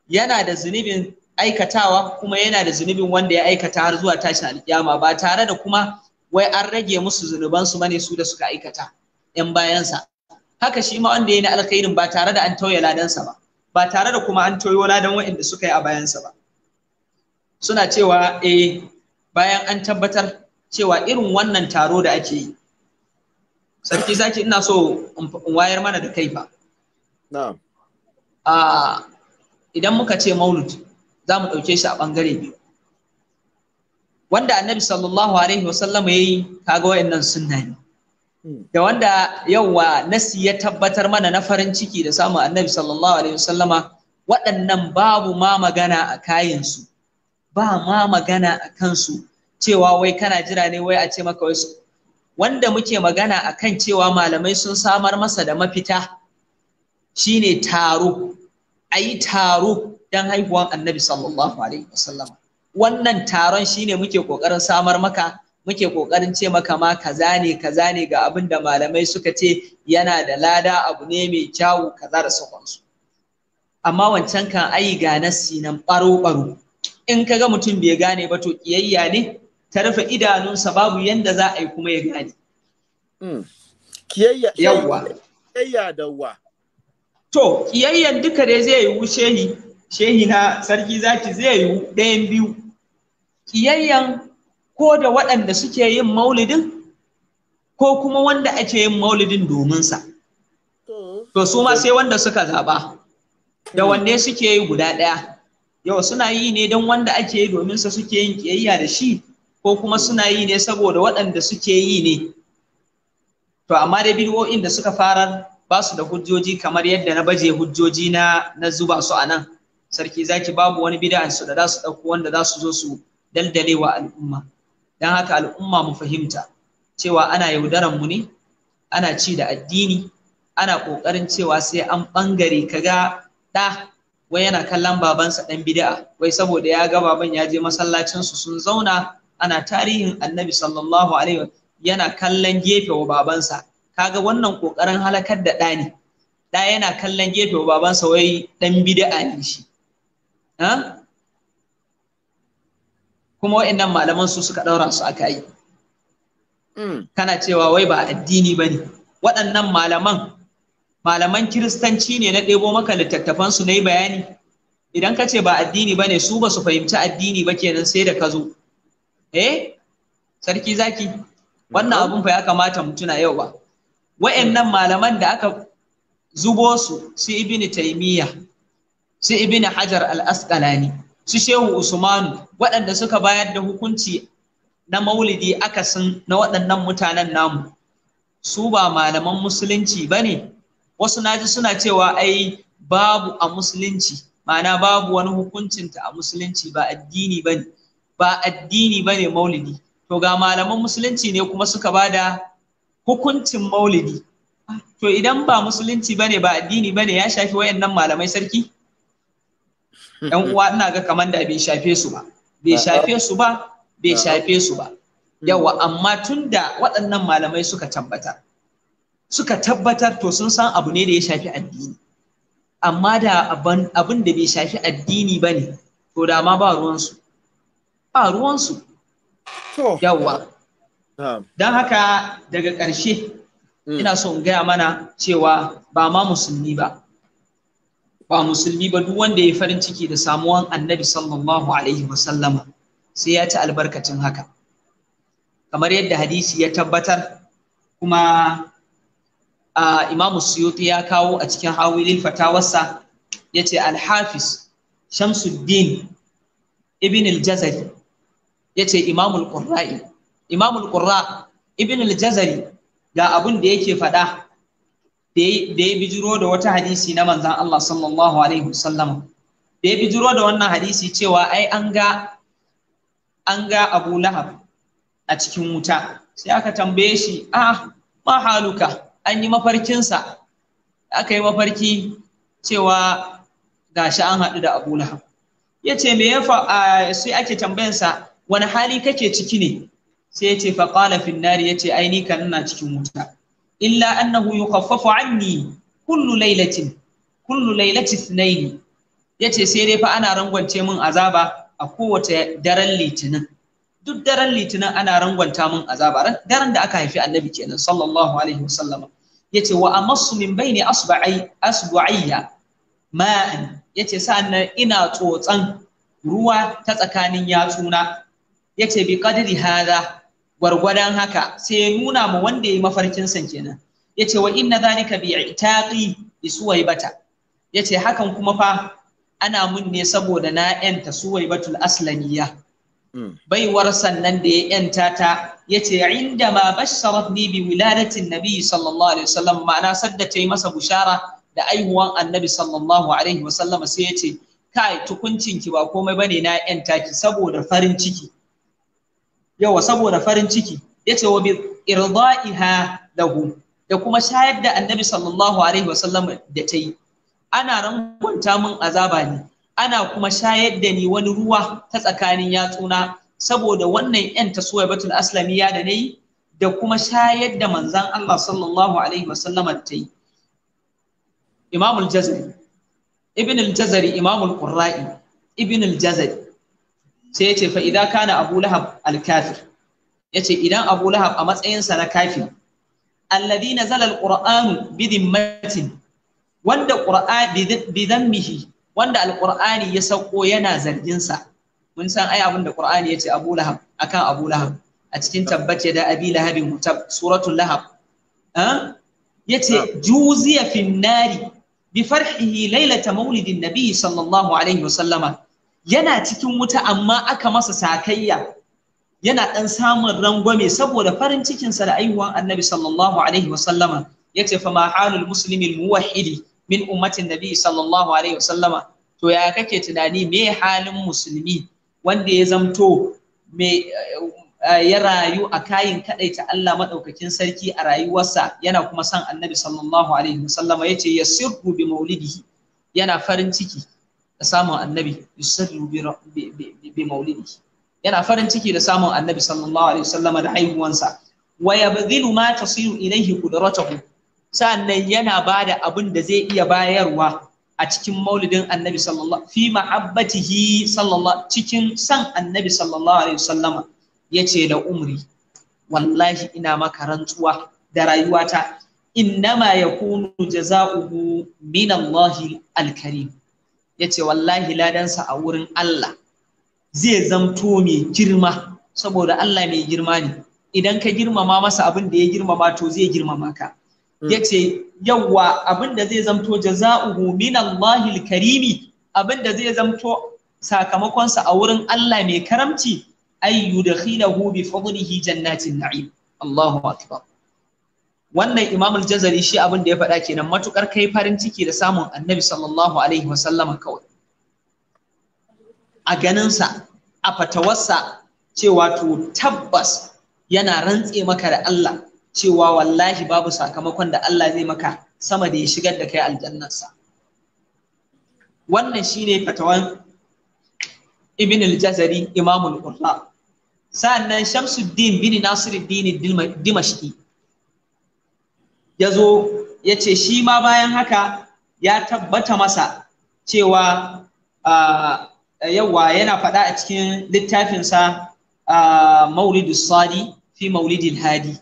yana da zunubin aikatawa kuma yana da zunubin wanda ya aikata har zuwa tashin alkiyama ba tare da kuma wai an rage musu zunubansu bane su da suka aikata yan bayansa haka shi ma wanda ya na alkhairin ba tare da an tauye ladansa ba ba tare da kuma an tauye ladan waɗanda suka yi a bayansa ba suna cewa eh bayan an tabbatar cewa irin wannan taro da ake yi sarki zaki ina so in wayar mana da kai fa na'am ah, idan muka ce maulud za mu ɗauke shi a ɓangare biyu wanda annabi sallallahu alaihi wasallam ya yi kaga wayannan sunna ne hmm. da wanda yauwa nasi ya tabbatar mana na farin ciki da samun annabi sallallahu alaihi wasallama waɗannan babu ma magana a kayansu ba ma magana a kansu cewa wai kana jira ne wai a ce maka wai wanda muke magana a kan cewa malamai sun samar masa da mafita shine taro a yi taro don haihuwan annabi sallallahu alaihi wasallam wannan taron shine muke kokarin samar maka muke kokarin ce maka ma kaza ne kaza ne ga abin da malamai suka ce yana da lada abu ne mai kyawu kaza da sauransu amma wancan kan ayi ga nasi nan baro baro in kaga mutum bai gane ba to kiyayya ne ta rufe idanunsa babu yanda za a yi kuma ya gane hmm. kiyayya yawwa kiyayya to kiyayyen duka dai zai yiwu shehi shehi na sarki zaki zai yiwu ɗayan biyu kiyayyen ko da waɗanda suke yin maulidin ko kuma wanda ake yin maulidin dominsa to su ma sai wanda suka zaɓa da wanne suke yi guda ɗaya yau suna yi ne don wanda ake yi domin sa suke yin kiyayya da shi ko kuma suna yi ne saboda waɗanda suke yi ne to amma dai bid'o'in da suka farar ba su da hujjoji kamar yadda na baje hujjoji na na zuba su a nan sarki zaki babu wani bid'an su da za su ɗauko wanda za su zo su daldale wa al'umma don haka al'umma mu fahimta cewa ana yaudaran mu ne ana ci da addini ana ƙoƙarin cewa sai an ɓangare ga ɗa wai yana kallon babansa ɗan bid'a wai saboda ya ga baban ya je masallacin su sun zauna ana tarihin annabi sallallahu alaihi yana kallon gefe wa babansa kaga wannan kokarin halakar da ɗa ne ɗa yana kallon gefe babansa wai ɗan bid'a ne shi kuma wa'annan malaman su suka ɗaura su aka yi hmm. kana cewa wai ba addini ba waɗannan malaman malaman kiristanci ne na ɗebo maka littattafan su na yi bayani idan ka ce ba addini ba ne su ba su fahimci addini ba kenan sai da ka zo eh sarki zaki wannan abun fa ya kamata mu tuna yau ba wa'annan malaman da aka zubo su su ibn taimiyya, su ibn hajar al-asqalani su shehu usmanu waɗanda suka bayar da hukunci na maulidi aka akasin na waɗannan mutanen namu su ba malaman musulunci bane wasu naji suna cewa ai babu a musulunci ma'ana babu wani hukuncinta a musulunci ba addini bane ba addini bane maulidi to ga malaman musulunci ne kuma suka bada hukuncin maulidi to idan ba musulunci bane ba addini bane ya shafi wayannan malamai sarki yan uwa ina ga kamar da bai shafe su ba bai shafe su ba bai shafe su ba hmm. yawa amma tun da waɗannan malamai suka tabbatar suka tabbatar to sun san abu ne da ya shafi addini amma da abin da bai shafi addini ba ne to da ma ba ruwansu ba ruwansu yawa Don haka daga ƙarshe mm. ina son gaya mana cewa ba ma musulmi ba. Ba musulmi ba duk wanda ya farin ciki da samuwan annabi sallallahu alaihi wasallama sai ya ci albarkacin haka. Kamar yadda hadisi ya tabbatar kuma uh, imamu suyuti ya kawo a cikin hawilin fatawarsa ya ce alhafiz shamsuddin ibn al-jazari ya ce imamul qurra'i imamul qurra ibn al-jazari ga abin da yake faɗa da ya bijiro da wata hadisi na manzan Allah sallallahu alaihi wasallam da ya bijiro da wannan hadisi cewa ai an ga Abu Lahab a cikin wuta sai aka tambaye shi ah ma haluka an yi mafarkinsa aka yi mafarki cewa gashi an haɗu da Abu Lahab ya ce me ya fa sai ake tambayansa wani hali kake ciki ne sai yace fa qala fi an ai kan ina cikin wuta illa annahu yukhaffafu anni kullu lailatin kullu lailati Ya yace sai dai fa ana rangwance min azaba a kowace daren litinin duk daren litinin ana rangwanta min azaba daren da aka haifi annabi kenan sallallahu alaihi Ya yace wa amassu min baini asba'i asbu'ayya ma'an yace sa'annan ina tsotsan ruwa ta tsakanin yatsuna yace bi qadri hadha gwargwadon haka sai ya nuna ma wanda ya mafarkin san kenan yace wa inna zalika bi itaqi isuwai bata yace hakan kuma fa ana mun ne saboda na yanta suwaibatul aslaniya hmm. baiwar sannan da ya yanta ta yace inda ma basharat ni bi wiladatin nabi sallallahu alaihi wasallam ma'ana sadda ta yi masa bushara da aihuwan annabi sallallahu alaihi wasallam sai yace kai tukuncin ki ba komai bane na yanta ki saboda farin ciki yawa saboda farin ciki yace wa bi irdaiha lahu da kuma shayar da annabi sallallahu alaihi wasallam da ta yi ana rangwanta min azaba ne ana kuma shayar da ni wani ruwa ta tsakanin yatsuna saboda wannan yan tasuwa batul aslamiya da nayi da kuma shayar da manzan Allah sallallahu alaihi wasallam ta yi imamul jazari ibn al-jazari imamul qurra'i ibn al-jazari sai ya ce fa idan kana abu lahab ya ce idan abu lahab a matsayinsa na kafin, alladhi nazala al-qur'anu bi dhimmatin wanda qur'an bi dhammihi wanda al ya sauko yana zargin sa mun san ai abin da qur'ani yace ce abu lahab akan abu lahab a cikin tabbace da abi lahabin mutab suratul lahab ya ce juziya nari bi farhihi lailata maulidin nabi sallallahu alaihi sallama. yana cikin wuta amma aka masa sakayya yana ɗan samun rangwame saboda farin cikinsa da aihuwan annabi sallallahu alaihi wasallama ya ce fa mahalul muslimin muwahidi min ummatin nabi sallallahu alaihi wasallama to ya kake tunani me halin musulmi wanda ya zamto me eh, ya rayu a kayin kadaita Allah madaukakin sarki a rayuwarsa yana kuma son annabi sallallahu alaihi wasallama yace yasirru bi maulidihi yana farin ciki da samun annabi yusallu bi maulidihi yana farin ciki da samun annabi sallallahu alaihi wasallam da haihuwansa wa yabdhilu ma tasiru ilayhi qudratuhu sannan yana bada abin da zai iya bayarwa a cikin maulidin annabi sallallahu fi mahabbatihi sallallahu cikin san annabi sallallahu alaihi wasallam yace da umri wallahi ina maka rantsuwa da rayuwata innama yakunu jaza'uhu min Allahi al-karim ya ce wallahi ladansa a wurin Allah zai zamto mai girma saboda Allah mai girma ne idan ka girmama masa abin da ya girmama to zai girmama ka hmm. ya ce yawwa abin da zai zamto jaza'uhu min Allahil karimi abin da zai zamto sakamakonsa a wurin Allah mai karamci ay bi fadlihi jannatin na'im Allahu akbar wannan imamul jazari shi abin da ya faɗa kenan matukar kai farin ciki da samun annabi sallallahu alaihi kawai a ganinsa a fatawarsa cewa to tabbas yana rantse maka da Allah cewa wallahi babu sakamakon da Allah zai maka sama da ya shigar da kai aljannarsa wannan shine fatawan ibn al-jazari imamul qurra sannan shamsuddin bin nasiruddin dimashqi ya zo ya ce shi ma bayan haka ya tabbata masa cewa yawa yana faɗa a cikin littafinsa mauridu sadi fi maulidil hadi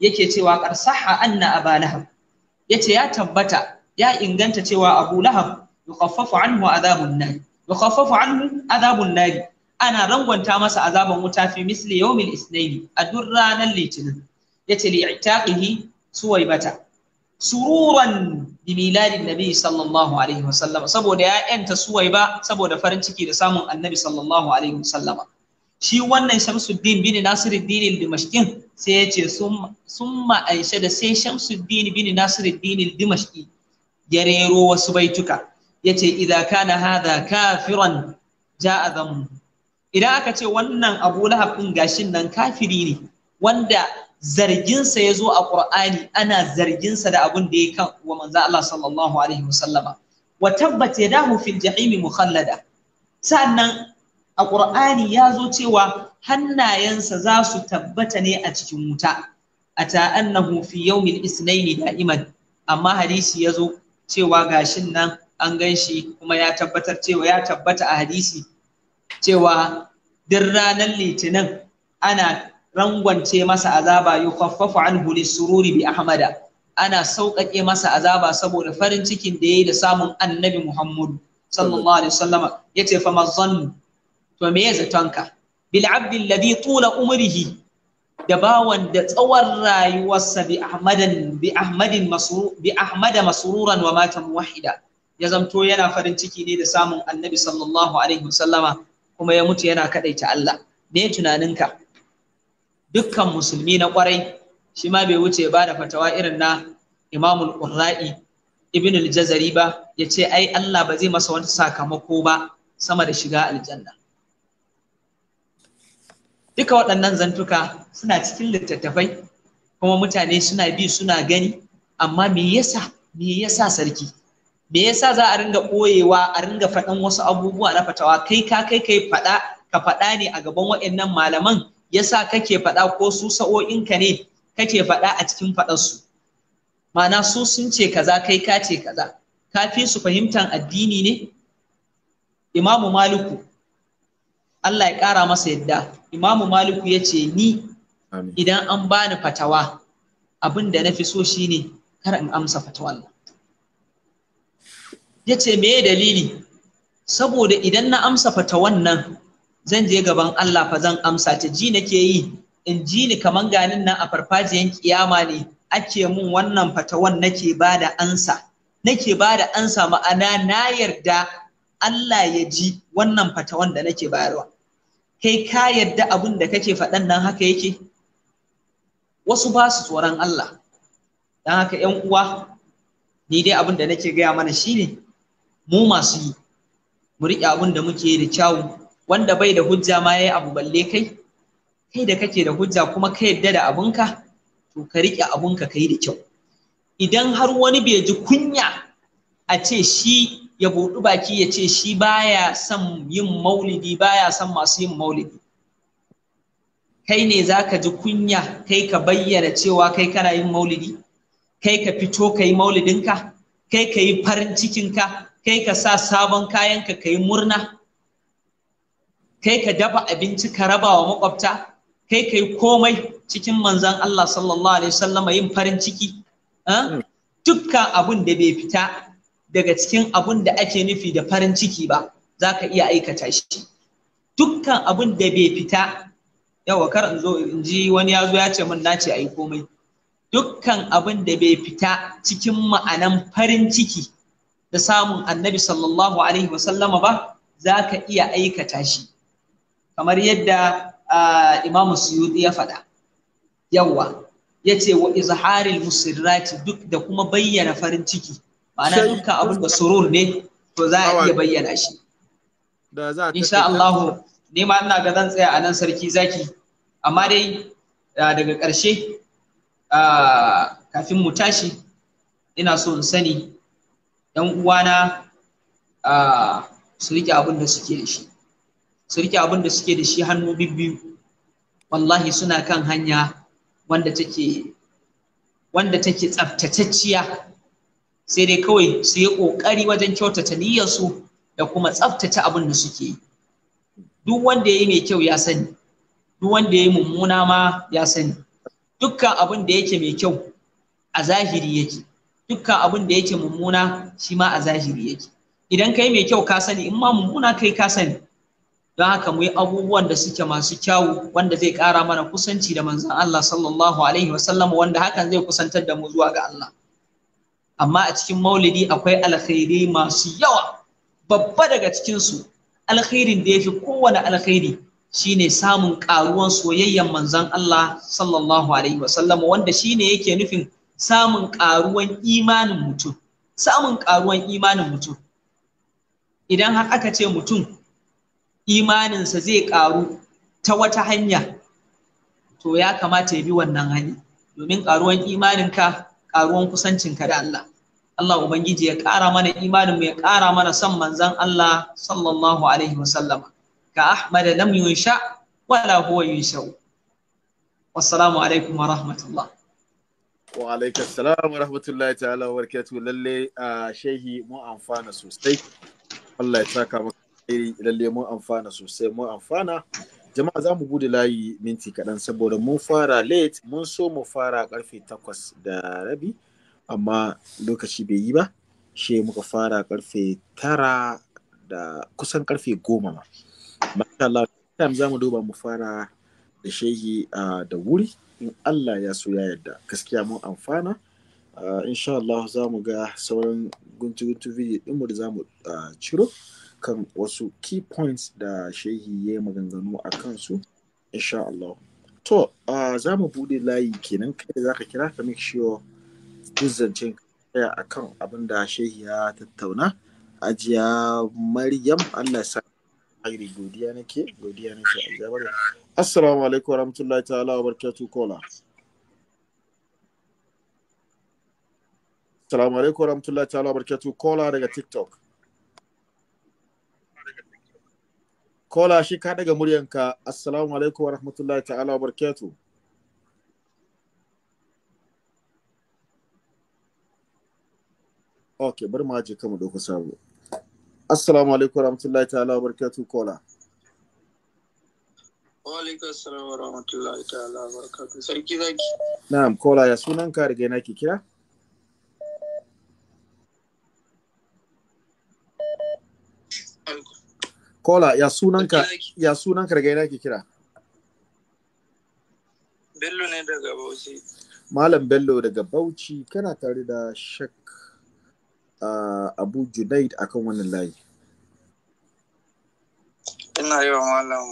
yake cewa ƙarsaha anna aba lahab ya ce ya tabbata ya inganta cewa abu lahab yukhaffafu anhu azabun nari azabun nari ana rangwanta masa azaban wuta fi misli yawmil isnaini a duk ranar litinin yace li i'taqihi suwaibata sururan bi miladin nabi sallallahu alaihi wasallam saboda ya yanta suwaiba saboda farin ciki da samun annabi sallallahu alaihi shi wannan shamsuddin bin nasiruddin dimashqin sai ya ce summa aisha da sai shamsuddin bin nasiruddin dimashqi ya rero wasu baituka yace idza kana hadha kafiran ja'a zamu idan aka ce wannan abu lahab din gashin nan kafiri ne wanda zarginsa ya zo a ƙur'ani ana zarginsa da abun da ya kan wa manzo Allah sallallahu alaihi wasallama wa tabbat yadahu fil jahimi mukhallada sannan a ƙur'ani ya zo cewa hannayensa za su tabbata ne a cikin wuta ata annahu fi yawmil da da'iman amma hadisi ya zo cewa gashin nan an gan shi kuma ya tabbatar cewa ya tabbata a hadisi cewa duk ranar litinin ana rangwance masa azaba yukhaffafu anhu sururi bi ahmada ana sauƙaƙe masa azaba saboda farin cikin da yayi da samun annabi muhammadu sallallahu alaihi wasallama yace fa mazannu to me zatonka bil abdi alladhi tula umrihi da bawan da tsawon rayuwarsa bi ahmadan bi ahmadin masru bi ahmada masruran wa mata muwahida ya zamto yana farin ciki ne da samun annabi sallallahu alaihi wasallama kuma ya mutu yana kadaita Allah me tunaninka dukkan musulmi na kwarai shi ma bai wuce ba da fatawa irin na imamul qurra'i ibn al-jazari ba ya ce ai Allah ba zai masa wani sakamako ba sama da shiga aljanna duka waɗannan zantuka suna cikin littattafai kuma mutane suna bi suna gani amma me yasa me yasa sarki me yasa za a ringa ɓoyewa a ringa faɗan wasu abubuwa na fatawa kai ka kai kai faɗa ka faɗa ne a gaban waɗannan malaman yasa kake faɗa ko su sa'o'inka ne kake faɗa a cikin faɗarsu ma'ana su sun ce kaza kai ka ce kaza ka fi su fahimtar addini ne imamu maliku Allah ya ƙara masa yadda imamu maliku ya ce ni idan an bani fatawa abin da na fi so shine kar in amsa fatawan ya ce me dalili saboda idan na amsa fatawan nan zan je gaban Allah fa zan amsa ta ji nake yi in ji ni kaman ganin nan a farfajiyan kiyama ne ake mun wannan fatawan nake bada ansa nake bada ansa ma'ana na yarda Allah ya ji wannan fatawan da nake bayarwa kai ka yarda abin da kake faɗan nan haka yake wasu ba su tsoron Allah don haka ‘yan uwa ni dai abin da nake gaya mana shine mu masu yi mu riƙe abin da muke da kyawu wanda bai da hujja ma yayi abu balle kai kai da kake da hujja kuma ka yadda da abunka to ka riƙe abunka kai da kyau idan har wani bai ji kunya a ce shi ya buɗu baki ya ce shi baya son yin maulidi baya son masu yin maulidi kai ne za ka ji kunya kai ka bayyana cewa kai kana yin maulidi kai ka fito ka yi maulidinka kai ka yi farin cikinka kai ka sa sabon kayanka ka yi murna kai ka dafa abinci ka raba wa makwabta kai kai komai cikin manzan Allah sallallahu alaihi wasallama yin farin ciki hmm. dukkan abun da bai fita daga cikin abun da ake nufi da farin ciki ba za ka iya aikata shi dukkan abun da bai fita yawa kar in zo in ji wani ya zo ya ce min na ce ai komai dukkan abun da bai fita cikin ma'anan farin ciki da samun annabi sallallahu alaihi wasallama ba za ka iya aikata shi kamar yadda Imam Suyuti ya faɗa yawa ya ce wa izharil musirrati duk da kuma bayyana farin ciki ma'ana dukkan abin da surur ne to za a iya bayyana shi insha Allah ne ma ina ga zan tsaya a nan sarki zaki amma dai daga ƙarshe kafin mu tashi ina so in sani ‘yan uwana su riƙe abin da suke da shi su rike abin da suke da shi hannu biyu wallahi suna kan hanya wanda take wanda take tsaftatacciya sai dai kawai su yi ƙoƙari wajen kyautata niyyarsu da kuma tsaftace abin da suke yi duk wanda ya yi mai kyau ya sani duk wanda ya yi mummuna ma ya sani dukkan abin da yake mai kyau a zahiri yake dukkan abin da yake mummuna shi ma a zahiri yake idan kai mai kyau ka sani in ma mummuna kai ka sani don haka mu yi abubuwan da suke masu kyawu wanda zai ƙara mana kusanci da manzan Allah sallallahu alaihi wasallam wanda hakan zai kusantar da mu zuwa ga Allah amma a cikin maulidi akwai alkhairi masu yawa babba daga cikinsu alkhairin da ya fi kowane alkhairi shine samun ƙaruwan soyayyan manzan Allah sallallahu alaihi wasallam wanda shine yake nufin samun ƙaruwan imanin mutum samun ƙaruwan imanin mutum idan har aka ce mutum imaninsa zai ƙaru ta wata hanya to ya kamata ya bi wannan hanya domin ƙaruwan imaninka ƙaruwan kusancinka da Allah Allah Ubangiji ya ƙara mana imanin mu ya ƙara mana son manzan Allah sallallahu alaihi wasallama ka Ahmad lam yunsha wala huwa yunshau wassalamu alaikum wa rahmatullah wa alaikum assalam wa rahmatullahi ta'ala wa barakatuh lalle a ah, shehi mu amfana sosai Allah ya saka maka lalle mun amfana sosai mun amfana jama'a za mu bude layi minti kaɗan saboda mun fara late mun so mu fara karfe takwas da rabi amma lokaci bai yi ba shi muka fara karfe tara da kusan karfe goma ma Allah time za mu duba mu fara da shehi da wuri in Allah ya so ya yarda gaskiya mun amfana insha Allah za mu ga sauran guntu-guntu video ɗinmu da za mu ciro kan wasu key points da shehi ya yi maganganu a kansu insha Allah. To, uh, za mu bude layi kenan kai za ka kira ka make sure zancen kaya a kan abin da shehi ya tattauna. Ajiya Maryam Allah sa hairi godiya nake godiya nake a jabar. Assalamu alaikum warahmatullahi ta'ala wa barakatuh kola. Assalamu alaikum warahmatullahi ta'ala wa barakatuh kola daga TikTok. kola shi ka daga muryanka assalamu alaikum wa rahmatullahi ta'ala wa ok bari ma je kama doka sabo assalamu alaikum rahmatullahi ta'ala barakatuh kola wa alaikum wa rahmatullahi ta'ala barakatuh sarki zaki na'am kola ya sunan ka riga na ke kira Kola, ya sunanka, ya sunanka daga ina ke kira? Bello ne daga Bauchi. Malam Bello daga Bauchi, kana tare da Shek uh, Abu Junaid akan wannan layi. Ina yi wa Malam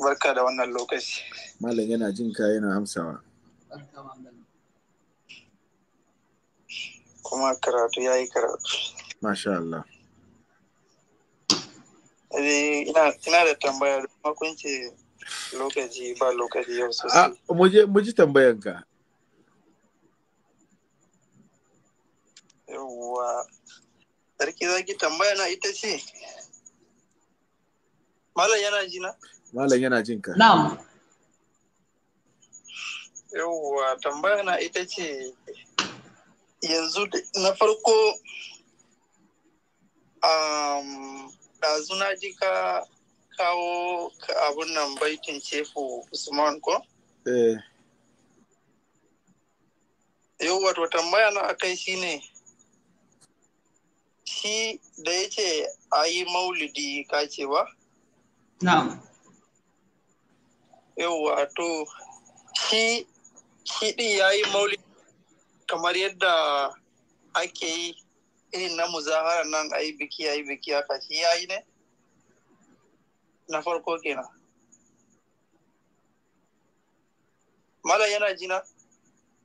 barka da wannan lokaci. Malam yana jin ka yana amsawa. Kuma karatu ya yi karatu. Masha Allah. Eh, ina da tambaya da lokaci ba lokaci yau ah, sosai. Muje muji tambayan ka. Yawwa. Sarki zaki tambaya na ita ce. Malam yana ji na? Malam yana jin ka. Na'am. Yawwa tambaya na ita ce yanzu na farko um, ɗazu na ji ka kawo abun nan baitin cefu Usman ko? Eh. Yau wato tambaya na akai shi ne, shi da ya ce a yi maulidi ka ce ba? Na'am. Yau wato shi shi ɗin ya yi maulidi kamar yadda ake yi irin na muzahara nan a yi biki a yi biki haka shi ya yi ne na farko kenan mala yana ji na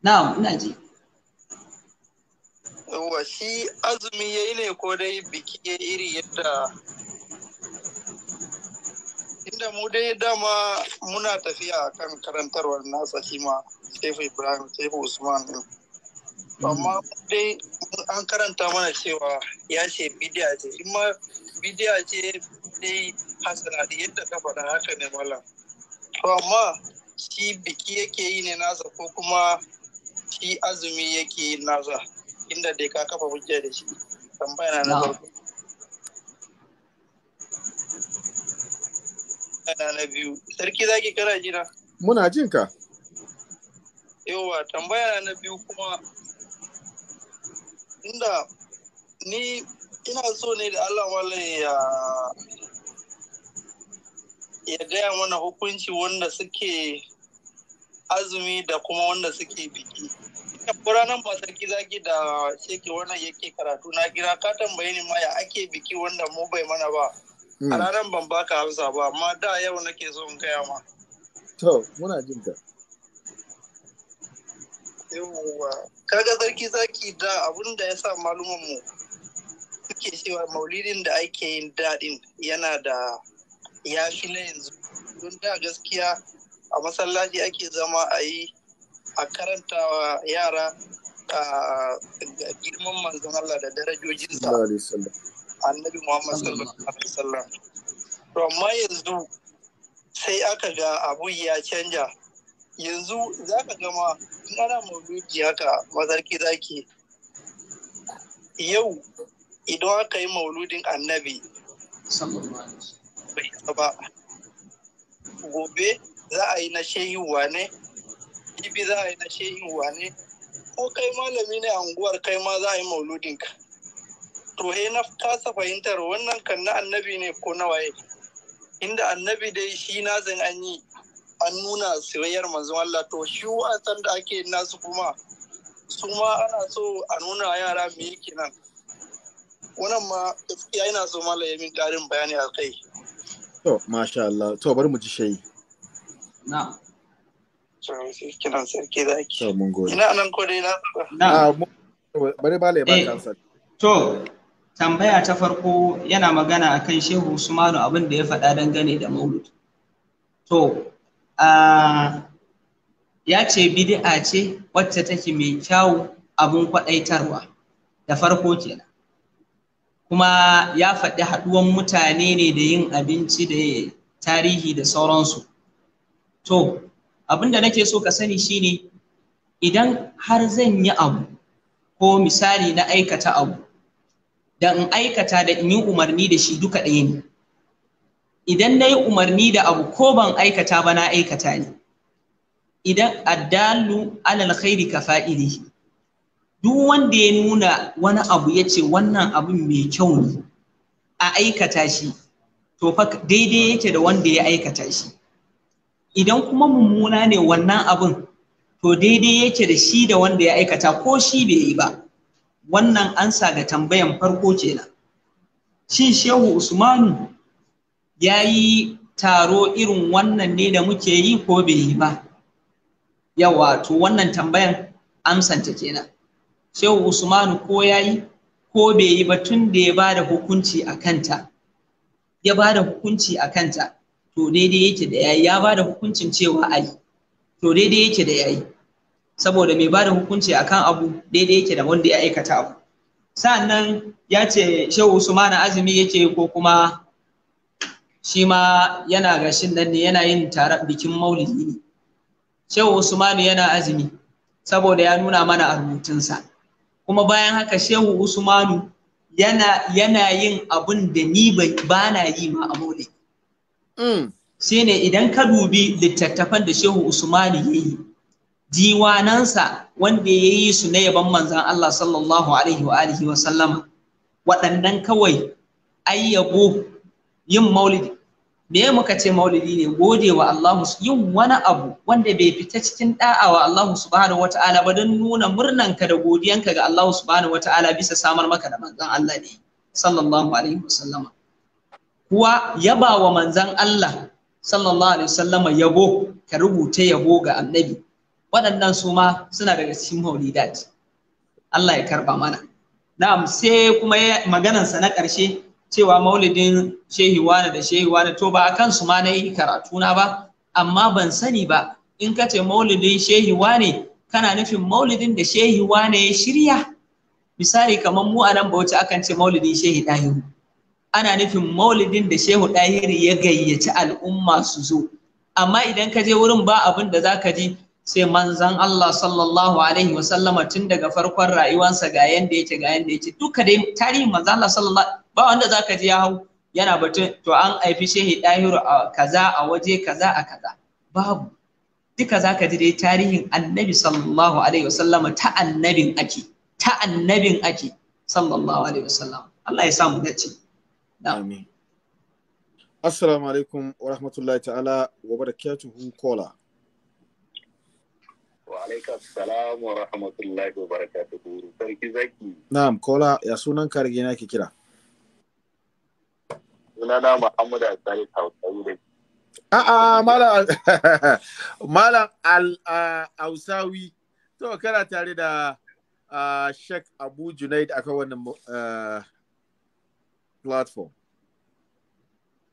na'am ina ji yawwa shi azumi ya yi ne ko dai biki ya iri yadda inda mu dai dama muna tafiya kan karantarwar nasa shi ma sefu Ibrahim sefu Usman amma dai an karanta mana cewa ya ce bidiya ce in ma bidiya ce dai hasana da yadda ka faɗa haka ne mala to amma shi biki yake yi ne nasa ko kuma shi azumi yake yi nasa inda dai ka kafa hujja da shi tambaya na farko na biyu sarki zaki kana jina muna jin ka tambaya na biyu kuma inda ni ina so ne da Allah malam ya ya gaya mana hukunci wanda suke azumi da kuma wanda suke biki. ranar ba sarki zaki da sheke wannan yake karatu na gira ka tambaye ni ma ya ake biki wanda mu bai mana ba. A hmm. ranar ban baka hausa ba amma da yau nake so in gaya ma. To, muna jin ka. yawwa kaga sarki zaki da abun da ya sa malumin mu suke cewa maulidin da ake yin daɗin yana da ya fi na yanzu don da gaskiya a masallaci ake zama a yi a karantawa yara a girman manzon Allah da darajojinsa annabi Muhammad sallallahu alaihi wasallam to amma yanzu sai aka ga abu ya canja yanzu za ka gama in ana mauludi haka mazarki zaki yau idan aka yi mauludin annabi ba gobe za a yi na shehin wane jibi za a yi na shehin wane ko kai malami ne a unguwar kai ma za a yi mauludin ka to he na kasa fahimtar wannan kan na annabi ne ko na waye inda annabi dai shi nazin an yi an nuna soyayyar manzon Allah to shi wasan da ake nasu kuma su ma ana so a nuna yara me yake nan wannan ma gaskiya ina so min tarin bayani a kai to masha Allah to bari mu ji shayi na nan ko dai ah, bari eh, to tambaya ta farko yana magana akan shehu usmanu abin da ya faɗa dangane da maulud to Ah, ya ce bid'a ce wacce take mai kyawu abun kwaɗaitarwa da farko kenan kuma ya faɗi haɗuwan mutane ne da yin abinci da tarihi da sauransu to abin da nake so ka sani shine idan har zan yi abu ko misali na aikata abu da in aikata da in yi umarni da shi duka ɗaya ne idan na yi umarni da abu ko ban aikata ba na aikata ne idan addalu alal khairi ka fa'ili duk wanda ya nuna wani abu ya ce wannan abin mai kyau ne a aikata shi to fa daidai yake da wanda ya aikata shi idan kuma mummuna ne wannan abin to daidai yake da shi da wanda ya aikata ko shi bai yi ba wannan ansa ga tambayan farko kenan shin shehu usmanu ya yi taro irin wannan ne da muke yi ko bai yi ba yawa to wannan tambayan amsanta kenan shehu usmanu ko ya yi ko bai yi ba tun da ya bada hukunci a kanta ya bada hukunci a kanta to daidai yake da ya yi, ya bada hukuncin cewa ai to daidai yake da ya yi saboda mai da hukunci a kan abu daidai yake da wanda ya aikata abu sa'annan ya ce shehu usmanu azumi yake ko kuma shi ma yana gashin nan ne yana yin taron bikin maulidi ne shehu usmanu yana azumi saboda ya nuna mana a rubutunsa kuma bayan haka shehu usmanu yana yana yin abun da ni ba na yi ma a maulidi mm. shine idan ka dubi littattafan da shehu usmanu ya yi diwanansa wanda ya yi su na yaban manzan Allah sallallahu alaihi wa alihi wa sallama waɗannan kawai ayyabo yin maulidi me muka ce maulidi ne gode wa Allah yin wani abu wanda bai fita cikin da'a wa Allah subhanahu wata'ala ba don nuna murnanka da godiyanka ga Allah subhanahu wata'ala bisa samar maka da manzon Allah ne sallallahu alaihi wasallama kuwa yaba wa manzon Allah sallallahu alaihi wasallama yabo ka rubuta yabo ga annabi waɗannan su ma suna daga cikin maulidat Allah ya karba mana na'am sai kuma maganansa na ƙarshe cewa maulidin shehi wani da shehi wani to ba a kansu ma na yi karatu ba amma ban sani ba in ka ce maulidin shehi wani kana nufin maulidin da shehi wani ya shirya misali kamar mu a nan bauchi akan ce maulidin shehi ɗahiru ana nufin maulidin da shehu ɗahiru ya gayyaci al'umma su zo amma idan ka je wurin ba abin da za ka ji sai manzan Allah sallallahu alaihi wasallama tun daga farkon rayuwarsa ga yanda yake ga yanda yake duka dai tarihin manzan Allah sallallahu ba wanda zaka ji ya hau yana batun to an haifi shehi dahiru a kaza a waje kaza a kaza babu duka zaka ji dai tarihin annabi sallallahu alaihi wasallama ta annabin ake ta annabin ake sallallahu alaihi wasallam Allah ya samu dace amin assalamu alaikum wa rahmatullahi ta'ala wa barakatuhu kola Wa alaikum salamu wa rahmatullahi wa barakatuhu. Sarki zaki. Na'am, kola ya sunan karge na ke kira. Sunana Hausawi A'a, malam hausawi To kana tare da Sheikh Abu Junaid akan wannan eh, platform.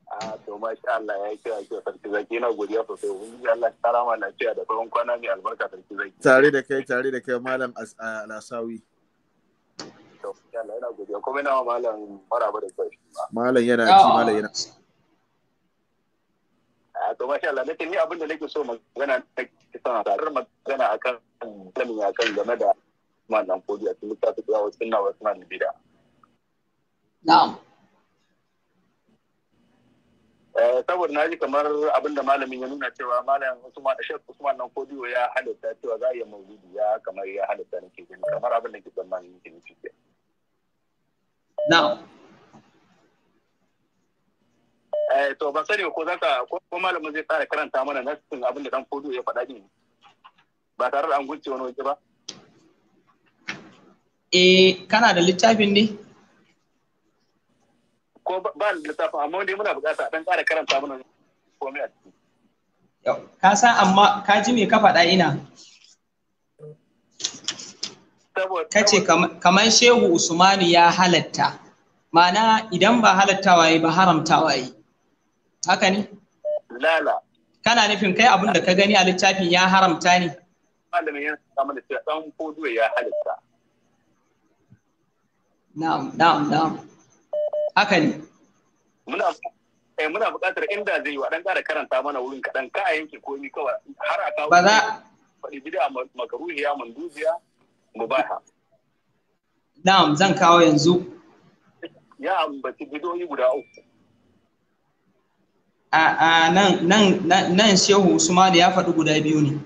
Ah, to masha Allah ya kira kira sarki zaki yana godiya sosai ubangiji Allah ya lafiya da tsawon kwana mai albarka sarki zaki tare da kai tare da kai malam ah, alasawi yana malam da kai malam yana ci ah. malam yana to masha Allah nake ni abin da nake so magana ta kisan tarar magana akan lamin akan game da malam kodi a cikin littafin ya wasu na na bida na'am Eh, saboda na ji kamar abin da malamin ya nuna cewa malam usman shek usman nan kodiyo ya halitta cewa za a iya maulidi ya kamar ya halitta ke gani kamar abin da ke tsammanin yake nufi now eh to ba sani ko zaka ko malamin zai tsara karanta mana nasin abin da dan kodiyo ya faɗa din ba tare da an gunce wani waje ba eh kana da littafin ne ko ba da lissafa amma wanda muna bukata dan ƙara karanta mana komai a ciki ka san amma ka ji me ka faɗa ina ka ce kamar shehu usmanu ya halatta ma'ana idan ba halattawa yi ba haramtawa yi haka ne lala kana nufin kai abin da ka gani a littafin ya haramta ne malamin ya samu da cewa dan ya halatta na'am na'am na'am haka ne muna eh muna buƙatar inda zai wa dan ƙara karanta mana wurin kaɗan ka a yanke komi kawai har a kawo ba za faɗi bid'a makaruhiya manduziya mubaha na'am zan kawo yanzu ya ambaci bidoyi guda uku a nan nan nan shehu usman ya faɗi guda biyu ne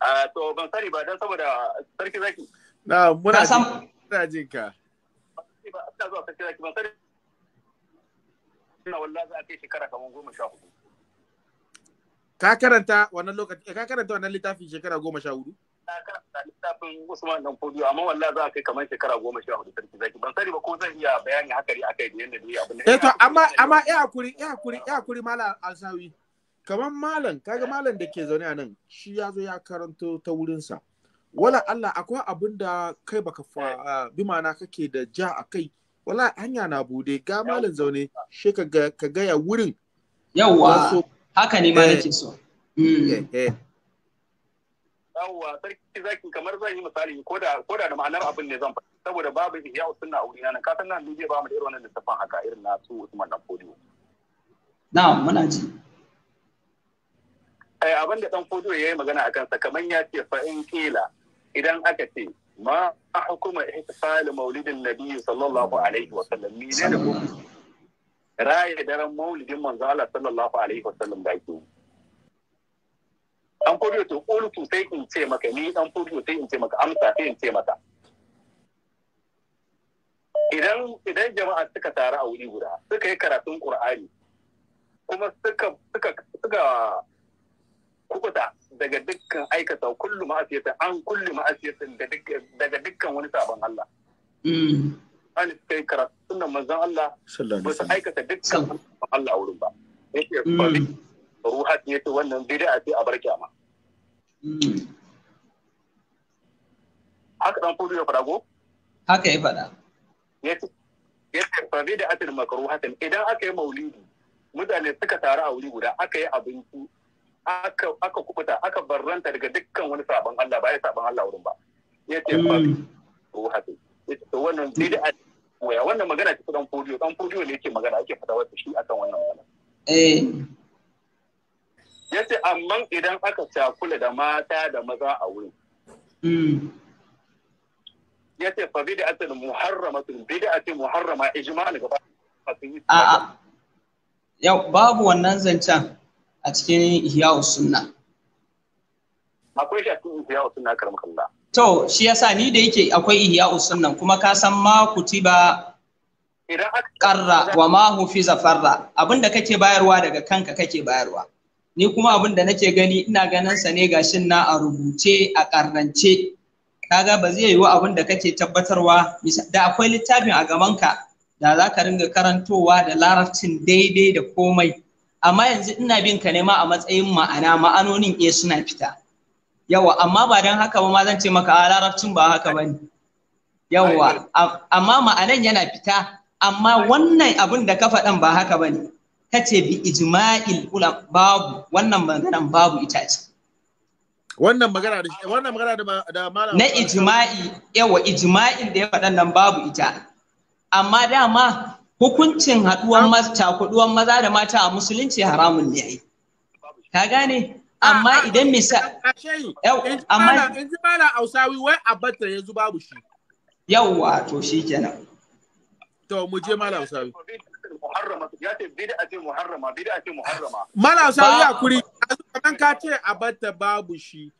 a to ban sani ba dan saboda sarki zaki na muna jin ka ta zuwa sarki zaki ban sani ina wallahi za a kai shekara kamar goma sha hudu ka karanta wannan lokaci ka karanta wannan littafin shekara goma sha hudu ka karanta littafin Usman dan Fodiyo amma wallahi za a kai kamar shekara goma sha hudu sarki zaki ban sani ba ko zan iya bayani hakari akai da yanda dai abin eh to amma amma eh hakuri eh hakuri eh hakuri malam Alsawi kamar malam kaga malam da ke zaune a nan shi ya zo ya karanto ta wurinsa wala Allah akwai abin da kai baka fa eh. ah, bi ma'ana kake da ja a kai wala hanya na bude ga malam zaune shi ka ga ka gaya wurin yawa haka ne ma eh. nake so eh, hmm. eh. yawa sarki zaki kamar zan yi misali ko da ko da ma'anar abin ne zan faɗi saboda babu ihya sunna a wurina nan ka san nan duje ba mu da irin wannan littafin haka irin na su Usman dan Fodio na'am muna ji eh abin da dan Fodio yayi magana akan sa kamar ya ce fa in kila idan aka ce ma hukuma ihtisal maulidin sallallahu alaihi wa sallam ne da hukunci raya daren maulidin manzo sallallahu alaihi wa sallam da ake an kudu to kultu in ce maka ni dan kudu in ce maka amsa in ce maka idan idan jama'a suka taru a wuri guda suka yi karatun qur'ani kuma suka suka kubuta daga dukkan aikata kullu asiyata an kullu ma'asiyatin daga dukkan wani sabon Allah. Mm. An kai karatu sunan manzon Allah ba su aikata dukkan Allah a wurin ba. Yake fari mm. ruhat ya ce wannan bid'a ce a bar kyama. Mm. Haka dan kudu ya fara go? Haka ya fara. Yace yace fari da atil makruhatin idan aka yi maulidi mutane suka taru a wuri guda aka yi abinci aka aka kubuta aka barranta daga dukkan wani sabon Allah ba ya sabon Allah wurin ba ya ce mm. ba to haka ya wannan wannan da waya wannan magana ce dan fodiyo dan fodiyo ne yake magana ake fada wata shi akan wannan magana eh ya ce amma idan aka cakula da mata da maza a wurin mm. ya ce fa bid'atul muharramatun bid'atul muharrama ijma'an gaba a a yau babu wannan zancen a cikin ihya sunna akwai shi a cikin ihya sunna to shi yasa ni da yake akwai ihya sunna kuma ka san ma kutiba karra wa ma Zafarra, farra abinda kake bayarwa daga kanka kake bayarwa ni kuma abin da nake gani ina ganin sa ne gashin na a rubuce a karrance kaga ba zai yiwu abin da kake tabbatarwa da akwai littafin a ka da za ka ringa karantowa da larabcin daidai da komai amma yanzu ina bin ka nema a matsayin ma'ana ma'anonin eh suna fita yawa amma ba dan haka ba ma zan ce maka a larabcin ba haka ba ne yawa amma ma'anan yana fita amma wannan abin da ka faɗan ba haka ba ne ka ce bi ijma'il ula babu wannan maganan babu ita ce wannan magana da wannan magana da da malam na ijma'i yawa ijma'in da ya faɗan nan babu ita amma dama hukuncin haɗuwan cakuɗuwan maza da mata a musulunci haramun ne ai ka gane amma ah, ah, idan misa amma ah, in ji mala ausawi wai abatta yanzu babu shi yawwa to kenan to mu je mala ausawi ya ce bid'a muharrama bid'a mala ausawi ya kuri kaman ka ce abatta babu shi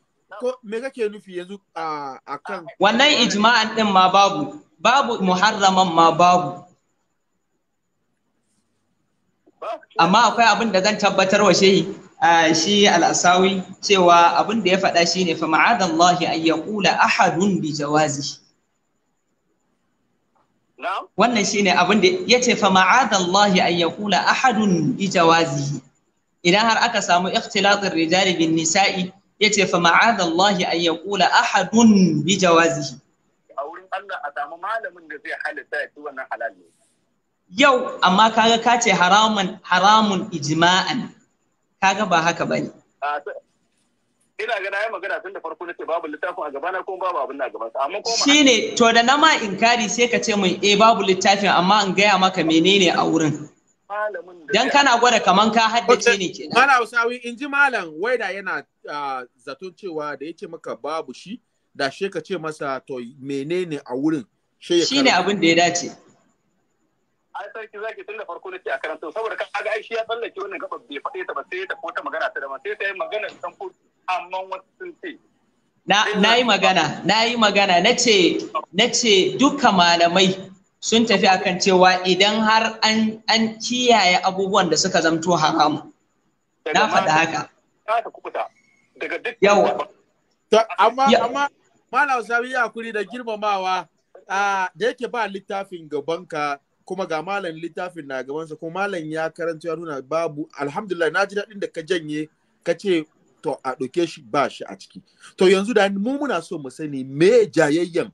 ko me kake nufi yanzu a kan wannan ijma'an din ma babu babu muharraman ma babu amma akwai abin da zan tabbatar wa shehi shi al'asawi cewa abin da ya faɗa shi ne fa ma'adallahi an yaqula ahadun bi jawazi wannan shine abin da yace fa ma'adallahi an yaqula ahadun bi jawazihi idan har aka samu ikhtilatir rijali bin nisa'i yace fa ma'adallahi an yaqula ahadun bi jawazihi a wurin Allah a samu malamin da zai halitta ya ci wannan halal ne yau amma kaga ka ce haramun haramun ijma'an kaga ba haka bane ina ga nayi magana tun da farko nace babu littafin a gabana kuma babu abin na gaban amma kuma shine to da na ma inkari sai ka ce min eh babu littafin amma in gaya maka menene a wurin dan kana gwada kaman ka haddace ne kenan Malam Usawi in ji malam waida yana zaton cewa da yake maka babu shi da she ka ce masa to menene a wurin shine abin da ya dace ai sarki zaki tun da farko na a karanta saboda ga ai shi ya tsallake wannan gaba bai faɗe ta ba sai ta kota magana ta ma sai ta yi magana ta ko amma wasu sun ce na yi magana na yi magana na ce na ce duka malamai sun tafi akan cewa idan har an an kiyaye abubuwan da suka zamto haramu na faɗa haka yawa amma amma malam sabi ya kuri da girmamawa ah, da yake ba littafin gabanka kuma ga malam littafin na gabansa kuma malam ya karanta ya nuna babu alhamdulillah na ji daɗin da ka janye ka ce to a ɗauke shi ba shi a ciki to yanzu da mu muna so mu sani me jayayyen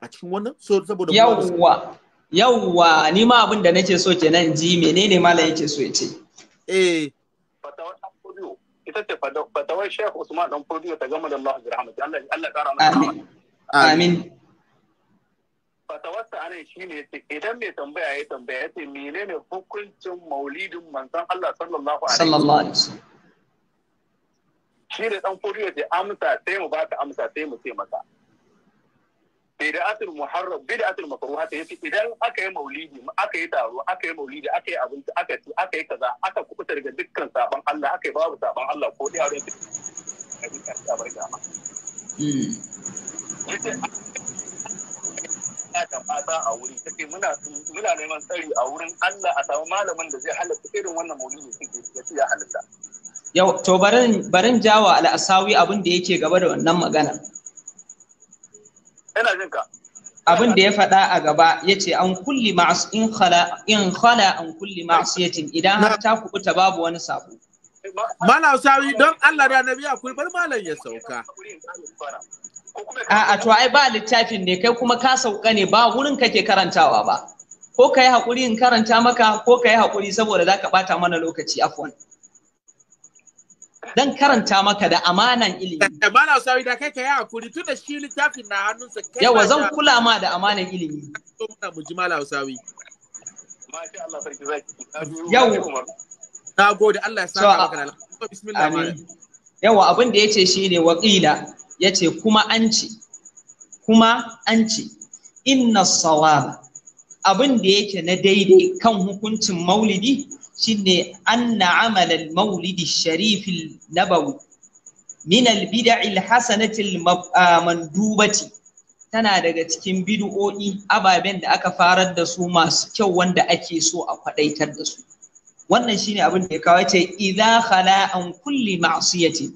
a cikin wannan so saboda yawwa yawwa ni ma abin da nake so kenan ji menene malam yake so ya ce eh ita ce fatawar Sheikh Usman dan Fodiyo ta gama da Allah bi rahmati Allah ya kara masa amin amin fatawarsa nan shine idan mai tambaya ya tambaya ya ce menene hukuncin maulidin manzon Allah sallallahu alaihi wasallam shi da dan kuriya da amsa sai mu baka amsa sai mu ce maka bid'atul muharram bid'atul makruha ta yace idan aka yi maulidi aka yi taro aka yi maulidi aka yi abinci aka ci aka yi kaza aka kubuta daga dukkan sabon Allah aka yi babu sabon Allah ko da yaro ya roƙa da fata a wuri take muna muna neman tsari a wurin Allah a samu malamin da zai halatta irin wannan maulidi yake ya halatta yau to barin barin jawa al'asawi abin da yake gaba da wannan magana ina jinka abin da ya faɗa a gaba ya ce an kulli ma'as in khala in khala an kulli ma'asiyatin idan har ta kubuta babu wani sabo Malam Sawi don Allah da Nabi akwai bar malam ya sauka. A to ai ba littafin ne kai kuma ka sauka ne ba wurin kake karantawa ba. Ko ka yi haƙuri in karanta maka ko ka yi haƙuri saboda za ka ɓata mana lokaci afwan. Dan karanta maka da amanan ilimi. Da mana sawi da kai ka yi haƙuri tun da shi littafin na hannunsa. Yawa zan kula ma da amanan ilimi. Mu ji mala Hausawi. Masha Allah sarki zaki. Yawa. Na gode Allah ya sa maka da Bismillah. Yawa abin da ya ce shi ne waƙila. yace kuma an ce kuma an ce inna abin da yake na daidai kan hukuncin maulidi shine anna amalal maulidi sharifin nabawi min Hassanatil alhasanati mandubati tana daga cikin bid'o'i ababen da aka farar da su masu kyau wanda ake so a kwadaitar da su wannan shine abin da ya kawo ce idza khala an kulli ma'siyati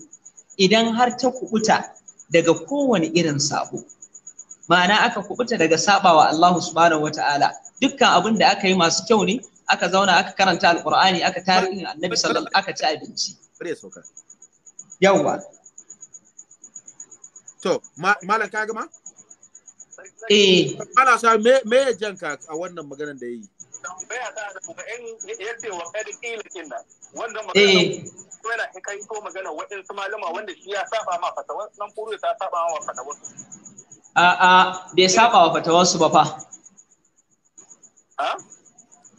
idan har ta kubuta daga kowane irin sabo ma'ana aka kubuta daga sabawa Allah subhanahu wata'ala dukkan abin da aka yi masu kyau ne aka zauna aka karanta alqur'ani aka tarihin annabi sallallahu aka ci abinci yawa to malam ka gama eh ana sa me me janka a wannan maganar da yayi tambaya ta da in yace wa kad kila kinda wannan eh. maganar kuma yana ka yi hikaito magana waɗansu malama wanda shi ya saba ma fatawar nan furu ya saba ma fatawar a'a bai saba wa su ba fa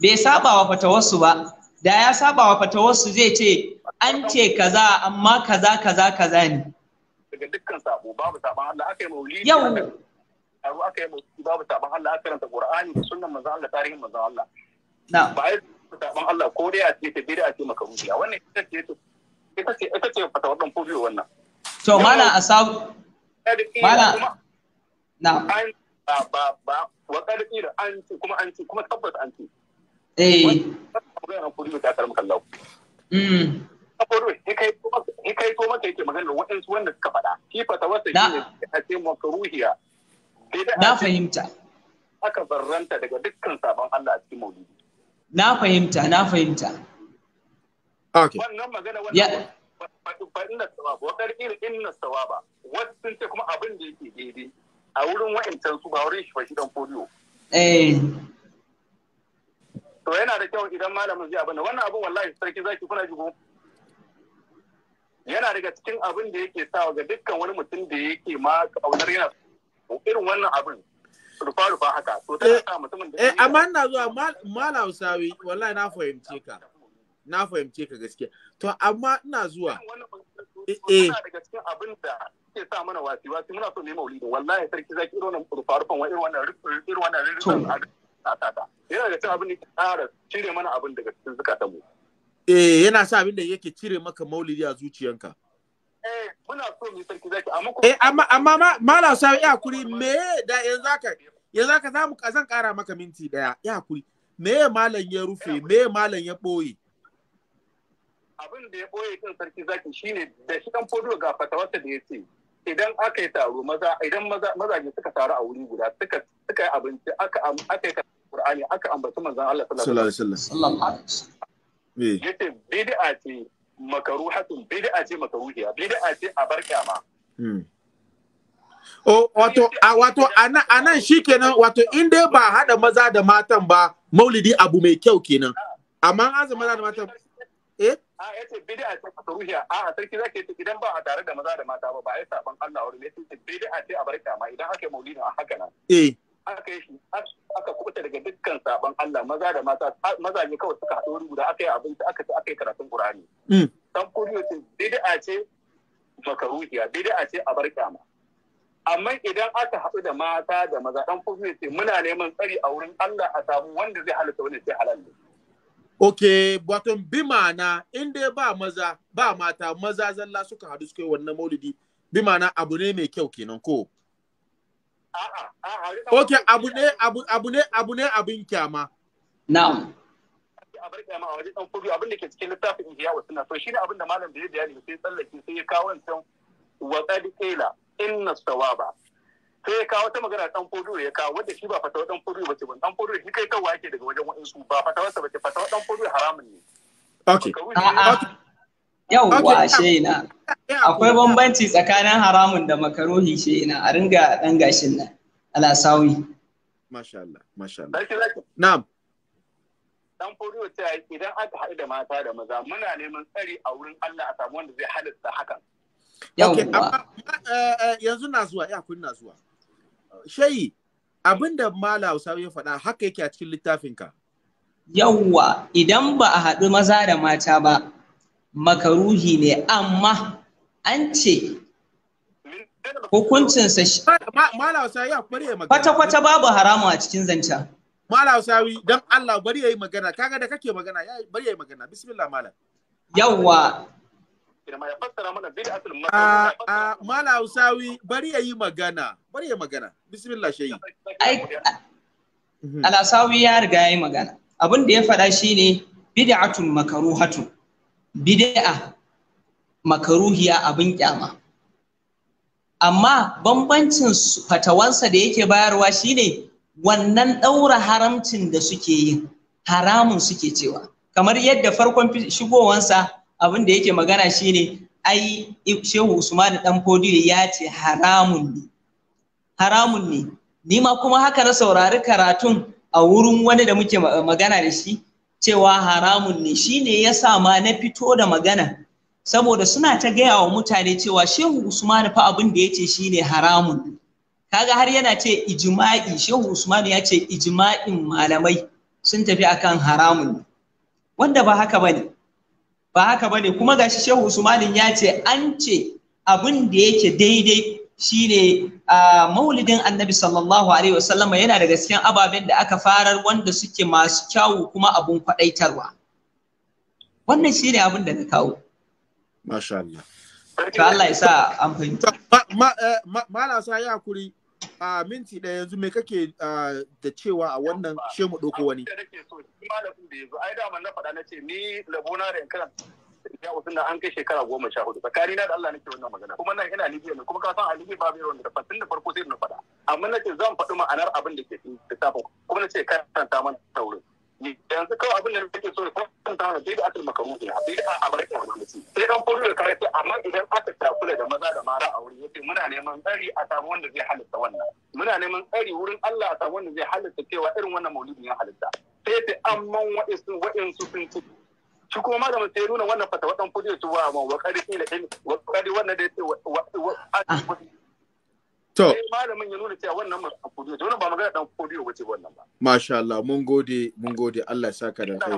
bai saba wa su ba da ya saba wa su zai ce an ce kaza amma kaza kaza kaza ne daga dukkan sabo babu saban Allah aka yi maulidi yau abu aka yi maulidi babu saban Allah aka karanta Qur'ani da sunnan manzon Allah tarihin manzon Allah na ba ai saban Allah ko dai a ce ta bid'a ce makaruciya wannan ita ce ita ce ita ce fata wannan ko biyu wannan to mala asab mala na ba ba wa karfi da an ci kuma an ci kuma tabbas an ci eh wannan ko biyu ta karmu kallahu mm saboda in kai to maka yake maganar waɗansu wanda suka faɗa shi fata wasa shi ne a ce ruhiya? na fahimta aka barranta daga dukkan sabon Allah a cikin maulidi na fahimta na fahimta wannan magana wannan fa'inna sawaba wa ƙarƙin inna sawaba wasu sun ce kuma abin da yake daidai a wurin wa'incan su ba wurin shi fashi dan foliyo. Eh. To yana da kyau idan malamin zai abin da wannan abin wallahi sarki zaki kuna jigo. Yana daga cikin abin da yake sawa ga dukkan wani mutum da yake ma ƙaunar yana irin wannan abin rufa-rufa haka. To tana eh, sa mutumin da Eh amma ina zuwa malam sawi wallahi na fahimce ka. na fahimce ka gaskiya to amma ina zuwa eh daga eh. cikin abin da ke sa mana wasi wasi muna so ne maulidi wallahi sarki zaki irin wannan rufarufan irin wannan irin wannan rufin a tata yana da cikin abin da ke tsara cire mana abin daga cikin zukatan mu eh yana sa abin da yake cire maka maulidi a zuciyanka eh muna so ne sarki zaki amma eh amma amma malam sai ya kuri me da yanzu zaka yanzu zaka zamu zan kara maka minti daya ya kuri me malam ya rufe me malam ya boye abin da ya boye kan sarki zaki shine da shi dan fodo ga fatawarsa da ya idan aka yi taro maza idan mazaje suka taru a wuri guda suka suka yi abinci aka aka yi Qur'ani aka ambaci manzon Allah sallallahu eh. alaihi wasallam yace bid'a ce makaruhatun bid'a ce makaruhiya bid'a ce a bar kyama Oh, wato a wato ana anan shikenan wato in dai ba hada maza da matan ba maulidi abu mai kyau kenan amma an maza da matan a ya ce bid'a ce ta ruhiya a a sarki zaka ce idan ba a tare da maza da mata ba ba ya saban Allah wurin ne ce bid'a ce a bar kama idan aka yi maulidi a haka nan eh aka yi shi aka kubuta daga dukkan saban Allah maza da mata maza ne kawai suka haɗu wuri guda aka yi abinci aka ce aka yi karatun Qur'ani hmm. dan kuriyo ce bid'a ce makaruhiya bid'a ce a bar kama amma idan aka haɗu da mata da maza dan kuriyo ce muna neman tsari a wurin Allah a samu wanda zai halatta wani sai halal ne Ok, wato bi ma'ana in dai ba maza ba mata maza zalla suka haɗu suka yi wannan maulidi bi ma'ana abu ne mai kyau kenan ko? Ok, abu ne abu, ne abu ne abin kyama. Na'am. Abin a wajen ɗan kudu abin da ke cikin littafin Ihya wa suna so shi ne abin da malam da ya bayani sai tsallake sai ya kawo wancan wa qad qila inna sawaba sai ya kawo ta magana dan fodo ya kawo wanda shi ba fatawa dan fodo bace ba dan fodo shi kai kawai yake daga wajen su ba fatawa sa bace fatawa dan fodo haramun ne okay yawwa shayina akwai bambanci tsakanin haramun da makarohi shayina a ringa dan gashin nan ala sawi masha Allah masha Allah na'am dan fodo ta idan aka haɗu da mata da maza muna neman tsari a wurin Allah a samu wanda zai halatta hakan yawwa eh, eh, yanzu na zuwa ya kun na zuwa shayi abinda mala Hausawa ya faɗa haka yake a cikin littafinka. Yawwa idan ba a haɗu maza da mata ba makaruhi ne amma an ce hukuncinsa shi. Mala Hausawa ya bari ya magana. Kwata-kwata babu haramu a cikin zanta. Mala Hausawi don Allah bari ya yi magana kaga da kake magana bari ya yi magana bismillah mala. Yawwa a a mala hausawi bari ya yi magana bari ya magana bismillah shayi alasawi mhm. ya riga ya yi magana abin da ya faɗa shine bid'atun makaruhatun bid'a makaruhiya abin kyama amma bambancin fatawansa da yake bayarwa shine wannan ɗaura haramcin da suke yi haramun suke cewa kamar yadda farkon shigowansa abin da yake magana shine ai shehu usman dan fodiyo ya ce haramun ne haramun ne ni ma kuma haka na saurari karatun a wurin wani da muke magana da shi cewa haramun ne shine ya sa ma na fito da magana saboda suna ta gaya wa mutane cewa shehu usman fa abin da shine haramun kaga har yana ce ijma'i shehu usman ya ce ijma'in malamai sun tafi akan haramun wanda ba haka bane ba haka bane kuma gashi shehu usmanin ya ce an ce abin da yake daidai shine a maulidin annabi sallallahu alaihi wasallama yana daga cikin ababen da aka farar wanda suke masu kyawu kuma abun kwadaitarwa wannan shine abin da na kawo masha Allah to Allah ya sa an fahimta ma ma, ma, na sa ya kuri a minti ɗaya yanzu me kake da cewa a wannan she mu ɗauko wani. Da nake so shi malamin da yanzu ai daman na faɗa na ce ni labona da yankan ya wasu na an kai shekara goma sha hudu tsakani na da Allah nake wannan magana kuma nan ina Libya ne kuma ka san a Libya ba bai wanda da tun da farko sai na faɗa amma na ce zan faɗi ma'anar abin da ke cikin lissafin kuma na ce karanta mana taurin. yanzu kawai abin da nake so ko kan ta da bid'a atul makruh ya bid'a a barka wannan sai dan kullu da kai amma idan aka takula da maza da mara a wuri yace muna neman tsari a samu wanda zai halitta wannan muna neman tsari wurin Allah a samu wanda zai halitta cewa irin wannan maulidin ya halitta sai ta amman wa'insu wa'insu sun ci shi kuma malamin sai nuna wannan fatawa dan fujo ci ma wa qadi ila in wa qadi wannan da yace wa To. malamin ya nuna cewa wannan ba kodiyo, wannan ba magana dan kodiyo bace wannan ba. Masha Allah, mun gode, mun gode, Allah ya saka da kai.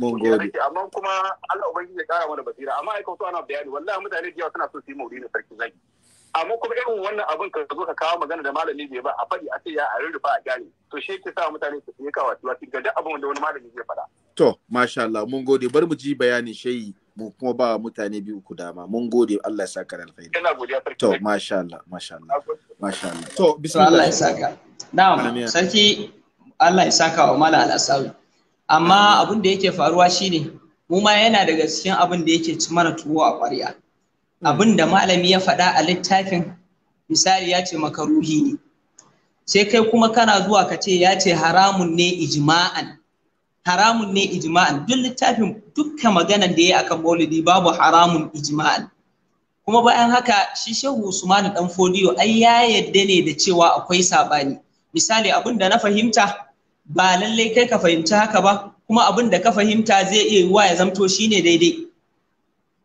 Mun gode. Amma kuma Allah ubangi ya kara mana basira, amma ai kawai ana bayani, wallahi mutane da yawa suna so su yi mauri ne sarki zaki. Amma kuma irin wannan abin ka zo ka kawo magana da malami bai ba, a faɗi a ce ya a rurrufa a gane. To shi yake sa mutane su yi kawo, wato ga duk abin da wani malami zai faɗa. To, masha Allah, mun gode, bari mu ji bayanin shayi. mu kuma ba mutane biyu ku dama mun gode Allah ya saka da alkhairi ina godiya sarki to masha Allah masha Allah masha Allah to bismillah Allah ya saka na'am sarki Allah ya saka wa mala al-asawi amma abin da yake faruwa shine mu ma yana daga cikin abin da yake ci mana tuwo a ƙwarya hmm. abin da malami ya faɗa a littafin misali ya ce maka ruhi ne sai kai kuma kana zuwa ka ce ya ce haramun ne ijma'an haramun ne ijma'an duk littafin dukkan maganan da ya akan maulidi babu haramun ijma'an kuma bayan haka shi shehu usman dan fodiyo ai ya yadda ne da cewa akwai sabani misali abin da na fahimta ba lallai kai ka fahimci haka ba kuma abin da ka fahimta zai iya yiwuwa ya zamto shine daidai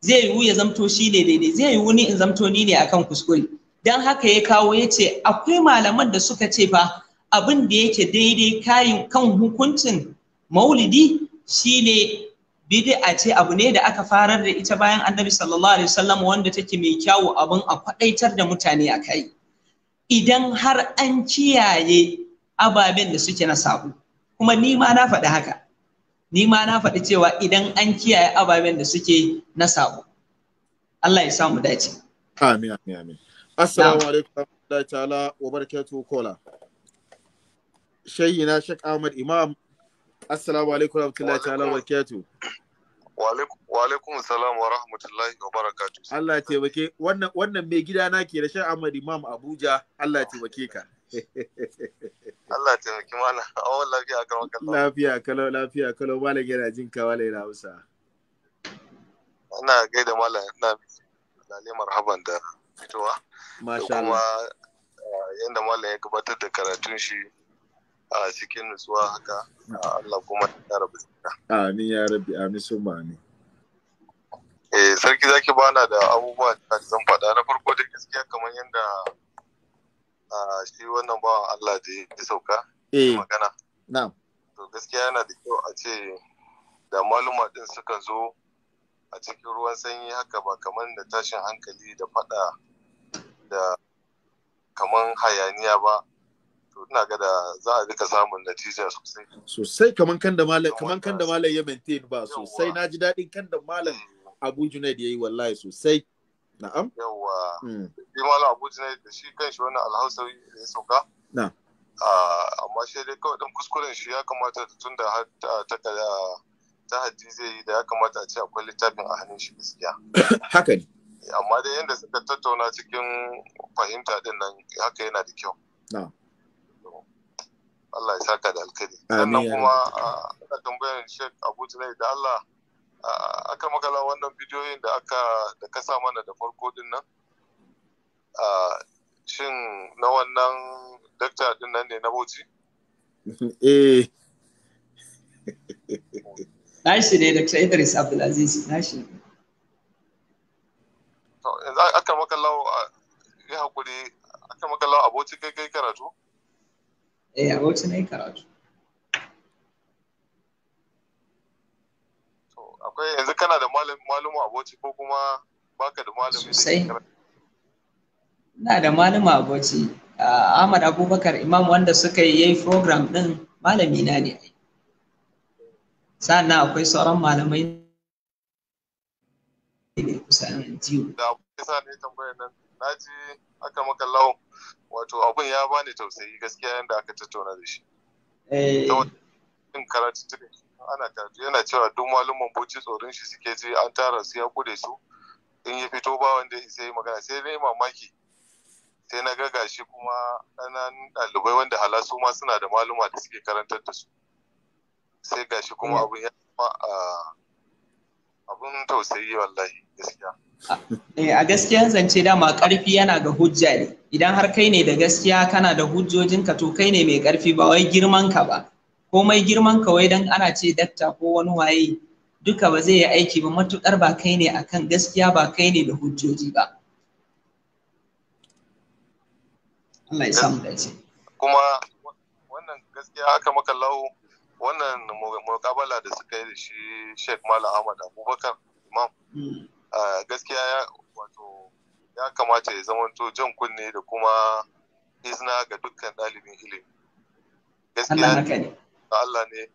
zai yiwu ya zamto shine daidai zai yiwu ni in zamto ni ne akan kuskure dan haka ya kawo yace akwai malaman da suka ce fa abin da yake daidai kayin kan hukuncin maulidi shine bid'a ce abu ne da aka farar da ita bayan annabi sallallahu alaihi wasallam wanda take mai kyawu abin a kwadaitar da mutane a kai idan har an kiyaye ababen da suke na sabo kuma ni ma na faɗi haka ni ma na faɗi cewa idan an kiyaye ababen da suke na sabo Allah ya samu dace amin amin amin assalamu alaikum ta'ala wa barakatuhu kola shayyina shek Ahmad Imam Assalamu alaikum wa rahmatullahi ta'ala wa barakatu. Wa alaikum salam wa rahmatullahi wa barakatu. Allah ya taimake wannan wannan mai gida na ke shan Ahmad Imam Abuja Allah ya taimake ka. Allah ya taimake mana. Awon lafiya kalau kalau. Lafiya kalau lafiya kalau malam yana jin ka wala yana Hausa. Ina gaida malam ina lalle marhaban da fitowa. Masha Allah. Kuma eh, yanda malam ya gabatar da karatun shi a cikin nutsuwa haka Allah kuma ya rabu amin ya rabbi amin ma ne. eh sarki zaki bana da abubuwa da zan faɗa na farko da gaskiya kamar yadda shi wannan bawan Allah da ya sauka eh, magana na'am to gaskiya yana da kyau a ce da maluma din suka zo a cikin ruwan sanyi haka ba kamar da tashin hankali da faɗa da kamar hayaniya ba ina ga da za a rika samun natija sosai sosai kamar kan da malam kamar kan da malam ya maintain ba sosai na ji daɗin kan da malam eh. Abu Junaid yayi wallahi sosai na'am yawa hmm. shi malam Abu Junaid da shi kanshi wannan alhausawi ya sauka na ah, amma shi dai kawai dan kuskuren shi ya kamata tun da har ah, ta ah, ta haddi zai yi da ya kamata a ce akwai littafin a hannun shi gaskiya haka ne eh, amma dai yadda suka tattauna cikin fahimta din nan haka yana da kyau Allah ya saka da alƙali. sannan kuma ana tambayar Sheikh Abu Tunai da Allah aka makala wannan bidiyoyin da aka da ka sa mana da farko din nan shin na wannan dakta din nan ne na Bauchi eh nashi ne Dr. Idris Abdulaziz nashi yanzu aka makala ya haƙuri, aka makala aboci kai kai karatu એ આવો છે નહીં કરો છો akwai yanzu kana da malama aboci ko kuma baka da malami sosai na da malama aboci Ahmad Abubakar Imam wanda suka yi yayi program din malami na ne sannan akwai sauran malamai ne kusa jiyo da abokin sa ne tambayar nan ji aka maka lawan wato abin ya bani tausayi gaskiya yadda aka tattauna da shi eh. in karatu ana karatu yana cewa duk malumin bauchi tsoron shi suke ji an tara su ya kure su in ya fito ba wanda ya isa yi magana sai dai mamaki sai na ga gashi kuma ɗanan ɗalibai wanda su ma suna da maluma da suke karantar da su sai gashi kuma mm. abin ya ah, abin tausayi wallahi gaskiya Eh, a gaskiyan zance dama karfi yana ga hujja ne idan har kai ne da gaskiya kana da hujjojinka to kai ne mai karfi ba wai girman ka ba komai girman ka wai dan ana ce dakta ko wani waye duka ba zai yi aiki ba matukar ba kai ne akan gaskiya ba kai ne da hujjoji ba Allah ya samu dace kuma wannan gaskiya haka maka lau wannan muƙabala da suka yi da shi Sheikh Malam Ahmad Abubakar Imam hmm. gaskiya wato ya kamata ya to jan kunne da kuma izina ga dukkan ɗalibin ilimi gaskiya Allah ne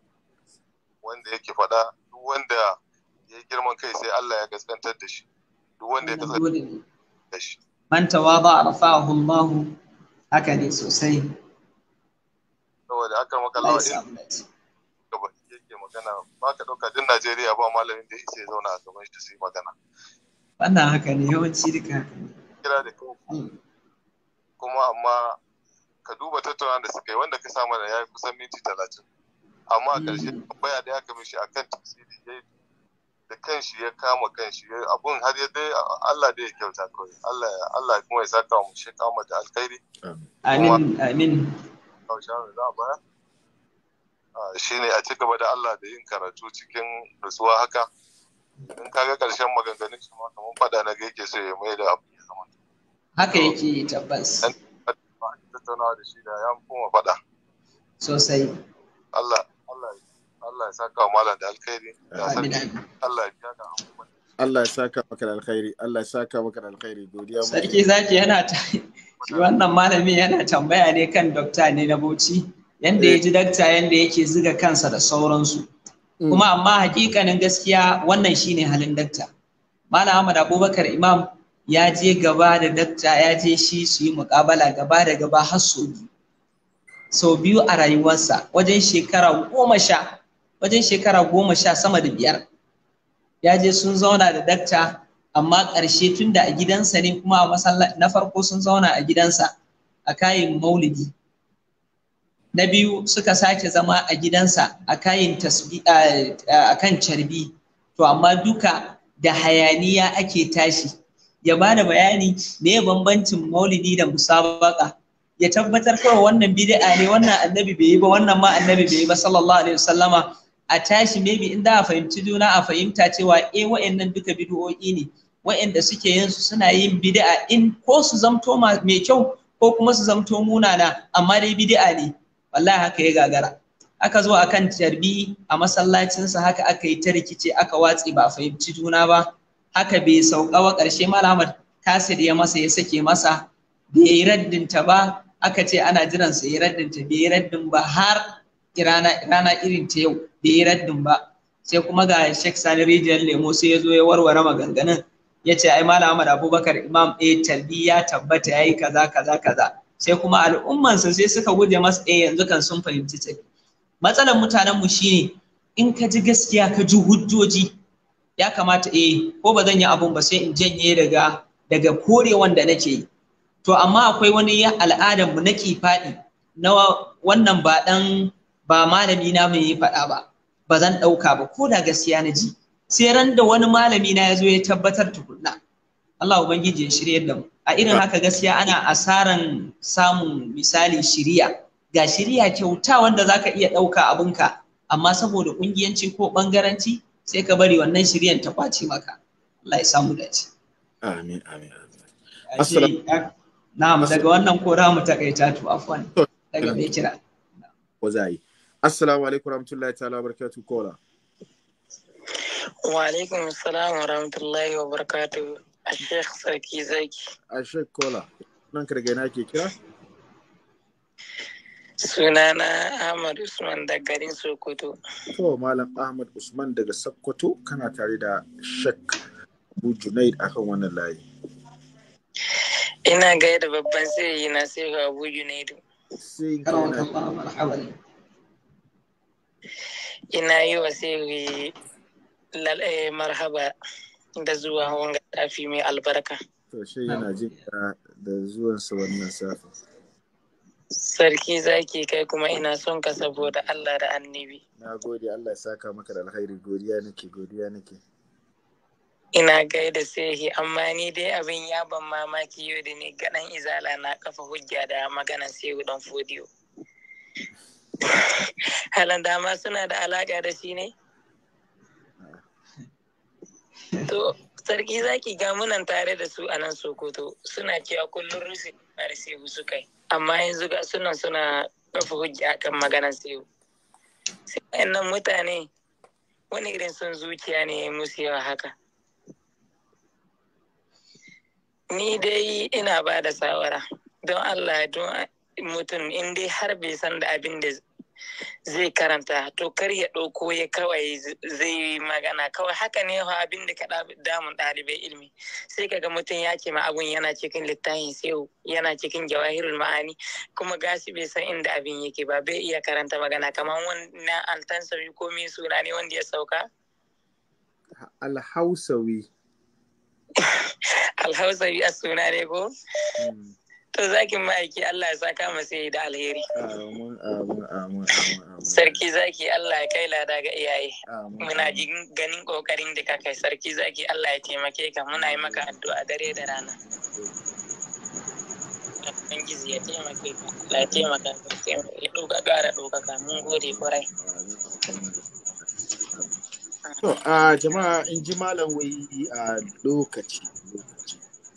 wanda yake faɗa duk wanda ya girman kai sai Allah ya gaskantar da shi duk wanda ya gaskantar da shi man tawaba rafa'ahu Allah haka ne sosai saboda haka makalawa magana ba ka ɗauka duk Najeriya ba malamin da ya zauna a gaban shi su yi magana. Wannan haka ne yawanci duka Kira da hmm. kuma amma ka duba tattauna da suka yi wanda ka samu da ya yi kusan minti talatin. Amma a ƙarshe hmm. baya da ya kame shi akan tasiri ya da kan shi ya kama kan kanshi abun har yadda Allah da ya kyauta kawai Allah Allah kuma ya saka mu shi kama da alkhairi. Amin amin. Kawai za a baya. shi ne a ci gaba da Allah da yin karatu cikin nutsuwa haka in kaga ƙarshen maganganun shi ma kamar faɗa na gaike sai ya mai da abu ya zama haka yake tabbas tattaunawa da shi da ya kuma faɗa sosai Allah Allah Allah ya saka wa malam da alkhairi Allah ya saka Allah ya saka maka da alkhairi Allah ya saka maka da alkhairi godiya sarki zaki yana ta wannan malami yana tambaya ne kan dokta ne na Bauchi yanda eh. ya ji dakta yanda yake ziga kansa da sauransu mm. kuma amma hakikanin gaskiya wannan shine halin dakta malam ahmad abubakar imam ya je gaba da dakta ya je shi su yi muƙabala gaba da gaba har sau biyu biyu a rayuwarsa wajen shekara goma sha wajen shekara goma sha sama da biyar ya je sun zauna da dakta amma ƙarshe tun da a gidansa ne kuma a na farko sun zauna a gidansa a kayan maulidi na biyu suka sake zama a gidansa a kayan kan carbi to amma duka da hayaniya ake tashi ya ba da bayani ya bambancin maulidi da musabaka ya tabbatar kawai wannan bid'a ne wannan annabi bai yi ba wannan ma annabi bai yi ba sallallahu alaihi wasallama a tashi maybe in da a fahimci juna a fahimta cewa eh wa'annan duka bid'o'i ne wa'anda suke yin su suna yin bid'a in ko su zamto mai kyau ko kuma su zamto munana amma dai bid'a ne wallahi haka ya gagara aka zo akan tarbi a masallacinsa haka aka yi ta rikice aka watsi ba a fahimci juna ba haka bai sauka wa ƙarshe malamar kasir ya masa ya sake masa bai yi ta ba aka ce ana jiran sa yi ta. bai yi raddin ba har rana, rana irin ta yau bai yi raddin ba sai kuma ga Sheikh Sani Rijiyar Lemo sai ya zo ya warware maganganun ya ce ai malam Abubakar Imam A eh, tarbi ya tabbata yayi kaza kaza kaza sai kuma al'ummansa sai suka guje masa eh yanzu kan sun fahimci matsalan matsalar mutanenmu shine in ka ji gaskiya ka ji hujjoji ya kamata eh ko ba zan yi abun ba sai in janye daga daga kore wanda nake yi to amma akwai wani al'adar mu nake faɗi na wannan ba dan ba malami na mai faɗa ba ba zan ɗauka ba ko da gaskiya na ji sai ran da wani malami na ya zo ya tabbatar tukunna Allah ubangiji ya shirye da mu a irin haka gaskiya ana asaran samun misali shiriya ga shiriya kyauta wanda zaka iya ɗauka abinka amma saboda ƙungiyanci ko ɓangaranci sai ka bari wannan shiriyan ta kwace maka Allah ya samu dace amin amin amin na'am daga wannan kora mu takaita to afwan daga bai kira ko za yi assalamu alaikum warahmatullahi ta'ala barakatuh kola wa alaikum assalam warahmatullahi wabarakatuh a sheikh sarki zaki a sheikh kola nan karge ke kira sunana ahmad usman da garin sokoto to malam ahmad usman daga sokoto kana tare da sheikh abu junaid akan wannan layi ina gaya da babban sai na sai ga abu junaidu sai ina yi wa sai eh, marhaba da zuwa wanga tafi mai albarka. To shi yana jin da zuwansa wannan safin. Sarki zaki kai kuma ina son ka saboda Allah da annabi. Na gode Allah ya saka maka da alkhairi godiya nake godiya nake. Ina gaida sehi amma ni dai abin ya ban mamaki yau da ni gaɗan izala na kafa hujja da magana, sai dan fodiyo. Halan dama suna da alaƙa da shi ne? to sarki zaki ga munan tare da su a nan sokoto suna cewa kullum rusi na sai su kai amma yanzu ga sunan suna kafa hujja akan maganar sehu sai nan mutane wani irin sun zuciya ne musu yawa haka ni dai ina ba da sawara don allah don mutum in dai har bai san da abin da zai karanta to kar ya ɗauko ya kawai zai yi magana kawai haka ne yawa abin da ka damun ɗalibai ilmi sai ka ga mutum ya ce ma abun yana cikin littafin sai yana cikin jawahirul ma'ani kuma gashi bai san inda abin yake ba bai iya karanta magana kamar altan sauyi ko mai suna ne wanda ya sauka alhausawi alhausawi a suna ne ko hmm. to zaki ma'aiki Allah ya saka sai da alheri. Amin amin amin amin. Sarki zaki Allah ya kai lada ga iyaye. Muna ganin kokarin da ka kai sarki zaki Allah ya taimake ka muna yi maka addu'a dare da rana. Ubangiji ya taimake ka, Allah ya taimaka ka, ya ɗauka ƙara ɗaukaka, mun gode ƙwarai. To, a jama'a in ji malam wai a lokaci, lokaci.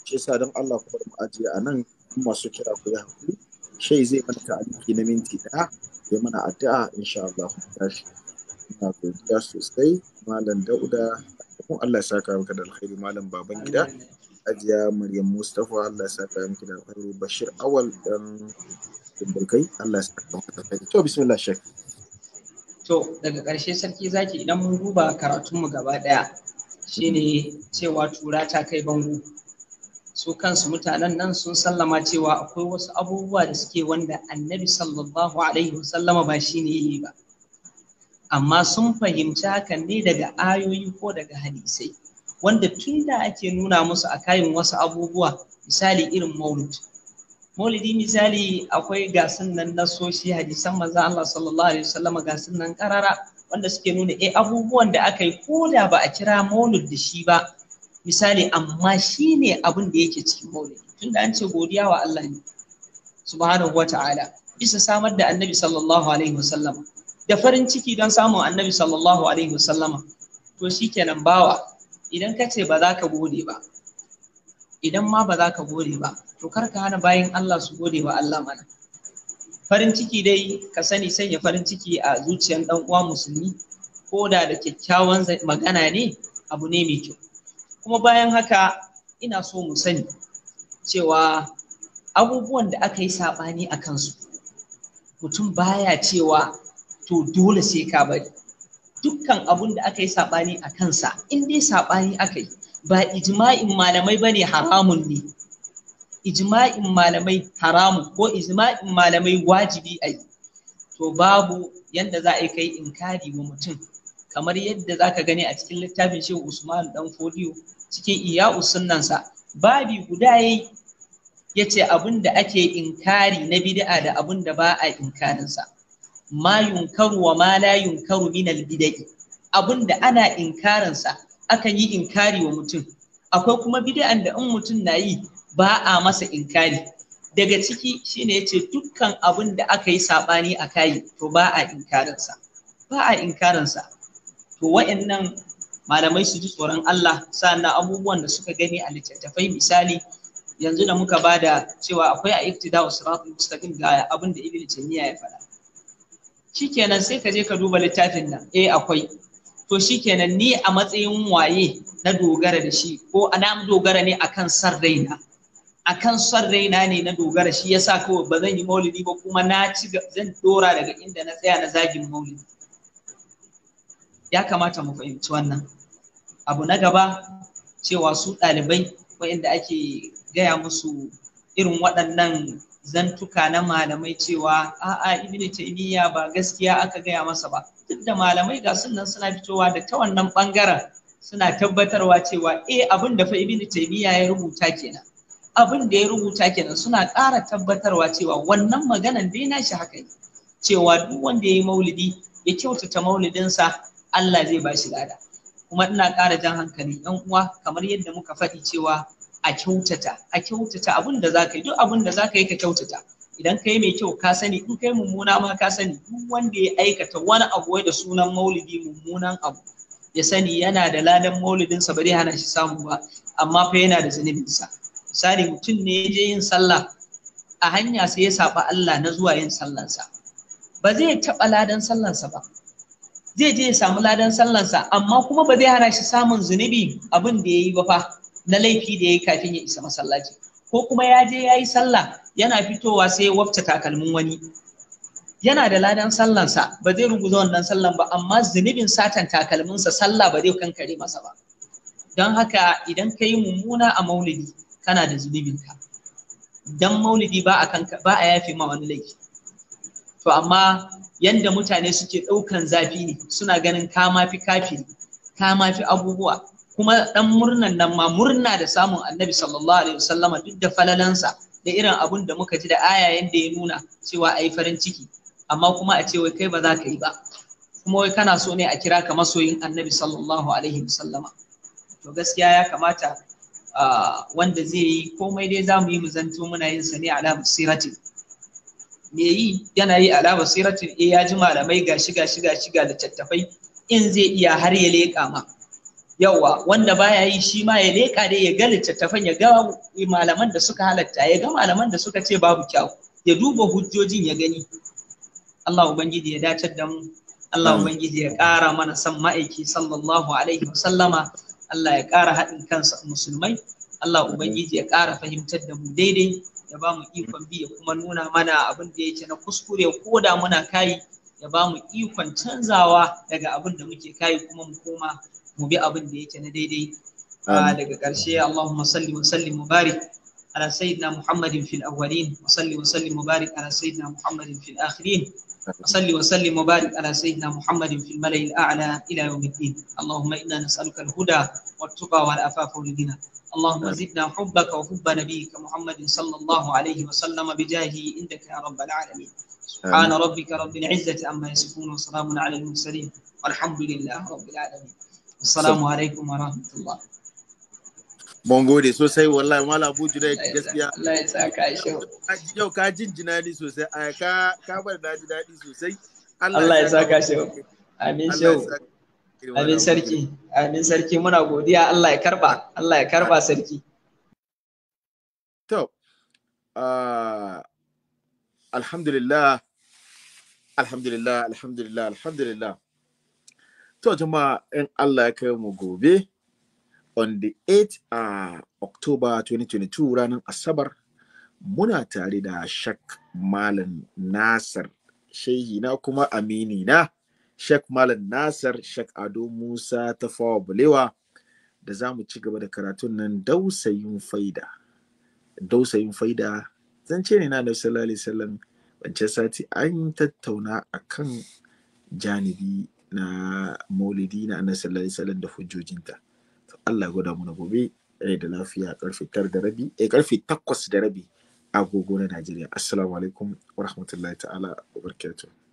Shi sa don Allah kuma mu ajiye a nan masu kira ku ya shai zai mana ta'aliki na minti ɗaya ya mana addu'a insha Allah tashi ina godiya sosai malam Dauda kun Allah ya saka maka da alkhairi malam baban gida ajiya Maryam Mustafa Allah ya saka maka da alkhairi Bashir Awal dan Burkai Allah ya saka maka da alkhairi to bismillah shek to daga ƙarshe sarki zaki idan mun duba karatunmu gaba ɗaya shine cewa tura ta kai bango su kansu mutanen nan sun sallama cewa akwai wasu abubuwa da suke wanda annabi sallallahu alaihi wasallama ba shi ne yi ba amma sun fahimci hakan ne daga ayoyi ko daga hadisai wanda tun da ake nuna musu a kayan wasu abubuwa misali irin maulid maulidi misali akwai gasin nan na soshi hadisan manzo Allah sallallahu alaihi wasallama gasin nan karara wanda suke nuna eh abubuwan da aka yi ko da ba a kira maulid da shi ba misali amma shi ne abin da yake cikin maulidi tunda an ce godiya wa Allah ne subhanahu wa ta'ala bisa samar da annabi sallallahu alaihi wasallama da farin ciki don samun annabi sallallahu alaihi wasallama to shi shikenan bawa idan ka ce ba za ka gode ba idan ma ba za ka gode ba to kar ka hana bayan Allah su gode wa Allah mana farin ciki dai ka sani sanya farin ciki a zuciyar dan uwa musulmi ko da da kyakkyawan magana ne abu ne mai kyau kuma bayan haka ina so mu sani cewa abubuwan da aka yi saɓani a kansu mutum baya cewa to dole sai ka bari dukkan abun da aka yi saɓani a kansa in dai saɓani aka yi ba ijma'in malamai bane ne haramun ne ijma'in malamai haramun ko ijma'in malamai wajibi a to babu yadda za a yi kai inkari wa mutum kamar yadda zaka gani a cikin littafin shi usman dan Folio cikin iya sunnansa babi guda yayi yace abin da ake inkari na bid'a da abin da ba a inkarinsa ma yunkaru wa ma la yunkaru min al bid'i abin da ana inkarinsa akan yi inkari wa mutum akwai kuma bid'an da in mutum na yi ba a masa inkari daga ciki shine yace dukkan abin da aka yi sabani a kai to ba a inkarinsa ba a inkarinsa to wa'annan malamai su ji tsoron Allah sannan abubuwan da suka gani a littattafai misali yanzu da muka ba da cewa akwai a iftida wa siratul mustaqim ga abin da ibnu taymiya ya faɗa shikenan sai ka je ka duba littafin nan eh akwai to shikenan ni a matsayin waye na dogara da shi ko ana dogara ne akan san raina akan son raina ne na dogara shi yasa kawai ba zan yi maulidi ba kuma na ci zan dora daga inda na tsaya na zagin maulidi ya kamata mu fahimci wannan abu na gaba cewa su ɗalibai waɗanda ake gaya musu irin waɗannan zantuka na malamai cewa a'a Ibn taymiya ba gaskiya aka gaya masa ba duk da malamai ga sunan suna fitowa da ta wannan bangaren suna tabbatarwa cewa eh abin da fa Ibn taymiya ya rubuta kenan abin da ya rubuta kenan suna ƙara tabbatarwa cewa wannan maganan dai nashi haka ne cewa duk wanda ya yi maulidi ya kyautata maulidinsa Allah zai ba shi lada kuma ina ƙara jan hankali yan uwa kamar yadda muka faɗi cewa a kyautata a kyautata abin da za ka yi duk abin da za ka yi ka kyautata idan ka yi mai kyau ka sani in ka yi mummuna ma ka sani duk wanda ya aikata wani abu da sunan maulidi mummunan abu ya sani yana da ladan maulidinsa ba zai hana shi samu ba amma fa yana da zunubinsa misali mutum ne ya je yin sallah a hanya sai ya saba Allah na zuwa yin sallansa ba zai taɓa ladan sallansa ba zai je ya samu ladan sallansa amma kuma ba zai hana shi samun zunubi abin da ya yi ba fa na laifi da ya yi kafin ya isa masallaci ko kuma ya je ya yi sallah yana fitowa sai ya wafta takalmin wani yana da ladan sallansa ba zai ruguza wannan sallan ba amma zunubin satan takalminsa sallah ba zai kankare masa ba don haka idan ka yi mummuna a maulidi kana da zunubinka don maulidi ba a yafe ma wani laifi to amma yanda mutane suke ɗaukan zafi ne suna ganin kama fi kafi kama fi abubuwa kuma ɗan murnan nan ma murna da samun annabi sallallahu alaihi wasallama duk da falalansa da irin abun da muka ji da aya yanda ya nuna cewa yi farin ciki amma kuma a ce wai kai ba za ka yi ba kuma wai kana so ne a kira ka masoyin annabi sallallahu alaihi wasallama to gaskiya ya kamata ah, wanda zai yi komai dai za mu yi mu zanto muna yin sa ne ala musiratin. me yi yana yi alama siratin e eh, ya ji malamai gashi gashi gashi ga littattafai in zai iya har ya leƙa ma yawa wanda baya yi shi ma ya leƙa dai ya ga littattafan ya ga malaman da suka halatta ya ga malaman da suka ce babu kyau ya duba hujjojin ya gani Allah ubangiji ya dacar da mu Allah ubangiji ya ƙara mana san ma'aiki sallallahu alaihi wasallama Allah ya ƙara haɗin kansa musulmai Allah ubangiji ya ƙara fahimtar da mu daidai ya ba mu ikon bi ya kuma nuna mana abin da yake na kuskure ko da muna kayi ya ba mu ikon canzawa daga abin da muke kayi kuma mu koma mu bi abin da yake na daidai daga ƙarshe Allahumma salli wa sallim mubarak على سيدنا محمد في الأولين وصلي وسلم وبارك على سيدنا محمد في الآخرين وصلي وسلم وبارك على سيدنا محمد في الملأ الأعلى إلى يوم الدين اللهم إنا نسألك الهدى والتقى والعفاف والغنى اللهم زدنا حبك وحب نبيك محمد صلى الله عليه وسلم بجاهه انك يا رب العالمين سبحان ربك رب العزه عما يصفون وسلام على المرسلين والحمد لله رب العالمين السلام عليكم ورحمه الله Mun gode sosai wallahi mala Abu Judai gaskiya. Allah ya saka shi. Yau ka jinjina ni sosai, ka ka bar na ji daɗi sosai. Allah ya saka shi. Amin shehu. Amin sarki, amin sarki muna godiya Allah ya karba, Allah ya karba sarki. To, alhamdulillah, alhamdulillah, alhamdulillah, alhamdulillah. To jama'a in Allah ya kai mu gobe on the 8th uh, October 2022 ranar Asabar muna tare da Shak Malam Nasir, shehi na kuma amini na. Sheikh Malam Nasar Sheikh Ado Musa ta fawa bulewa da za mu ci gaba da karatun nan dausayin faida. Dausayin faida Zan ce ne na da sallallahu alaihi wasallam wancan sati an tattauna akan janibi na maulidi na annabi sallallahu alaihi da hujjojinta. To Allah ya gwada mu na gobe da lafiya karfe tar da rabi eh karfe takwas da rabi agogo na Najeriya. Assalamu alaikum wa rahmatullahi ta'ala wa barakatuh.